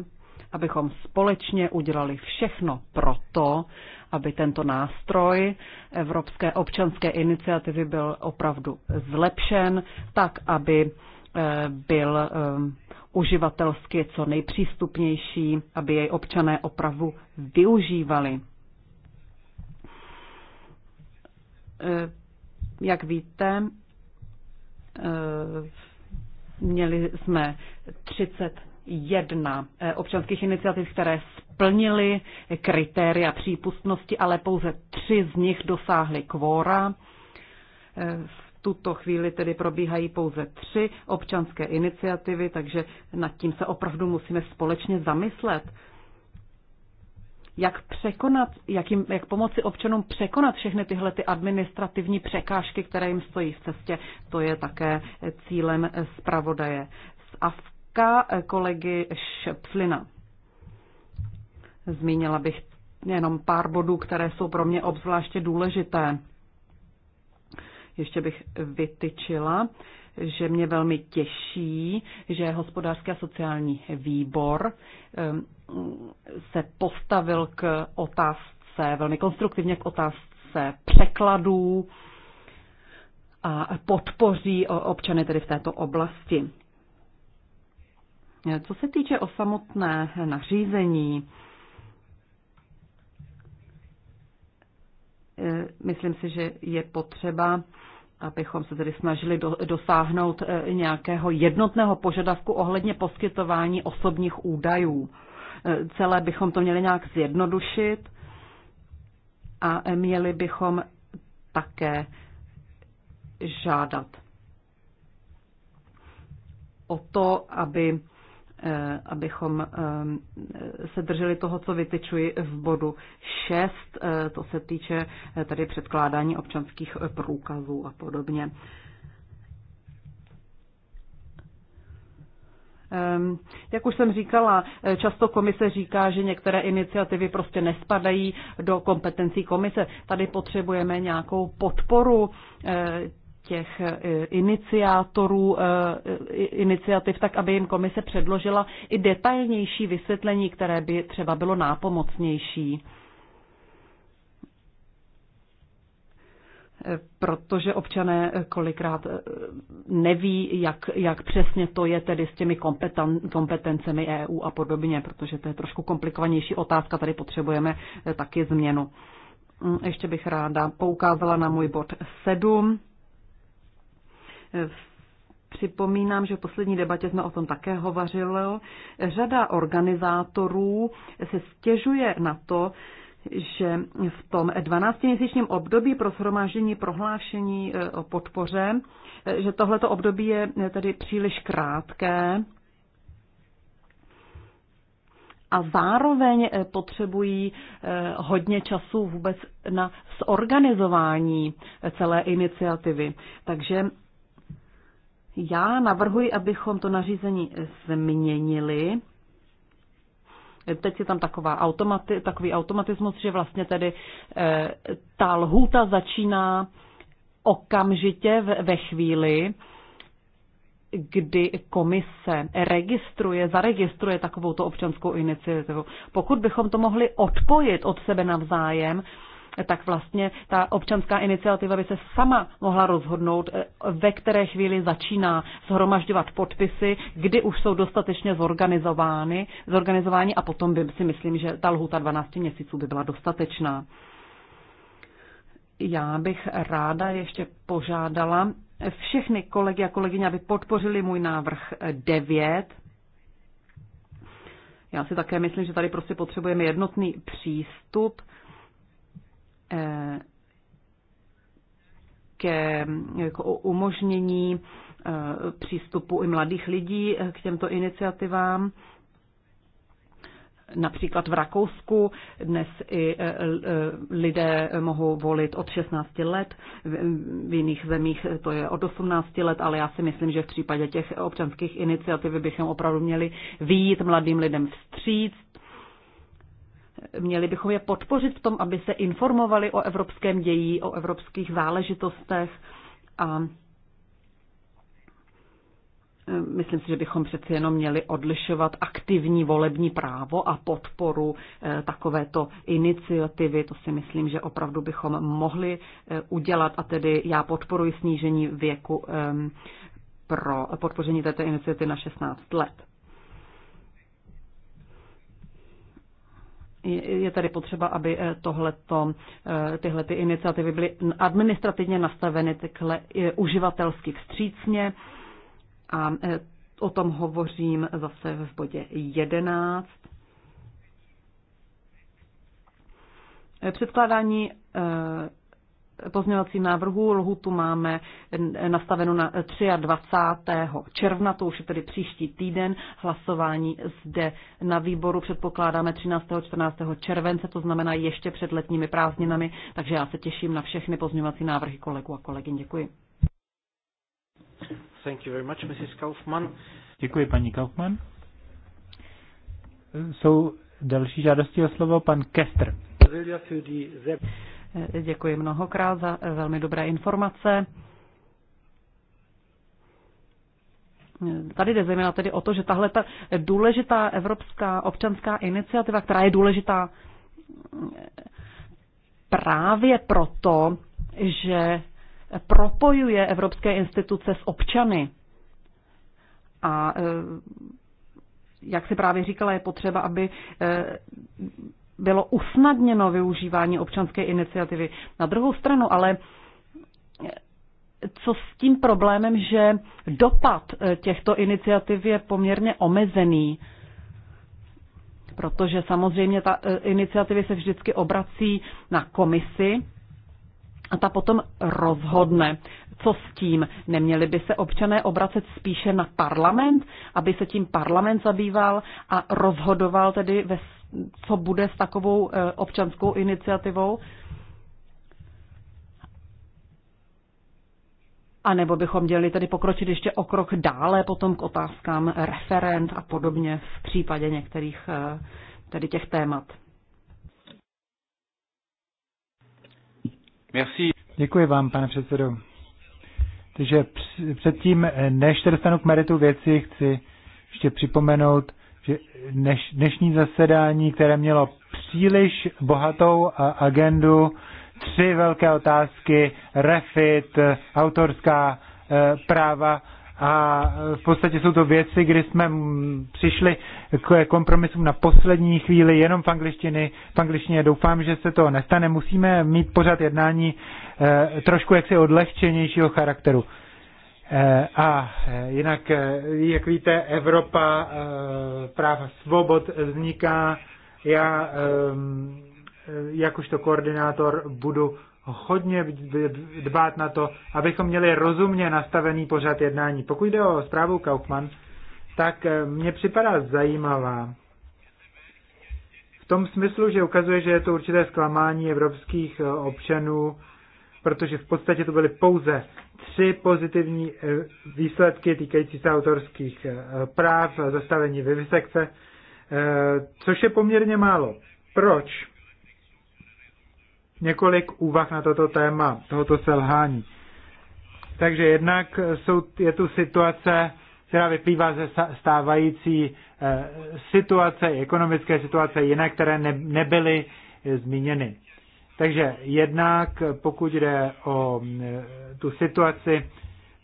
abychom společně udělali všechno pro to, aby tento nástroj Evropské občanské iniciativy byl opravdu zlepšen, tak aby eh, byl eh, uživatelsky co nejpřístupnější, aby jej občané opravdu využívali. Eh, jak víte, v Měli jsme 31 eh, občanských iniciativ, které splnily kritéria přípustnosti, ale pouze tři z nich dosáhly kvóra. Eh, v tuto chvíli tedy probíhají pouze tři občanské iniciativy, takže nad tím se opravdu musíme společně zamyslet jak překonat, jak, jim, jak pomoci občanům překonat všechny tyhle ty administrativní překážky, které jim stojí v cestě. To je také cílem zpravodaje z Avka eh, kolegy Šepflina. Zmínila bych jenom pár bodů, které jsou pro mě obzvláště důležité. Ještě bych vytyčila že mě velmi těší, že hospodářský a sociální výbor ehm, se postavil k otázce, velmi konstruktivně k otázce překladů a podpoří občany tedy v této oblasti. Co se týče o samotné nařízení, ehm, myslím si, že je potřeba abychom se tedy snažili do, dosáhnout eh, nějakého jednotného požadavku ohledně poskytování osobních údajů. Eh, celé bychom to měli nějak zjednodušit a eh, měli bychom také žádat o to, aby Eh, abychom eh, se drželi toho, co vytyčuji v bodu 6, eh, to se týče tady předkládání občanských průkazů a podobně. Ehm, jak už jsem říkala, často komise říká, že některé iniciativy prostě nespadají do kompetencí komise. Tady potřebujeme nějakou podporu těch eh, iniciátorů eh, iniciativ, tak aby jim komise předložila i detailnější vysvětlení, které by třeba bylo nápomocnější. Eh, protože občané kolikrát neví, jak, jak přesně to je tedy s těmi kompeten, kompetencemi EU a podobně, protože to je trošku komplikovanější otázka, tady potřebujeme taky změnu. Mm, ještě bych ráda poukázala na můj bod 7. Připomínám, že v poslední debatě jsme o tom také hovořili. Řada organizátorů se stěžuje na to, že v tom 12-měsíčním období pro shromáždění prohlášení e, o podpoře, e, že tohleto období je e, tedy příliš krátké a zároveň potřebují hodně času vůbec na zorganizování celé iniciativy. Takže já navrhuji, abychom to nařízení změnili. Teď je tam taková automati, takový automatismus, že vlastně tedy e, ta lhůta začíná okamžitě ve, ve chvíli, kdy komise registruje, zaregistruje takovouto občanskou iniciativu. Pokud bychom to mohli odpojit od sebe navzájem, tak vlastně ta občanská iniciativa by se sama mohla rozhodnout, eh, ve které chvíli začíná zhromažďovat podpisy, kdy už jsou dostatečně zorganizovány, zorganizování a potom by si myslím, že ta lhuta 12 měsíců by byla dostatečná. Já bych ráda ještě požádala všechny kolegy a kolegyně, aby podpořili můj návrh 9. Já si také myslím, že tady prostě potřebujeme jednotný přístup ke, jako umožnění e, přístupu i mladých lidí e, k těmto iniciativám. Například v Rakousku dnes i e, lidé mohou volit od 16 let, v jiných zemích to je od 18 let, ale já si myslím, že v případě těch občanských iniciativ bychom opravdu měli výjít mladým lidem vstříc, Měli bychom je podpořit v tom, aby se informovali o evropském ději, o evropských záležitostech a e, Myslím si, že bychom přeci jenom měli odlišovat aktivní volební právo a podporu e, takovéto iniciativy. To si myslím, že opravdu bychom mohli e, udělat a tedy já podporuji snížení věku pro podpoření této iniciativy na 16 let. je tady potřeba, aby eh, tohleto, eh, tyhle ty iniciativy byly administrativně nastaveny takhle eh, uživatelsky vstřícně a o tom hovořím zase v bodě 11. Předkládání pozměňovacím návrhů. Lhutu máme nastaveno na 23. června, to už je tedy příští týden. Hlasování zde na výboru předpokládáme 13. 14. července, to znamená ještě před letními prázdninami, takže já se těším na všechny pozměňovací návrhy kolegů a kolegyň. Děkuji. Thank you very much, Mrs. Kaufman. Děkuji, paní Kaufman. Jsou další žádosti o slovo pan Kester. Děkuji mnohokrát za velmi dobré informace. Tady jde zejména tedy o to, že tahle ta důležitá evropská občanská iniciativa, která je důležitá právě proto, že propojuje evropské instituce s občany. A eh, jak si právě říkala, je potřeba, aby eh, bylo usnadněno využívání občanské iniciativy. Na druhou stranu ale co s tím problémem, že dopad e, těchto iniciativ je poměrně omezený, protože samozřejmě ta e, iniciativy se vždycky obrací na komisi a ta potom rozhodne. Co s tím? Neměli by se občané obracet spíše na parlament, aby se tím parlament zabýval a rozhodoval tedy ve co bude s takovou eh, občanskou iniciativou. A nebo bychom měli tedy pokročit ještě o krok dále potom k otázkám referent a podobně v případě některých eh, tedy těch témat. Merci. Děkuji vám, pane předsedo. Takže předtím, eh, než se dostanu k meritu věci, chci ještě připomenout, dneš, dnešní zasedání, které mělo příliš bohatou agendu, tři velké otázky, refit, autorská e, práva a v podstatě jsou to věci, kdy jsme přišli k kompromisům na poslední chvíli jenom v angličtiny. V angličtině doufám, že se to nestane. Musíme mít pořád jednání e, trošku jaksi odlehčenějšího charakteru. Eh, a eh, jinak, eh, jak víte, Evropa práv svobod vzniká. Já ehm, jakožto koordinátor budu hodně dbát na to, abychom měli rozumně nastavený pořad jednání. Pokud jde o zprávu Kaufmann, tak mně připadá zajímavá. V tom smyslu, že ukazuje, že je to určité zklamání evropských občanů protože v podstatě to byly pouze tři pozitivní eh, výsledky týkající se autorských eh, práv, zastavení vivisekce, eh, což je poměrně málo. Proč? Několik úvah na toto téma, tohoto selhání. Takže jednak jsou, je tu situace, která vyplývá ze stávající situace, ekonomické situace jiné, které ne, nebyly zmíněny. Takže jednak pokud jde o e, tu situaci,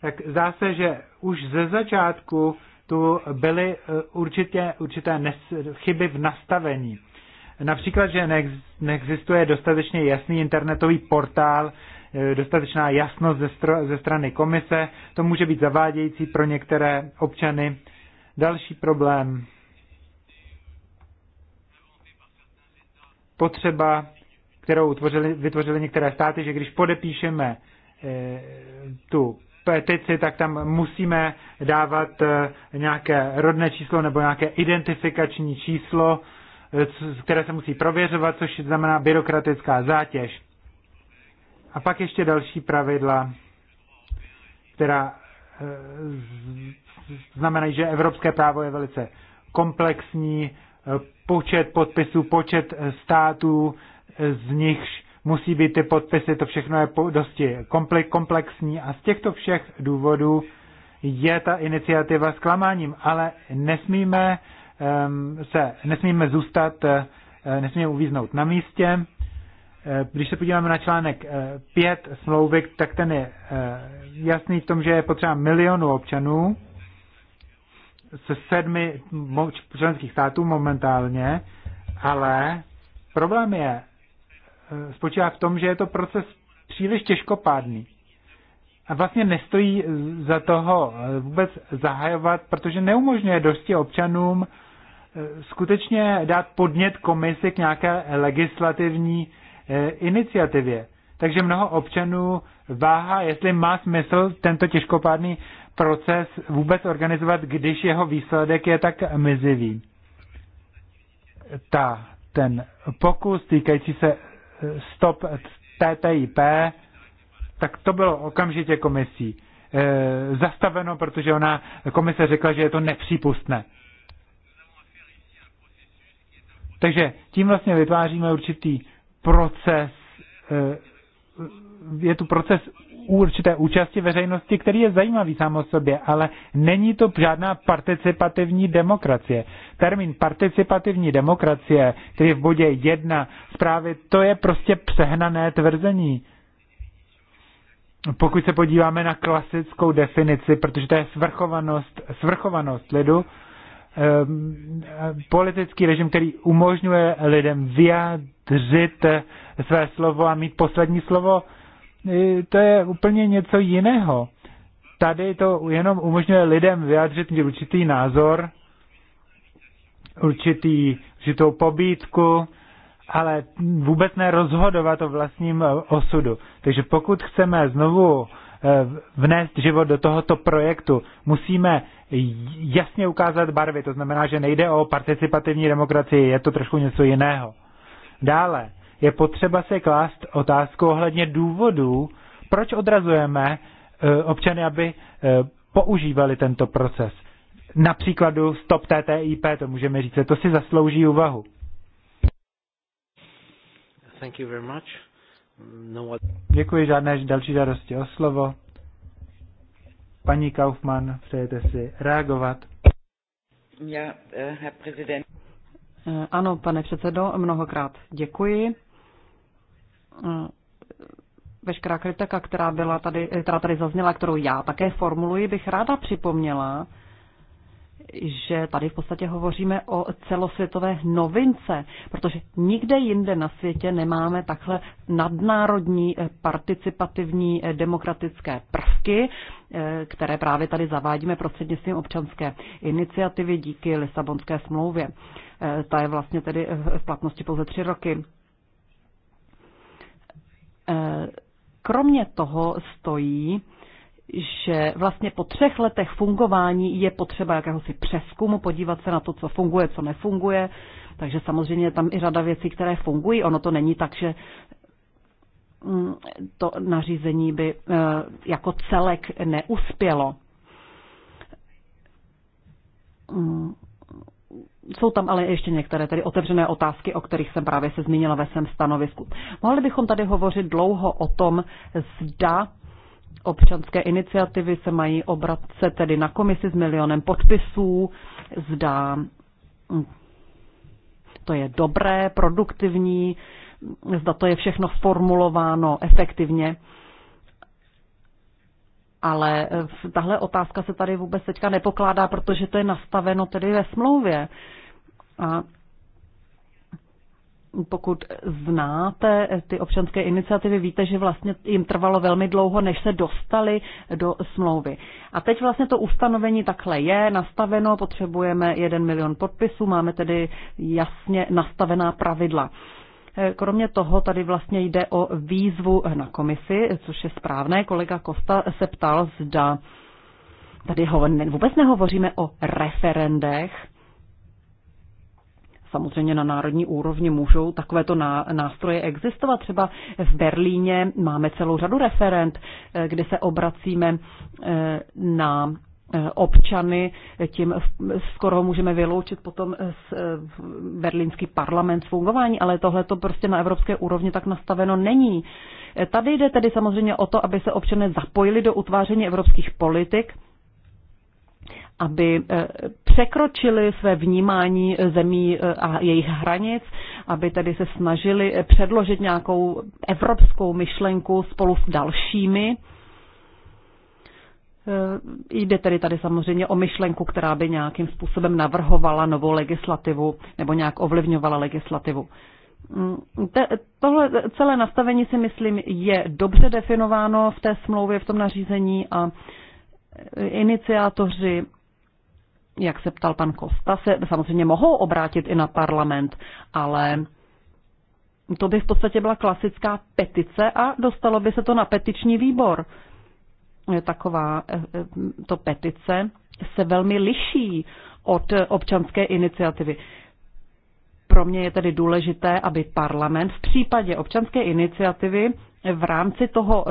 tak zdá se, že už ze začátku tu byly e, určitě, určité nes, chyby v nastavení. Například, že neex, neexistuje dostatečně jasný internetový portál, e, dostatečná jasnost ze, stro, ze strany komise, to může být zavádějící pro některé občany. Další problém. Potřeba kterou utvořili, vytvořili některé státy, že když podepíšeme eh, tu petici, tak tam musíme dávat eh, nějaké rodné číslo nebo nějaké identifikační číslo, eh, které se musí prověřovat, což znamená byrokratická zátěž. A pak ještě další pravidla, která znamenají, že evropské právo je velice komplexní, počet podpisů, počet států, z nichž musí být ty podpisy, to všechno je dosti komplexní a z těchto všech důvodů je ta iniciativa zklamáním, ale nesmíme se, nesmíme zůstat, eh, nesmíme uvíznout na místě. Eh, když se podíváme na článek 5 eh, smlouvy, tak ten je jasný v tom, že je potřeba milionu občanů se sedmi členských států momentálně, ale problém je Eh, spočívá v tom, že je to proces příliš těžkopádný. A vlastně nestojí za toho eh, vůbec zahajovat, protože neumožňuje dosti občanům eh, skutečně dát podnět komisi k nějaké legislativní iniciativě. Takže mnoho občanů váha, jestli má smysl tento těžkopádný proces vůbec organizovat, když jeho výsledek je tak mizivý. Ta, ten pokus týkající se stop TTIP, tak to bylo okamžitě komisí eh, zastaveno, protože ona komise řekla, že je to nepřípustné. Takže tím vlastně vytváříme určitý proces, eh, je tu proces určité účasti veřejnosti, který je zajímavý sám o sobě, ale není to žádná participativní demokracie. Termín participativní demokracie, který je v bodě jedna zprávy, to je prostě přehnané tvrzení. Pokud se podíváme na klasickou definici, protože to je svrchovanost, svrchovanost lidu, ehm, eh, politický režim, který umožňuje lidem vyjádřit své slovo a mít poslední slovo, E, to je úplně něco jiného. Tady to jenom umožňuje lidem vyjádřit určitý názor, určitý, určitou pobídku, ale vůbec nerozhodovat o vlastním e, osudu. Takže pokud chceme znovu e, vnést život do tohoto projektu, musíme jasně ukázat barvy. To znamená, že nejde o participativní demokracii, je to trošku něco jiného. Dále, je potřeba se klást otázku ohledně důvodů, proč odrazujeme eh, občany, aby eh, používali tento proces. Na příkladu stop TTIP, to můžeme říct, to si zaslouží úvahu. Thank you very much. No what... Děkuji, žádné další žádosti o slovo. Paní Kaufmann, přejete si reagovat? Já, eh, Herr Ano, pane předsedo, mnohokrát děkuji. E, veškerá kritika, která, byla tady, e, která tady zazněla, kterou já také formuluji, bych ráda připomněla, že tady v podstatě hovoříme o celosvětové novince, protože nikde jinde na světě nemáme takhle nadnárodní e, participativní demokratické prvky, které právě tady zavádíme prostřednictvím občanské iniciativy díky Lisabonské smlouvě. Ta je vlastně tedy v platnosti pouze tři roky. Eh, kromě toho stojí, že vlastně po třech letech fungování je potřeba jakéhosi přeskumu, podívat se na to, co funguje, co nefunguje. Takže samozřejmě tam i řada věcí, které fungují. Ono to není tak, že mm, to nařízení by eh, jako celek neuspělo. Mm jsou tam ale ještě některé tedy otevřené otázky, o kterých jsem právě se zmínila ve svém stanovisku. Mohli bychom tady hovořit dlouho o tom, zda občanské iniciativy se mají obratce tedy na komisi s milionem podpisů, zda hm, to je dobré, produktivní, zda to je všechno formulováno efektivně ale eh, tahle otázka se tady vůbec teďka nepokládá, protože to je nastaveno tedy ve smlouvě. A pokud znáte eh, ty občanské iniciativy, víte, že vlastně jim trvalo velmi dlouho, než se dostali do smlouvy. A teď vlastně to ustanovení takhle je nastaveno, potřebujeme jeden milion podpisů, máme tedy jasně nastavená pravidla. Kromě toho tady vlastně jde o výzvu na komisi, což je správné. Kolega Kosta se ptal, zda tady ho, ne, vůbec nehovoříme o referendech. Samozřejmě na národní úrovni můžou takovéto nástroje existovat. Třeba v Berlíně máme celou řadu referent, eh, kde se obracíme eh, na Eh, občany, tím skoro můžeme vyloučit potom eh, eh, berlínský parlament z fungování, ale tohle to prostě na evropské úrovni tak nastaveno není. Tady jde tedy samozřejmě o to, aby se občané zapojili do utváření evropských politik, aby překročili své vnímání zemí a jejich hranic, aby tedy se snažili předložit nějakou evropskou myšlenku spolu s dalšími Eh, jde tedy tady samozřejmě o myšlenku, která by nějakým způsobem navrhovala novou legislativu nebo nějak ovlivňovala legislativu. Mm, te, tohle celé nastavení si myslím je dobře definováno v té smlouvě, v tom nařízení a eh, iniciátoři, jak se ptal pan Kosta, se samozřejmě mohou obrátit i na parlament, ale to by v podstatě byla klasická petice a dostalo by se to na petiční výbor. Eh, taková eh, eh, to petice se velmi liší od občanské iniciativy. Pro mě je tedy důležité, aby parlament v případě občanské iniciativy v rámci toho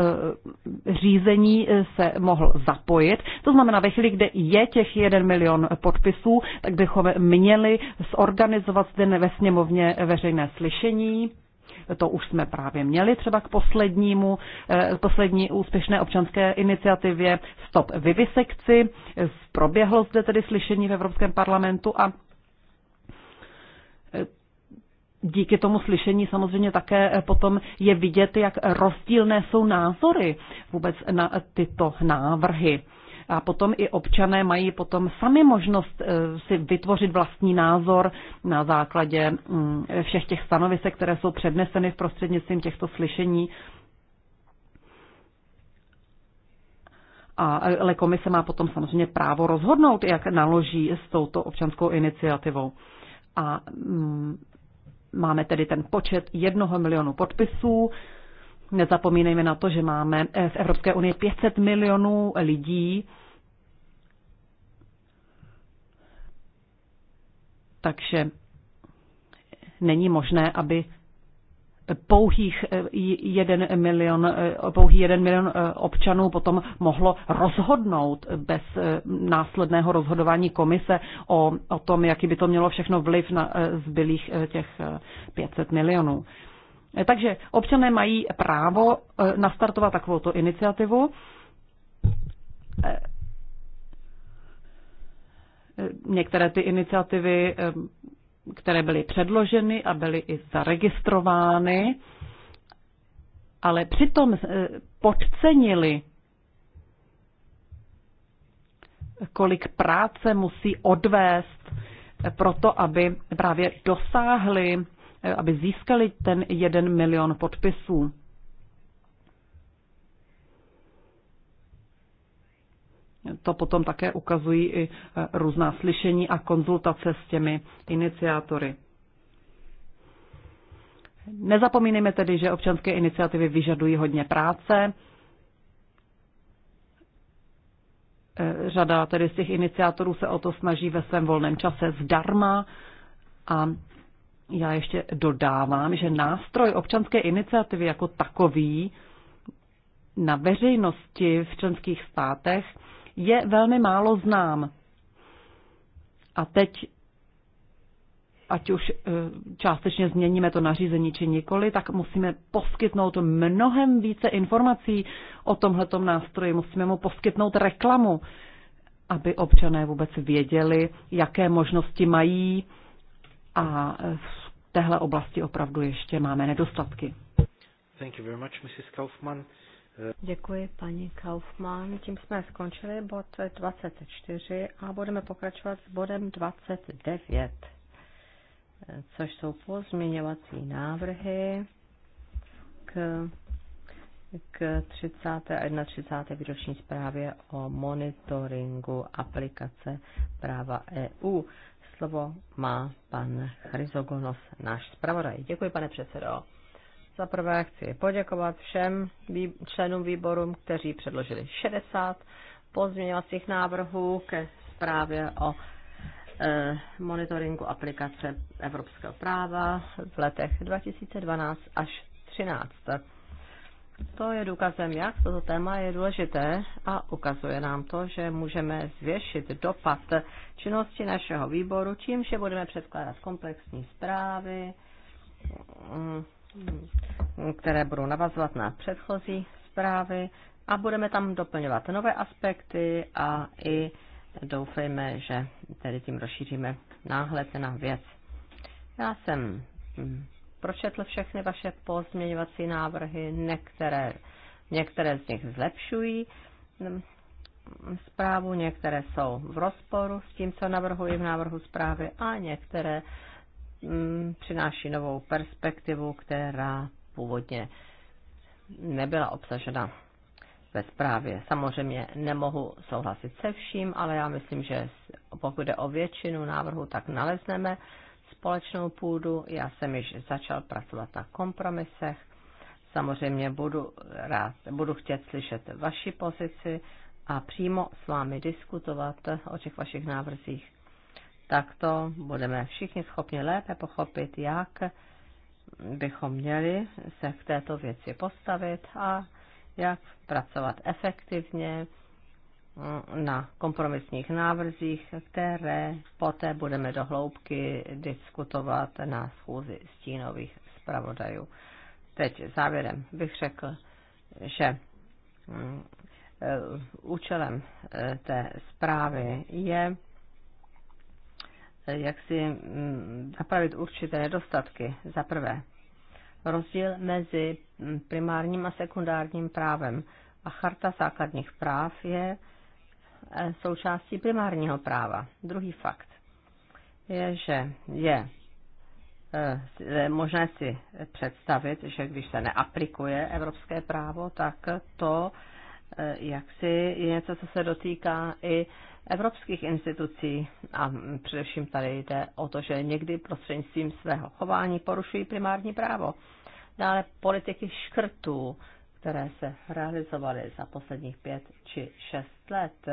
řízení se mohl zapojit. To znamená, ve chvíli, kde je těch jeden milion podpisů, tak bychom měli zorganizovat zde ve sněmovně veřejné slyšení to už jsme právě měli třeba k poslednímu, eh, poslední úspěšné občanské iniciativě Stop vivisekci. Proběhlo zde tedy slyšení v Evropském parlamentu a eh, díky tomu slyšení samozřejmě také eh, potom je vidět, jak rozdílné jsou názory vůbec na tyto návrhy a potom i občané mají potom sami možnost eh, si vytvořit vlastní názor na základě mm, všech těch stanovisek, které jsou předneseny v prostřednictvím těchto slyšení. A, ale komise má potom samozřejmě právo rozhodnout, jak naloží s touto občanskou iniciativou. A mm, máme tedy ten počet jednoho milionu podpisů. Nezapomínejme na to, že máme eh, v Evropské unii 500 milionů lidí, takže není možné, aby pouhých eh, jeden milion, eh, pouhý jeden milion občanů potom mohlo rozhodnout bez následného rozhodování komise o, o tom, jaký by to mělo všechno vliv na zbylých těch 500 milionů. Takže občané mají právo eh, nastartovat takovouto iniciativu. Eh, některé ty iniciativy, eh, které byly předloženy a byly i zaregistrovány, ale přitom podcenili, kolik práce musí odvést proto, aby právě dosáhli aby získali ten jeden milion podpisů. To potom také ukazují i e, různá slyšení a konzultace s těmi iniciátory. Nezapomínejme tedy, že občanské iniciativy vyžadují hodně práce. E, řada tedy z těch iniciátorů se o to snaží ve svém volném čase zdarma a já ještě dodávám, že nástroj občanské iniciativy jako takový na veřejnosti v členských státech je velmi málo znám. A teď, ať už eh, částečně změníme to nařízení či nikoli, tak musíme poskytnout mnohem více informací o tomhletom nástroji. Musíme mu poskytnout reklamu, aby občané vůbec věděli, jaké možnosti mají, a v téhle oblasti opravdu ještě máme nedostatky. Thank you very much, Mrs. Kaufman. Děkuji, paní Kaufmann. Tím jsme skončili bod 24 a budeme pokračovat s bodem 29, což jsou pozměňovací návrhy k, k 30. a 31. výroční zprávě o monitoringu aplikace práva EU slovo má pan Chryzogonos, náš zpravodaj. Děkuji, pane předsedo. Za prvé chci poděkovat všem členům výboru, kteří předložili 60 pozměňovacích návrhů ke zprávě o e, monitoringu aplikace evropského práva v letech 2012 až 2013. To je důkazem, jak toto téma je důležité a ukazuje nám to, že můžeme zvěšit dopad činnosti našeho výboru tím, že budeme předkládat komplexní zprávy, mm, které budou navazovat na předchozí zprávy a budeme tam doplňovat nové aspekty a i doufejme, že tedy tím rozšíříme náhled na věc. Já jsem mm, pročetl všechny vaše pozměňovací návrhy, některé, některé z nich zlepšují mm, zprávu, některé jsou v rozporu s tím, co navrhuji v návrhu zprávy a některé mm, přináší novou perspektivu, která původně nebyla obsažena ve zprávě. Samozřejmě nemohu souhlasit se vším, ale já myslím, že pokud jde o většinu návrhu, tak nalezneme společnou půdu. Já jsem již začal pracovat na kompromisech. Samozřejmě budu, rád, budu chtět slyšet vaši pozici a přímo s vámi diskutovat o těch vašich návrzích. Takto budeme všichni schopni lépe pochopit, jak bychom měli se k této věci postavit a jak pracovat efektivně na kompromisních návrzích, které poté budeme do hloubky diskutovat na schůzi stínových zpravodajů. Teď závěrem bych řekl, že mm, e, účelem e, té zprávy je e, jak si mm, napravit určité nedostatky. Za prvé, rozdíl mezi mm, primárním a sekundárním právem. A charta základních práv je Eh, součástí primárního práva. Druhý fakt je, že eh, je možné si představit, že když se neaplikuje evropské právo, tak to eh, jaksi je něco, co se dotýká i evropských institucí a především tady jde o to, že někdy prostřednictvím svého chování porušují primární právo. Dále politiky škrtů, které se realizovaly za posledních pět či šest let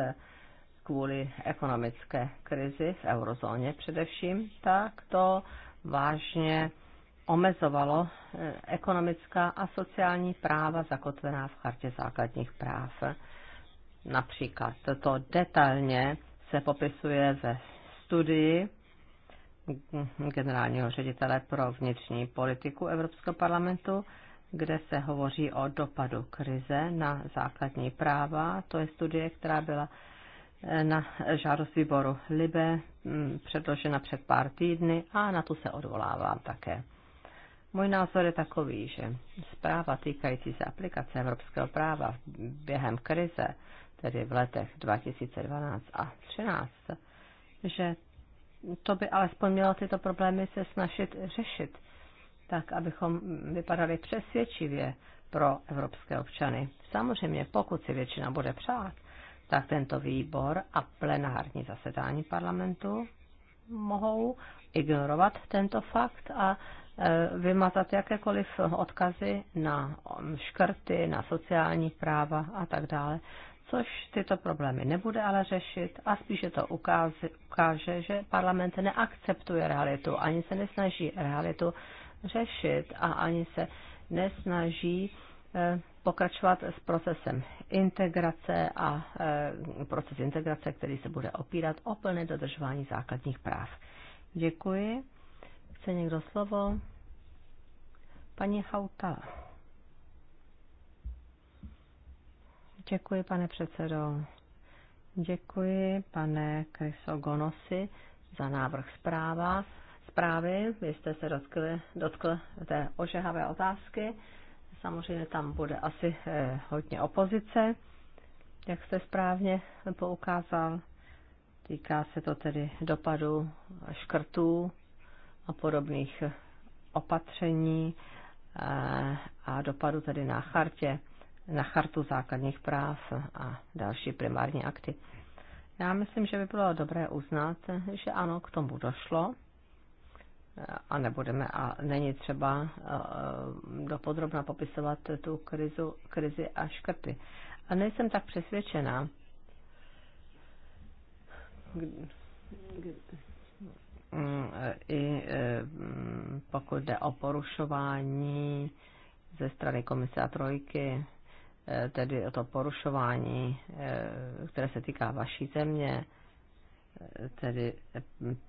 kvůli ekonomické krizi v eurozóně především, tak to vážně omezovalo eh, ekonomická a sociální práva zakotvená v chartě základních práv. Například toto detailně se popisuje ve studii generálního ředitele pro vnitřní politiku Evropského parlamentu, kde se hovoří o dopadu krize na základní práva. To je studie, která byla eh, na žádost výboru Libe mm, předložena před pár týdny a na tu se odvolávám také. Můj názor je takový, že zpráva týkající se aplikace evropského práva během krize, tedy v letech 2012 a 2013, že to by alespoň mělo tyto problémy se snažit řešit tak abychom vypadali přesvědčivě pro evropské občany. Samozřejmě, pokud si většina bude přát, tak tento výbor a plenární zasedání parlamentu mohou ignorovat tento fakt a e, vymazat jakékoliv odkazy na škrty, na sociální práva a tak dále, což tyto problémy nebude ale řešit a spíše to ukáže, ukáže že parlament neakceptuje realitu, ani se nesnaží realitu řešit a ani se nesnaží eh, pokračovat s procesem integrace a eh, proces integrace, který se bude opírat o plné dodržování základních práv. Děkuji. Chce někdo slovo? Paní Hautala. Děkuji, pane předsedo. Děkuji, pane Krysogonosi, za návrh zpráva zprávy. Vy jste se dotkli, dotkl té ožehavé otázky. Samozřejmě tam bude asi eh, hodně opozice, jak jste správně poukázal. Týká se to tedy dopadu škrtů a podobných opatření eh, a dopadu tedy na chartě, na chartu základních práv a další primární akty. Já myslím, že by bylo dobré uznat, že ano, k tomu došlo a nebudeme a není třeba eh, dopodrobna popisovat tu krizu, krizi a škrty. A nejsem tak přesvědčená, mm, i eh, mm, pokud jde o porušování ze strany komise a trojky, eh, tedy o to porušování, které se týká vaší země, tedy eh,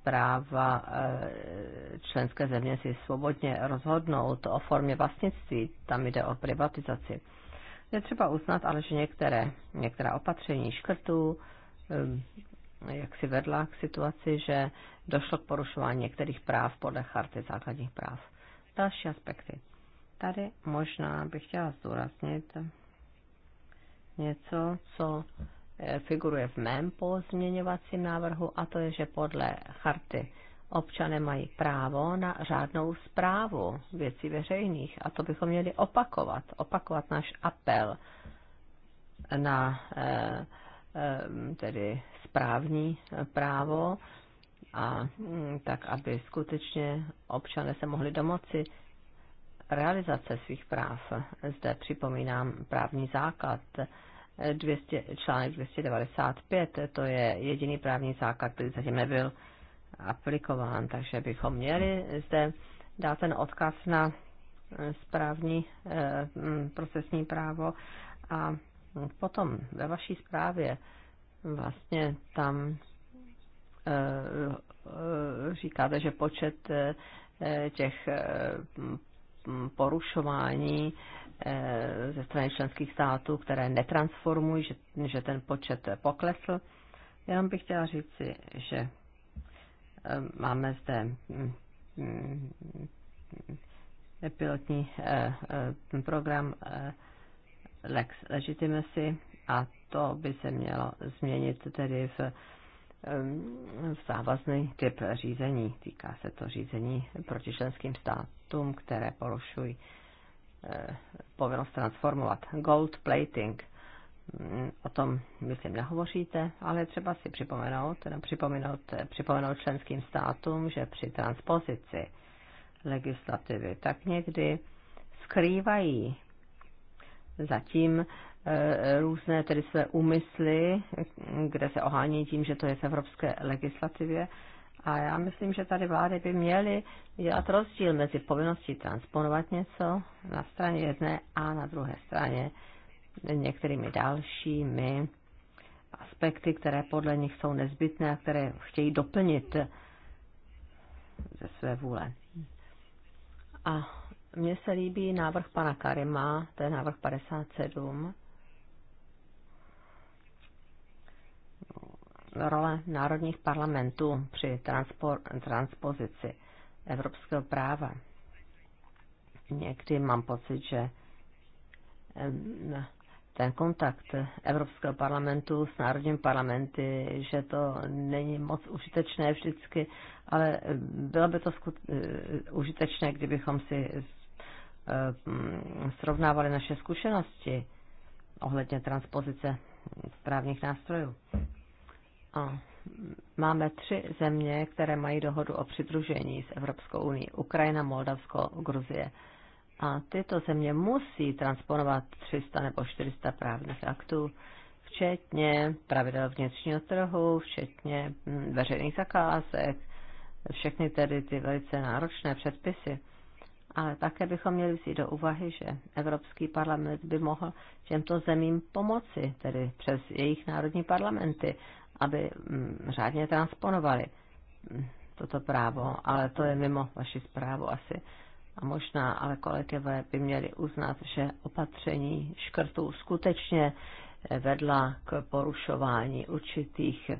práva eh, členské země si svobodně rozhodnout o formě vlastnictví, tam jde o privatizaci. Je třeba uznat ale, že některé, některá opatření škrtů, eh, jak si vedla k situaci, že došlo k porušování některých práv podle charty základních práv. Další aspekty. Tady možná bych chtěla zdůraznit něco, co Eh, figuruje v mém pozměňovacím návrhu, a to je, že podle charty občané mají právo na řádnou zprávu věcí veřejných. A to bychom měli opakovat, opakovat náš apel na eh, eh, tedy správní právo, a mm, tak, aby skutečně občané se mohli domoci realizace svých práv. Zde připomínám právní základ 200, článek 295, to je jediný právní základ, který zatím nebyl aplikován, takže bychom měli zde dát ten odkaz na eh, správní eh, mm, procesní právo a potom ve vaší zprávě vlastně tam eh, říkáte, že počet těch mm, porušování Eh, ze strany členských států, které netransformují, že, že ten počet poklesl. Jenom bych chtěla říci, že eh, máme zde mm, mm, pilotní eh, program Lex Legitimacy a to by se mělo změnit tedy v, v závazný typ řízení. Týká se to řízení proti členským státům, které porušují Eh, povinnost transformovat. Gold plating. Mm, o tom, myslím, nehovoříte, ale třeba si připomenout, eh, připomenout, eh, připomenout členským státům, že při transpozici legislativy tak někdy skrývají zatím různé tedy své úmysly, kde se ohání tím, že to je v evropské legislativě a já myslím, že tady vlády by měly dělat rozdíl mezi povinností transponovat něco na straně jedné a na druhé straně některými dalšími aspekty, které podle nich jsou nezbytné a které chtějí doplnit ze své vůle. A mně se líbí návrh pana Karima, to je návrh 57, role národních parlamentů při transpo- transpozici evropského práva. Někdy mám pocit, že ten kontakt Evropského parlamentu s národním parlamenty, že to není moc užitečné vždycky, ale bylo by to skut- e, užitečné, kdybychom si e, srovnávali naše zkušenosti ohledně transpozice právních nástrojů. A máme tři země, které mají dohodu o přidružení s Evropskou unii. Ukrajina, Moldavsko, Gruzie. A tyto země musí transponovat 300 nebo 400 právních aktů, včetně pravidel vnitřního trhu, včetně hm, veřejných zakázek, všechny tedy ty velice náročné předpisy. Ale také bychom měli vzít do úvahy, že Evropský parlament by mohl těmto zemím pomoci, tedy přes jejich národní parlamenty, aby mm, řádně transponovali mm, toto právo, ale to je mimo vaši zprávu asi. A možná ale kolegové by měli uznat, že opatření škrtů skutečně eh, vedla k porušování určitých eh,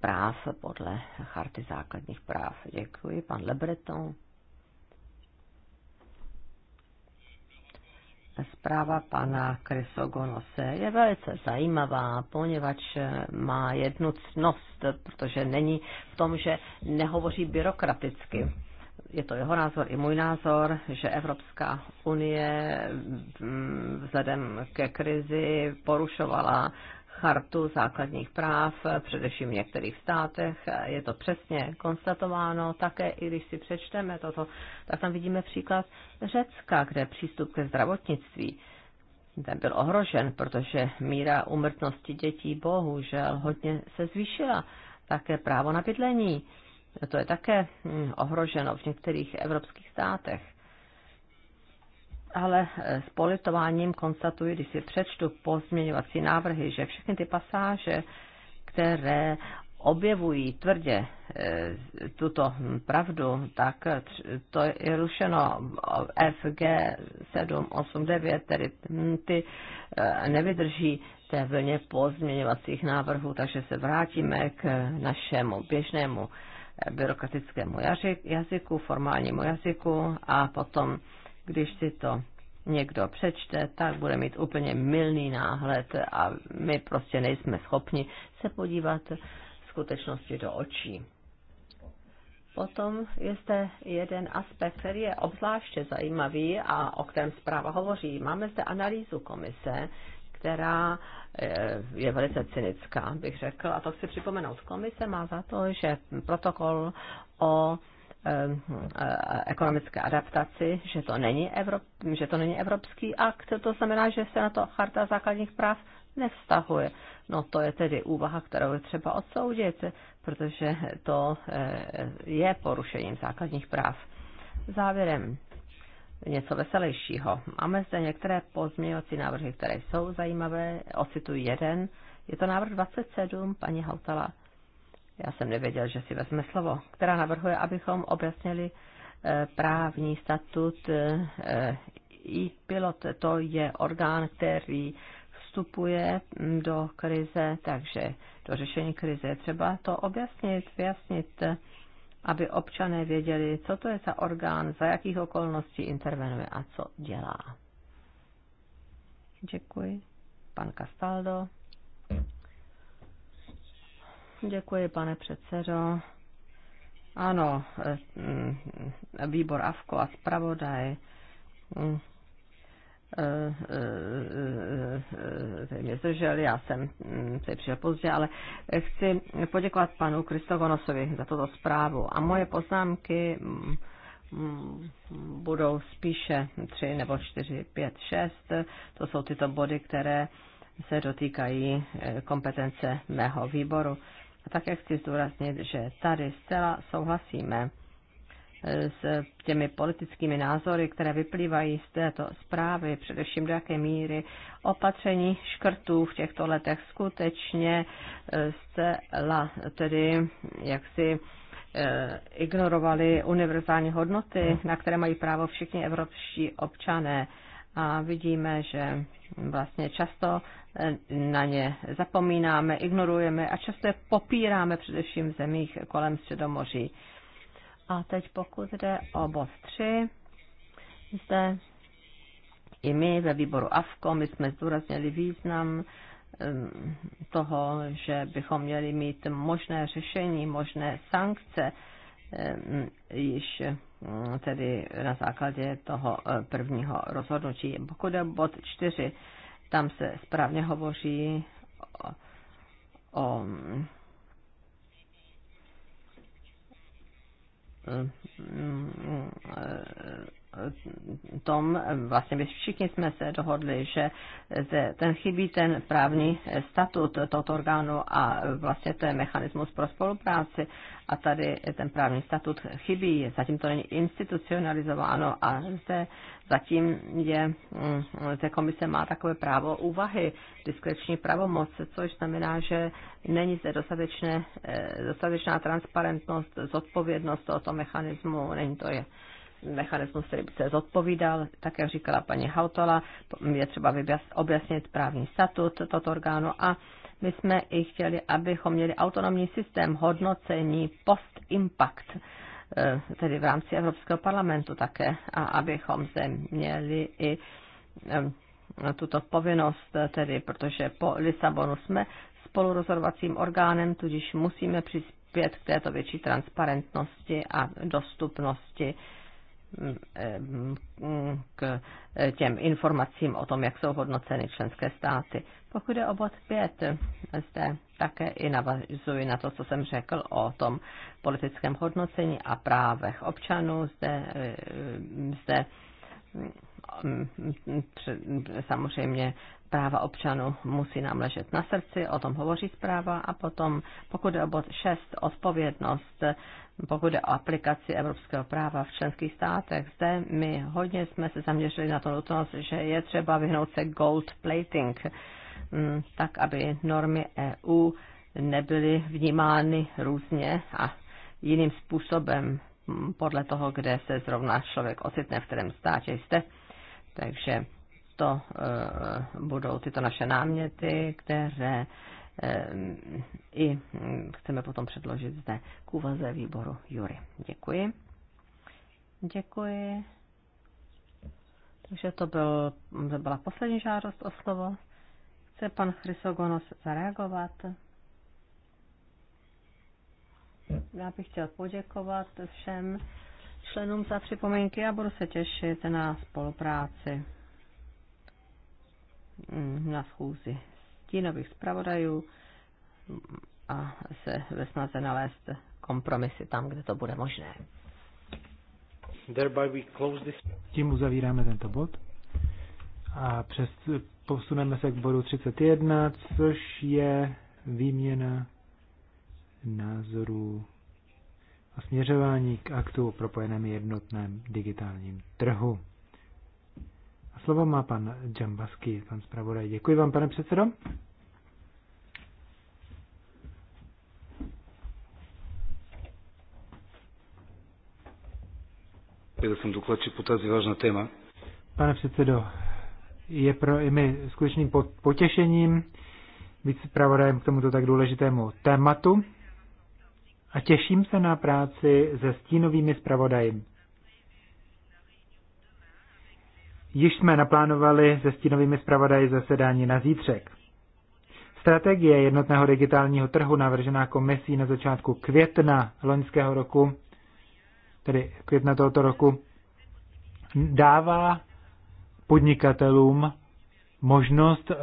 práv podle Charty základních práv. Děkuji, pan Lebreton. Zpráva pana Krysogonose je velice zajímavá, poněvadž má jednu cnost, protože není v tom, že nehovoří byrokraticky. Je to jeho názor i můj názor, že Evropská unie vzhledem ke krizi porušovala chartu základních práv, eh, především v některých státech. Eh, je to přesně konstatováno. Také i když si přečteme toto, tak tam vidíme příklad Řecka, kde přístup ke zdravotnictví ten byl ohrožen, protože míra umrtnosti dětí bohužel hodně se zvýšila. Také právo na bydlení. To je také hm, ohroženo v některých evropských státech ale e, s politováním konstatuji, když si přečtu pozměňovací návrhy, že všechny ty pasáže, které objevují tvrdě e, tuto pravdu, tak to je rušeno FG 789, tedy ty e, nevydrží té vlně pozměňovacích návrhů, takže se vrátíme k našemu běžnému byrokratickému jazyku, formálnímu jazyku a potom když si to někdo přečte, tak bude mít úplně milný náhled a my prostě nejsme schopni se podívat skutečnosti do očí. Potom je zde jeden aspekt, který je obzvláště zajímavý a o kterém zpráva hovoří. Máme zde analýzu komise, která eh, je velice cynická, bych řekl. A to chci připomenout. Komise má za to, že protokol o Eh, eh, ekonomické adaptaci, že to, není Evrop, že to není evropský akt, to znamená, že se na to Charta základních práv nevztahuje. No to je tedy úvaha, kterou je třeba odsoudit, protože to eh, je porušením základních práv. Závěrem něco veselějšího. Máme zde některé pozměňovací návrhy, které jsou zajímavé. Ocituji jeden. Je to návrh 27, paní Hautala já jsem nevěděl, že si vezme slovo, která navrhuje, abychom objasnili eh, právní statut eh, eh, i pilot To je orgán, který vstupuje mm, do krize, takže do řešení krize je třeba to objasnit, vyjasnit, aby občané věděli, co to je za orgán, za jakých okolností intervenuje a co dělá. Děkuji. Pan Castaldo. Děkuji, pane předsedo. Ano, eh, mm, výbor Avko a zpravodaj tady mm, eh, eh, mě zdrželi, já jsem mm, se přišel pozdě, ale chci poděkovat panu Kristogonosovi za tuto zprávu. A moje poznámky budou spíše tři nebo čtyři, pět, šest. To jsou tyto body, které se dotýkají kompetence mého výboru. A také chci zdůraznit, že tady zcela souhlasíme eh, s těmi politickými názory, které vyplývají z této zprávy, především do jaké míry opatření škrtů v těchto letech skutečně eh, zcela tedy jaksi eh, ignorovali univerzální hodnoty, na které mají právo všichni evropští občané. A vidíme, že vlastně často na ně zapomínáme, ignorujeme a často je popíráme především v zemích kolem Středomoří. A teď pokud jde o bod 3, zde i my ve výboru AFKO, my jsme zdůraznili význam um, toho, že bychom měli mít možné řešení, možné sankce, um, již um, tedy na základě toho uh, prvního rozhodnutí. Pokud je bod 4, tam se správně hovoří o, o tom vlastně by všichni jsme se dohodli, že ten chybí ten právní statut tohoto orgánu a vlastně to je mechanismus pro spolupráci a tady ten právní statut chybí, zatím to není institucionalizováno a zde zatím je, ta mm, komise má takové právo úvahy, diskreční pravomoc, což znamená, že není zde dostatečné, eh, dostatečná transparentnost, zodpovědnost tohoto mechanismu, není to je mechanismus, který by se zodpovídal. Tak, jak říkala paní Hautola, je třeba objasnit právní statut toto orgánu a my jsme i chtěli, abychom měli autonomní systém hodnocení post-impact, eh, tedy v rámci Evropského parlamentu také, a abychom zde měli i eh, tuto povinnost, eh, tedy protože po Lisabonu jsme spolurozhodovacím orgánem, tudíž musíme přispět k této větší transparentnosti a dostupnosti k těm informacím o tom, jak jsou hodnoceny členské státy. Pokud je o bod 5, zde také i navazuji na to, co jsem řekl o tom politickém hodnocení a právech občanů. Zde, eh, zde Mm, mm, mm, samozřejmě práva občanů musí nám ležet na srdci, o tom hovoří zpráva a potom, pokud je o bod 6, odpovědnost, pokud je o aplikaci evropského práva v členských státech, zde my hodně jsme se zaměřili na to nutnost, že je třeba vyhnout se gold plating, tak aby normy EU nebyly vnímány různě a jiným způsobem podle toho, kde se zrovna člověk ocitne, v kterém státě jste takže to eh, budou tyto naše náměty, které eh, i hm, chceme potom předložit zde k úvaze výboru Jury. Děkuji. Děkuji. Takže to, byl, to byla poslední žádost o slovo. Chce pan Chrysogonos zareagovat? Já bych chtěl poděkovat všem členům za připomínky a budu se těšit na spolupráci mm, na schůzi stínových zpravodajů a se ve snaze nalézt kompromisy tam, kde to bude možné. Tím uzavíráme tento bod a přes, posuneme se k bodu 31, což je výměna názorů a směřování k aktu o propojeném jednotném digitálním trhu. A slovo má pan Džambasky, pan zpravodaj. Děkuji vám, pane předsedo. да съм докладчик по тази Pane předsedo, je pro i my skutečným potěšením být zpravodajem k tomuto tak důležitému tématu a těším se na práci se stínovými zpravodaji. Již jsme naplánovali se stínovými zpravodaji zasedání na zítřek. Strategie jednotného digitálního trhu navržená komisí na začátku května loňského roku, tedy května tohoto roku, dává podnikatelům možnost eh,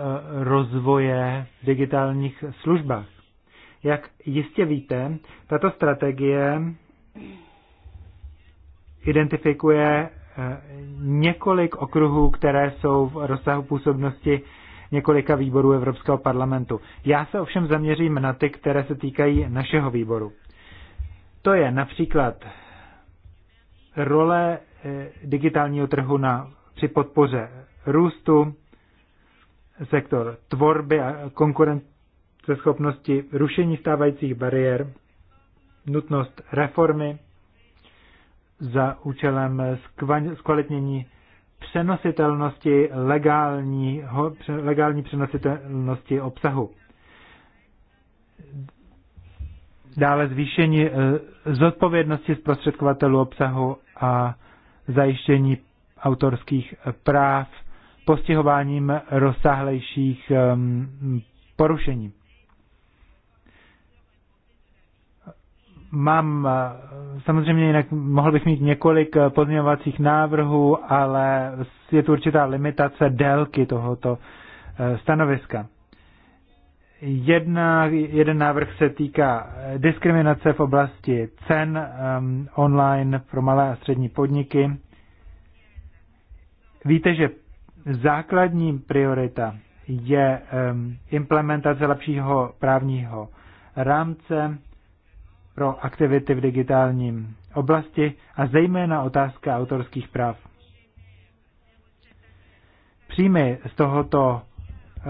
rozvoje v digitálních službách. Jak jistě víte, tato strategie identifikuje eh, několik okruhů, které jsou v rozsahu působnosti několika výborů Evropského parlamentu. Já se ovšem zaměřím na ty, které se týkají našeho výboru. To je například role eh, digitálního trhu na, při podpoře růstu, sektor tvorby a konkurence ze schopnosti rušení stávajících bariér, nutnost reformy za účelem zkvalitnění přenositelnosti legálního, legální přenositelnosti obsahu. Dále zvýšení eh, zodpovědnosti zprostředkovatelů obsahu a zajištění autorských práv postihováním rozsáhlejších ehm, porušení. Mám, eh, samozřejmě jinak mohl bych mít několik eh, pozměňovacích návrhů, ale je tu určitá limitace délky tohoto eh, stanoviska. Jedna, jeden návrh se týká diskriminace v oblasti cen um, online pro malé a střední podniky. Víte, že základní priorita je um, implementace lepšího právního rámce pro aktivity v digitálním oblasti a zejména otázka autorských práv. Příjmy z tohoto eh,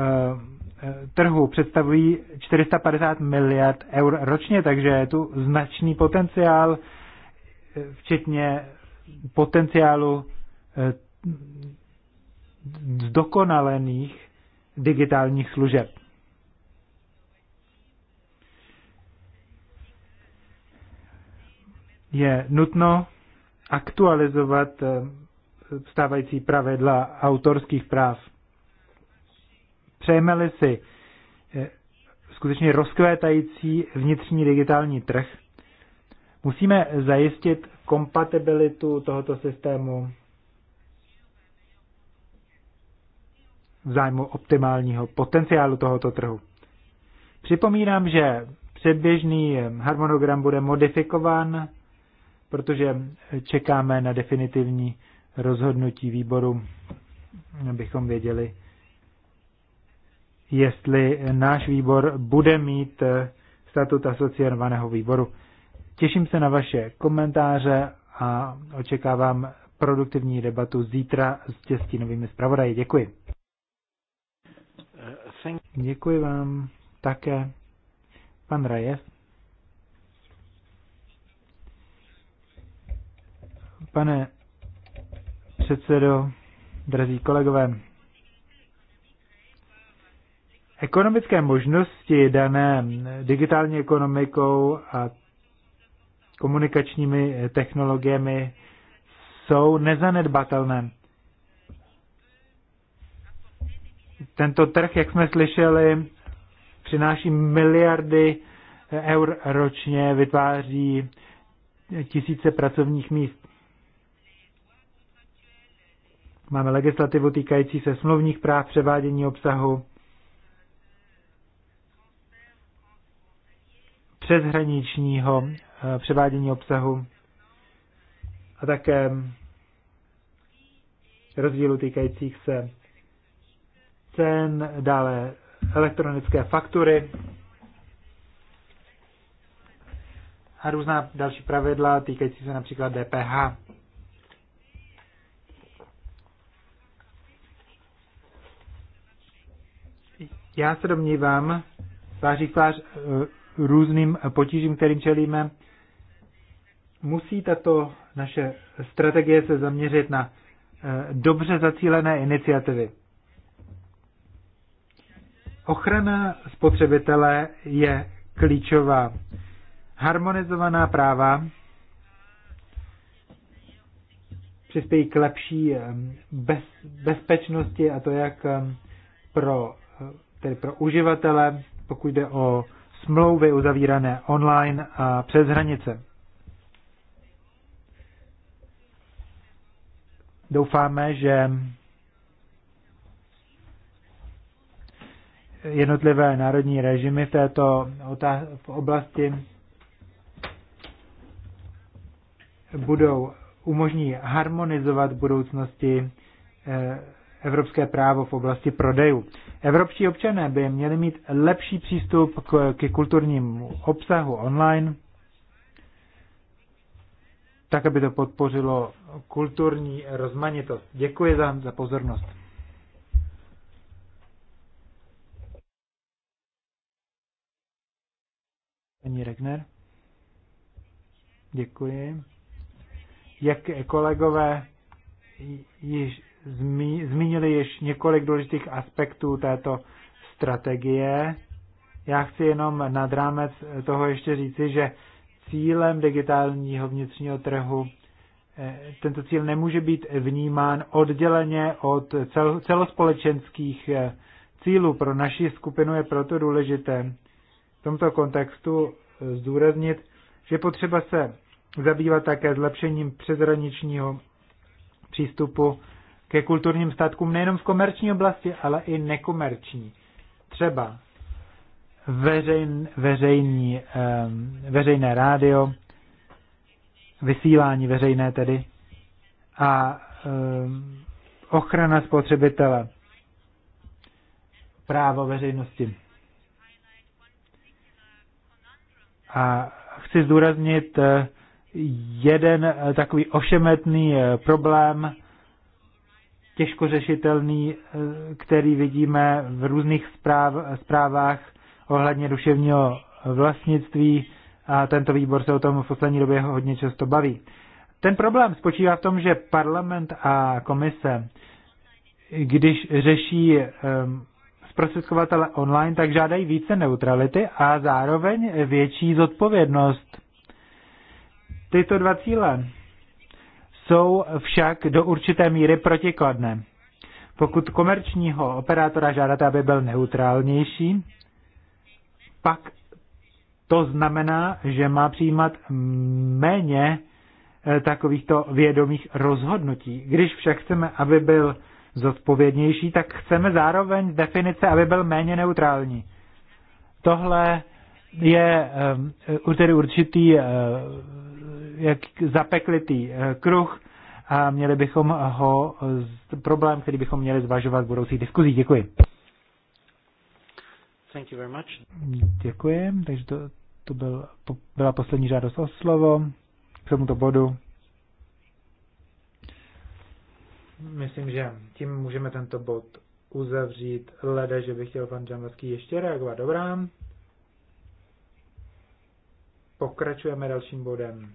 eh, trhu představují 450 miliard eur ročně, takže je tu značný potenciál, eh, včetně potenciálu zdokonalených digitálních služeb. je nutno aktualizovat eh, stávající pravidla autorských práv. Přejeme-li si eh, skutečně rozkvétající vnitřní digitální trh, musíme zajistit kompatibilitu tohoto systému v zájmu optimálního potenciálu tohoto trhu. Připomínám, že předběžný eh, harmonogram bude modifikován protože čekáme na definitivní rozhodnutí výboru, abychom věděli, jestli náš výbor bude mít statut asociovaného výboru. Těším se na vaše komentáře a očekávám produktivní debatu zítra s těstinovými zpravodaji. Děkuji. Děkuji vám také. Pan Rajev. pane předsedo, drazí kolegové. Ekonomické možnosti dané digitální ekonomikou a komunikačními technologiemi jsou nezanedbatelné. Tento trh, jak jsme slyšeli, přináší miliardy eur ročně, vytváří tisíce pracovních míst. Máme legislativu týkající se smluvních práv převádění obsahu, přeshraničního eh, převádění obsahu a také rozdílu týkajících se cen, dále elektronické faktury a různá další pravidla týkající se například DPH. Já se domnívám, tváří tvář eh, různým potížím, kterým čelíme, musí tato naše strategie se zaměřit na eh, dobře zacílené iniciativy. Ochrana spotřebitele je klíčová. Harmonizovaná práva přispějí k lepší eh, bez, bezpečnosti a to jak pro tedy pro uživatele, pokud jde o smlouvy uzavírané online a přes hranice. Doufáme, že jednotlivé národní režimy v této v oblasti budou umožní harmonizovat v budoucnosti eh, evropské právo v oblasti prodejů. Evropští občané by měli mít lepší přístup k, k kulturnímu obsahu online, tak, aby to podpořilo kulturní rozmanitost. Děkuji za, za pozornost. Paní Regner. Děkuji. Jak kolegové již zmí, zmínili již několik důležitých aspektů této strategie. Já chci jenom nad rámec toho ještě říci, že cílem digitálního vnitřního trhu eh, tento cíl nemůže být vnímán odděleně od celospolečenských eh, cílů. Pro naši skupinu je proto důležité v tomto kontextu eh, zdůraznit, že potřeba se zabývat také zlepšením přezraničního přístupu ke kulturním statkům nejenom v komerční oblasti, ale i nekomerční. Třeba veřejn, veřejní, ehm, veřejné rádio, vysílání veřejné tedy a ehm, ochrana spotřebitele, právo veřejnosti. A chci zdůraznit eh, jeden eh, takový ošemetný eh, problém, těžko řešitelný, eh, který vidíme v různých zpráv, zprávách ohledně duševního vlastnictví a tento výbor se o tom v poslední době hodně často baví. Ten problém spočívá v tom, že parlament a komise, když řeší um, zprostředkovatele online, tak žádají více neutrality a zároveň větší zodpovědnost. Tyto dva cíle jsou však do určité míry protikladné. Pokud komerčního operátora žádáte, aby byl neutrálnější, pak to znamená, že má přijímat méně eh, takovýchto vědomých rozhodnutí. Když však chceme, aby byl zodpovědnější, tak chceme zároveň z definice, aby byl méně neutrální. Tohle je eh, tedy určitý eh, jak zapeklitý eh, kruh a měli bychom ho, problém, který bychom měli zvažovat v budoucích diskuzích. Děkuji. Thank you very much. Děkuji, takže to, to byl, byla poslední žádost o slovo k tomuto bodu. Myslím, že tím můžeme tento bod uzavřít. Leda, že by chtěl pan Džambaský ještě reagovat. Dobrá. Pokračujeme dalším bodem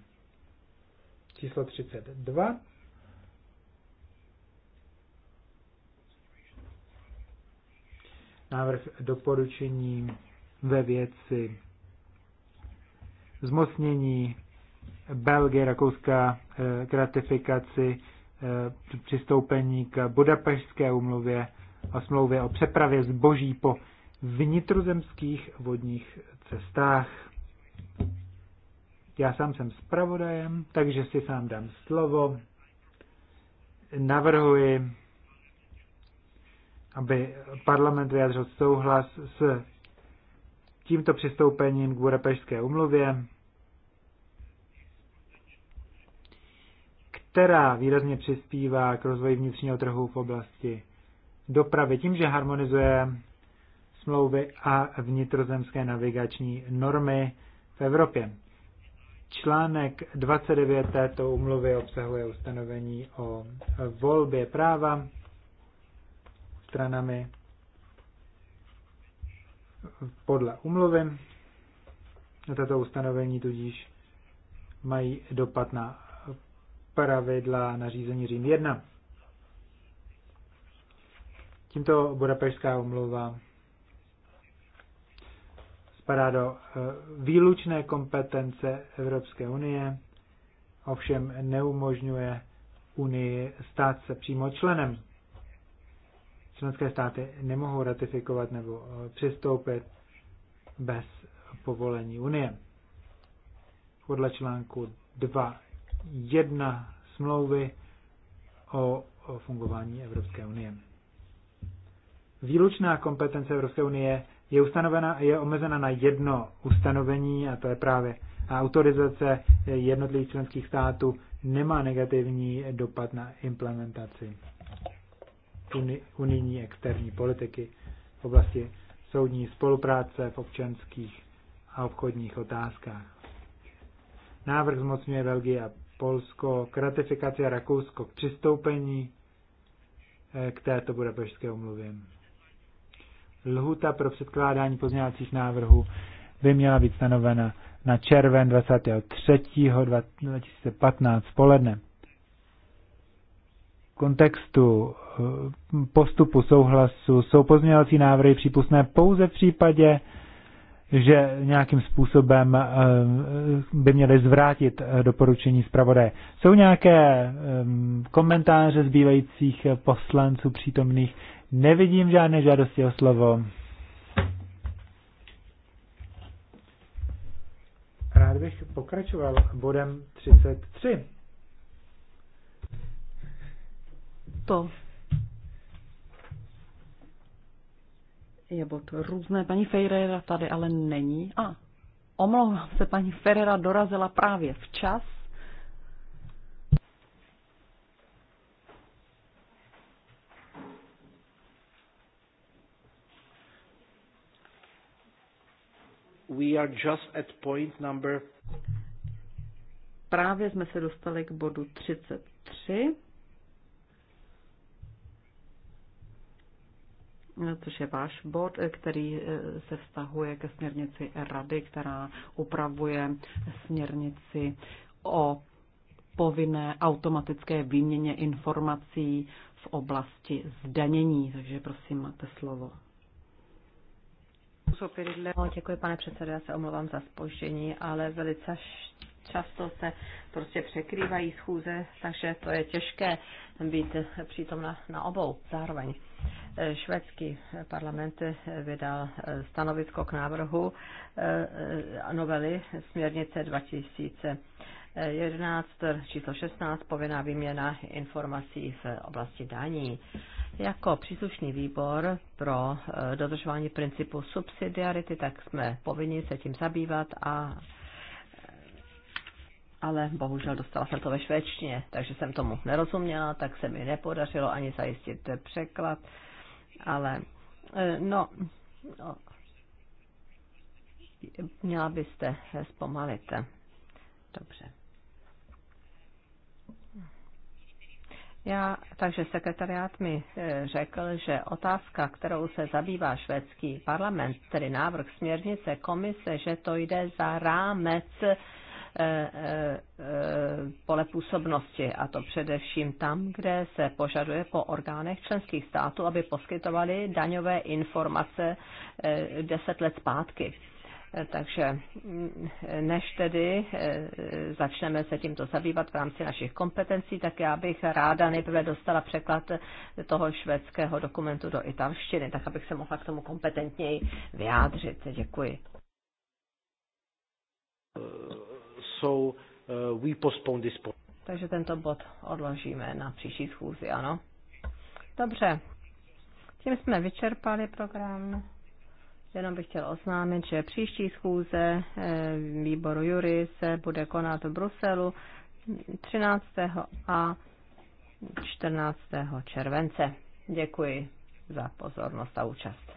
číslo 32. Návrh doporučení ve věci zmocnění Belgie, Rakouska eh, k ratifikaci eh, přistoupení k Budapešské umluvě a smlouvě o přepravě zboží po vnitrozemských vodních cestách. Já sám jsem zpravodajem, takže si sám dám slovo. Navrhuji, aby parlament vyjádřil souhlas s tímto přistoupením k Budapešské umluvě, která výrazně přispívá k rozvoji vnitřního trhu v oblasti dopravy tím, že harmonizuje smlouvy a vnitrozemské navigační normy v Evropě. Článek 29 této umluvy obsahuje ustanovení o volbě práva stranami podle umluvy. Tato ustanovení tudíž mají dopad na pravidla nařízení Řím 1. Tímto Budapešská umluva spadá do eh, výlučné kompetence Evropské unie, ovšem neumožňuje Unii stát se přímo členem. Členské státy nemohou ratifikovat nebo eh, přistoupit bez povolení Unie. Podle článku 2.1 smlouvy o, o fungování Evropské unie. Výlučná kompetence Evropské unie je ustanovena, je omezena na jedno ustanovení a to je právě a autorizace jednotlivých členských států nemá negativní dopad na implementaci unijní externí politiky v oblasti soudní spolupráce v občanských a obchodních otázkách. Návrh zmocňuje Belgii a Polsko k ratifikaci a Rakousko k přistoupení eh, k této budapešské umluvě lhuta pro předkládání pozměňovacích návrhů by měla být stanovena na červen 23. 2015 poledne. V kontextu eh, postupu souhlasu jsou pozměňovací návrhy přípustné pouze v případě, že nějakým způsobem eh, by měly zvrátit eh, doporučení zpravodaje. Jsou nějaké komentáře zbývajících poslanců přítomných? Nevidím žádné žádosti o slovo. Rád bych pokračoval bodem 33. To je bod různé. Paní Ferreira tady ale není. A, omlouvám se, paní Ferreira dorazila právě včas. we are just at point number... Právě jsme se dostali k bodu 33, což je váš bod, který eh, se vztahuje ke směrnici Rady, která upravuje směrnici o povinné automatické výměně informací v oblasti zdanění. Takže prosím, máte slovo. No, děkuji, pane předsedo, já se omlouvám za spoždění, ale velice často se prostě překrývají schůze, takže to je těžké být přítomna na obou zároveň. Švédský parlament vydal stanovisko k návrhu eh, novely směrnice 2000. 11, číslo 16, povinná výměna informací v oblasti daní. Jako příslušný výbor pro eh, dodržování principu subsidiarity, tak jsme povinni se tím zabývat a ale bohužel dostala jsem to ve švédštině, takže jsem tomu nerozuměla, tak se mi nepodařilo ani zajistit překlad, ale eh, no, no měla byste zpomalit. Dobře. Já, takže sekretariát mi e, řekl, že otázka, kterou se zabývá švédský parlament, tedy návrh směrnice komise, že to jde za rámec e, e, pole působnosti, a to především tam, kde se požaduje po orgánech členských států, aby poskytovali daňové informace deset let zpátky. Takže mm, než tedy eh, začneme se tímto zabývat v rámci našich kompetencí, tak já bych ráda nejprve dostala překlad toho švédského dokumentu do italštiny, tak abych se mohla k tomu kompetentněji vyjádřit. Děkuji. So, uh, we postpone this point. Takže tento bod odložíme na příští schůzi, ano? Dobře. Tím jsme vyčerpali program. Jenom bych chtěl oznámit, že příští schůze eh, výboru Jury se bude konat v Bruselu 13. a 14. července. Děkuji za pozornost a účast.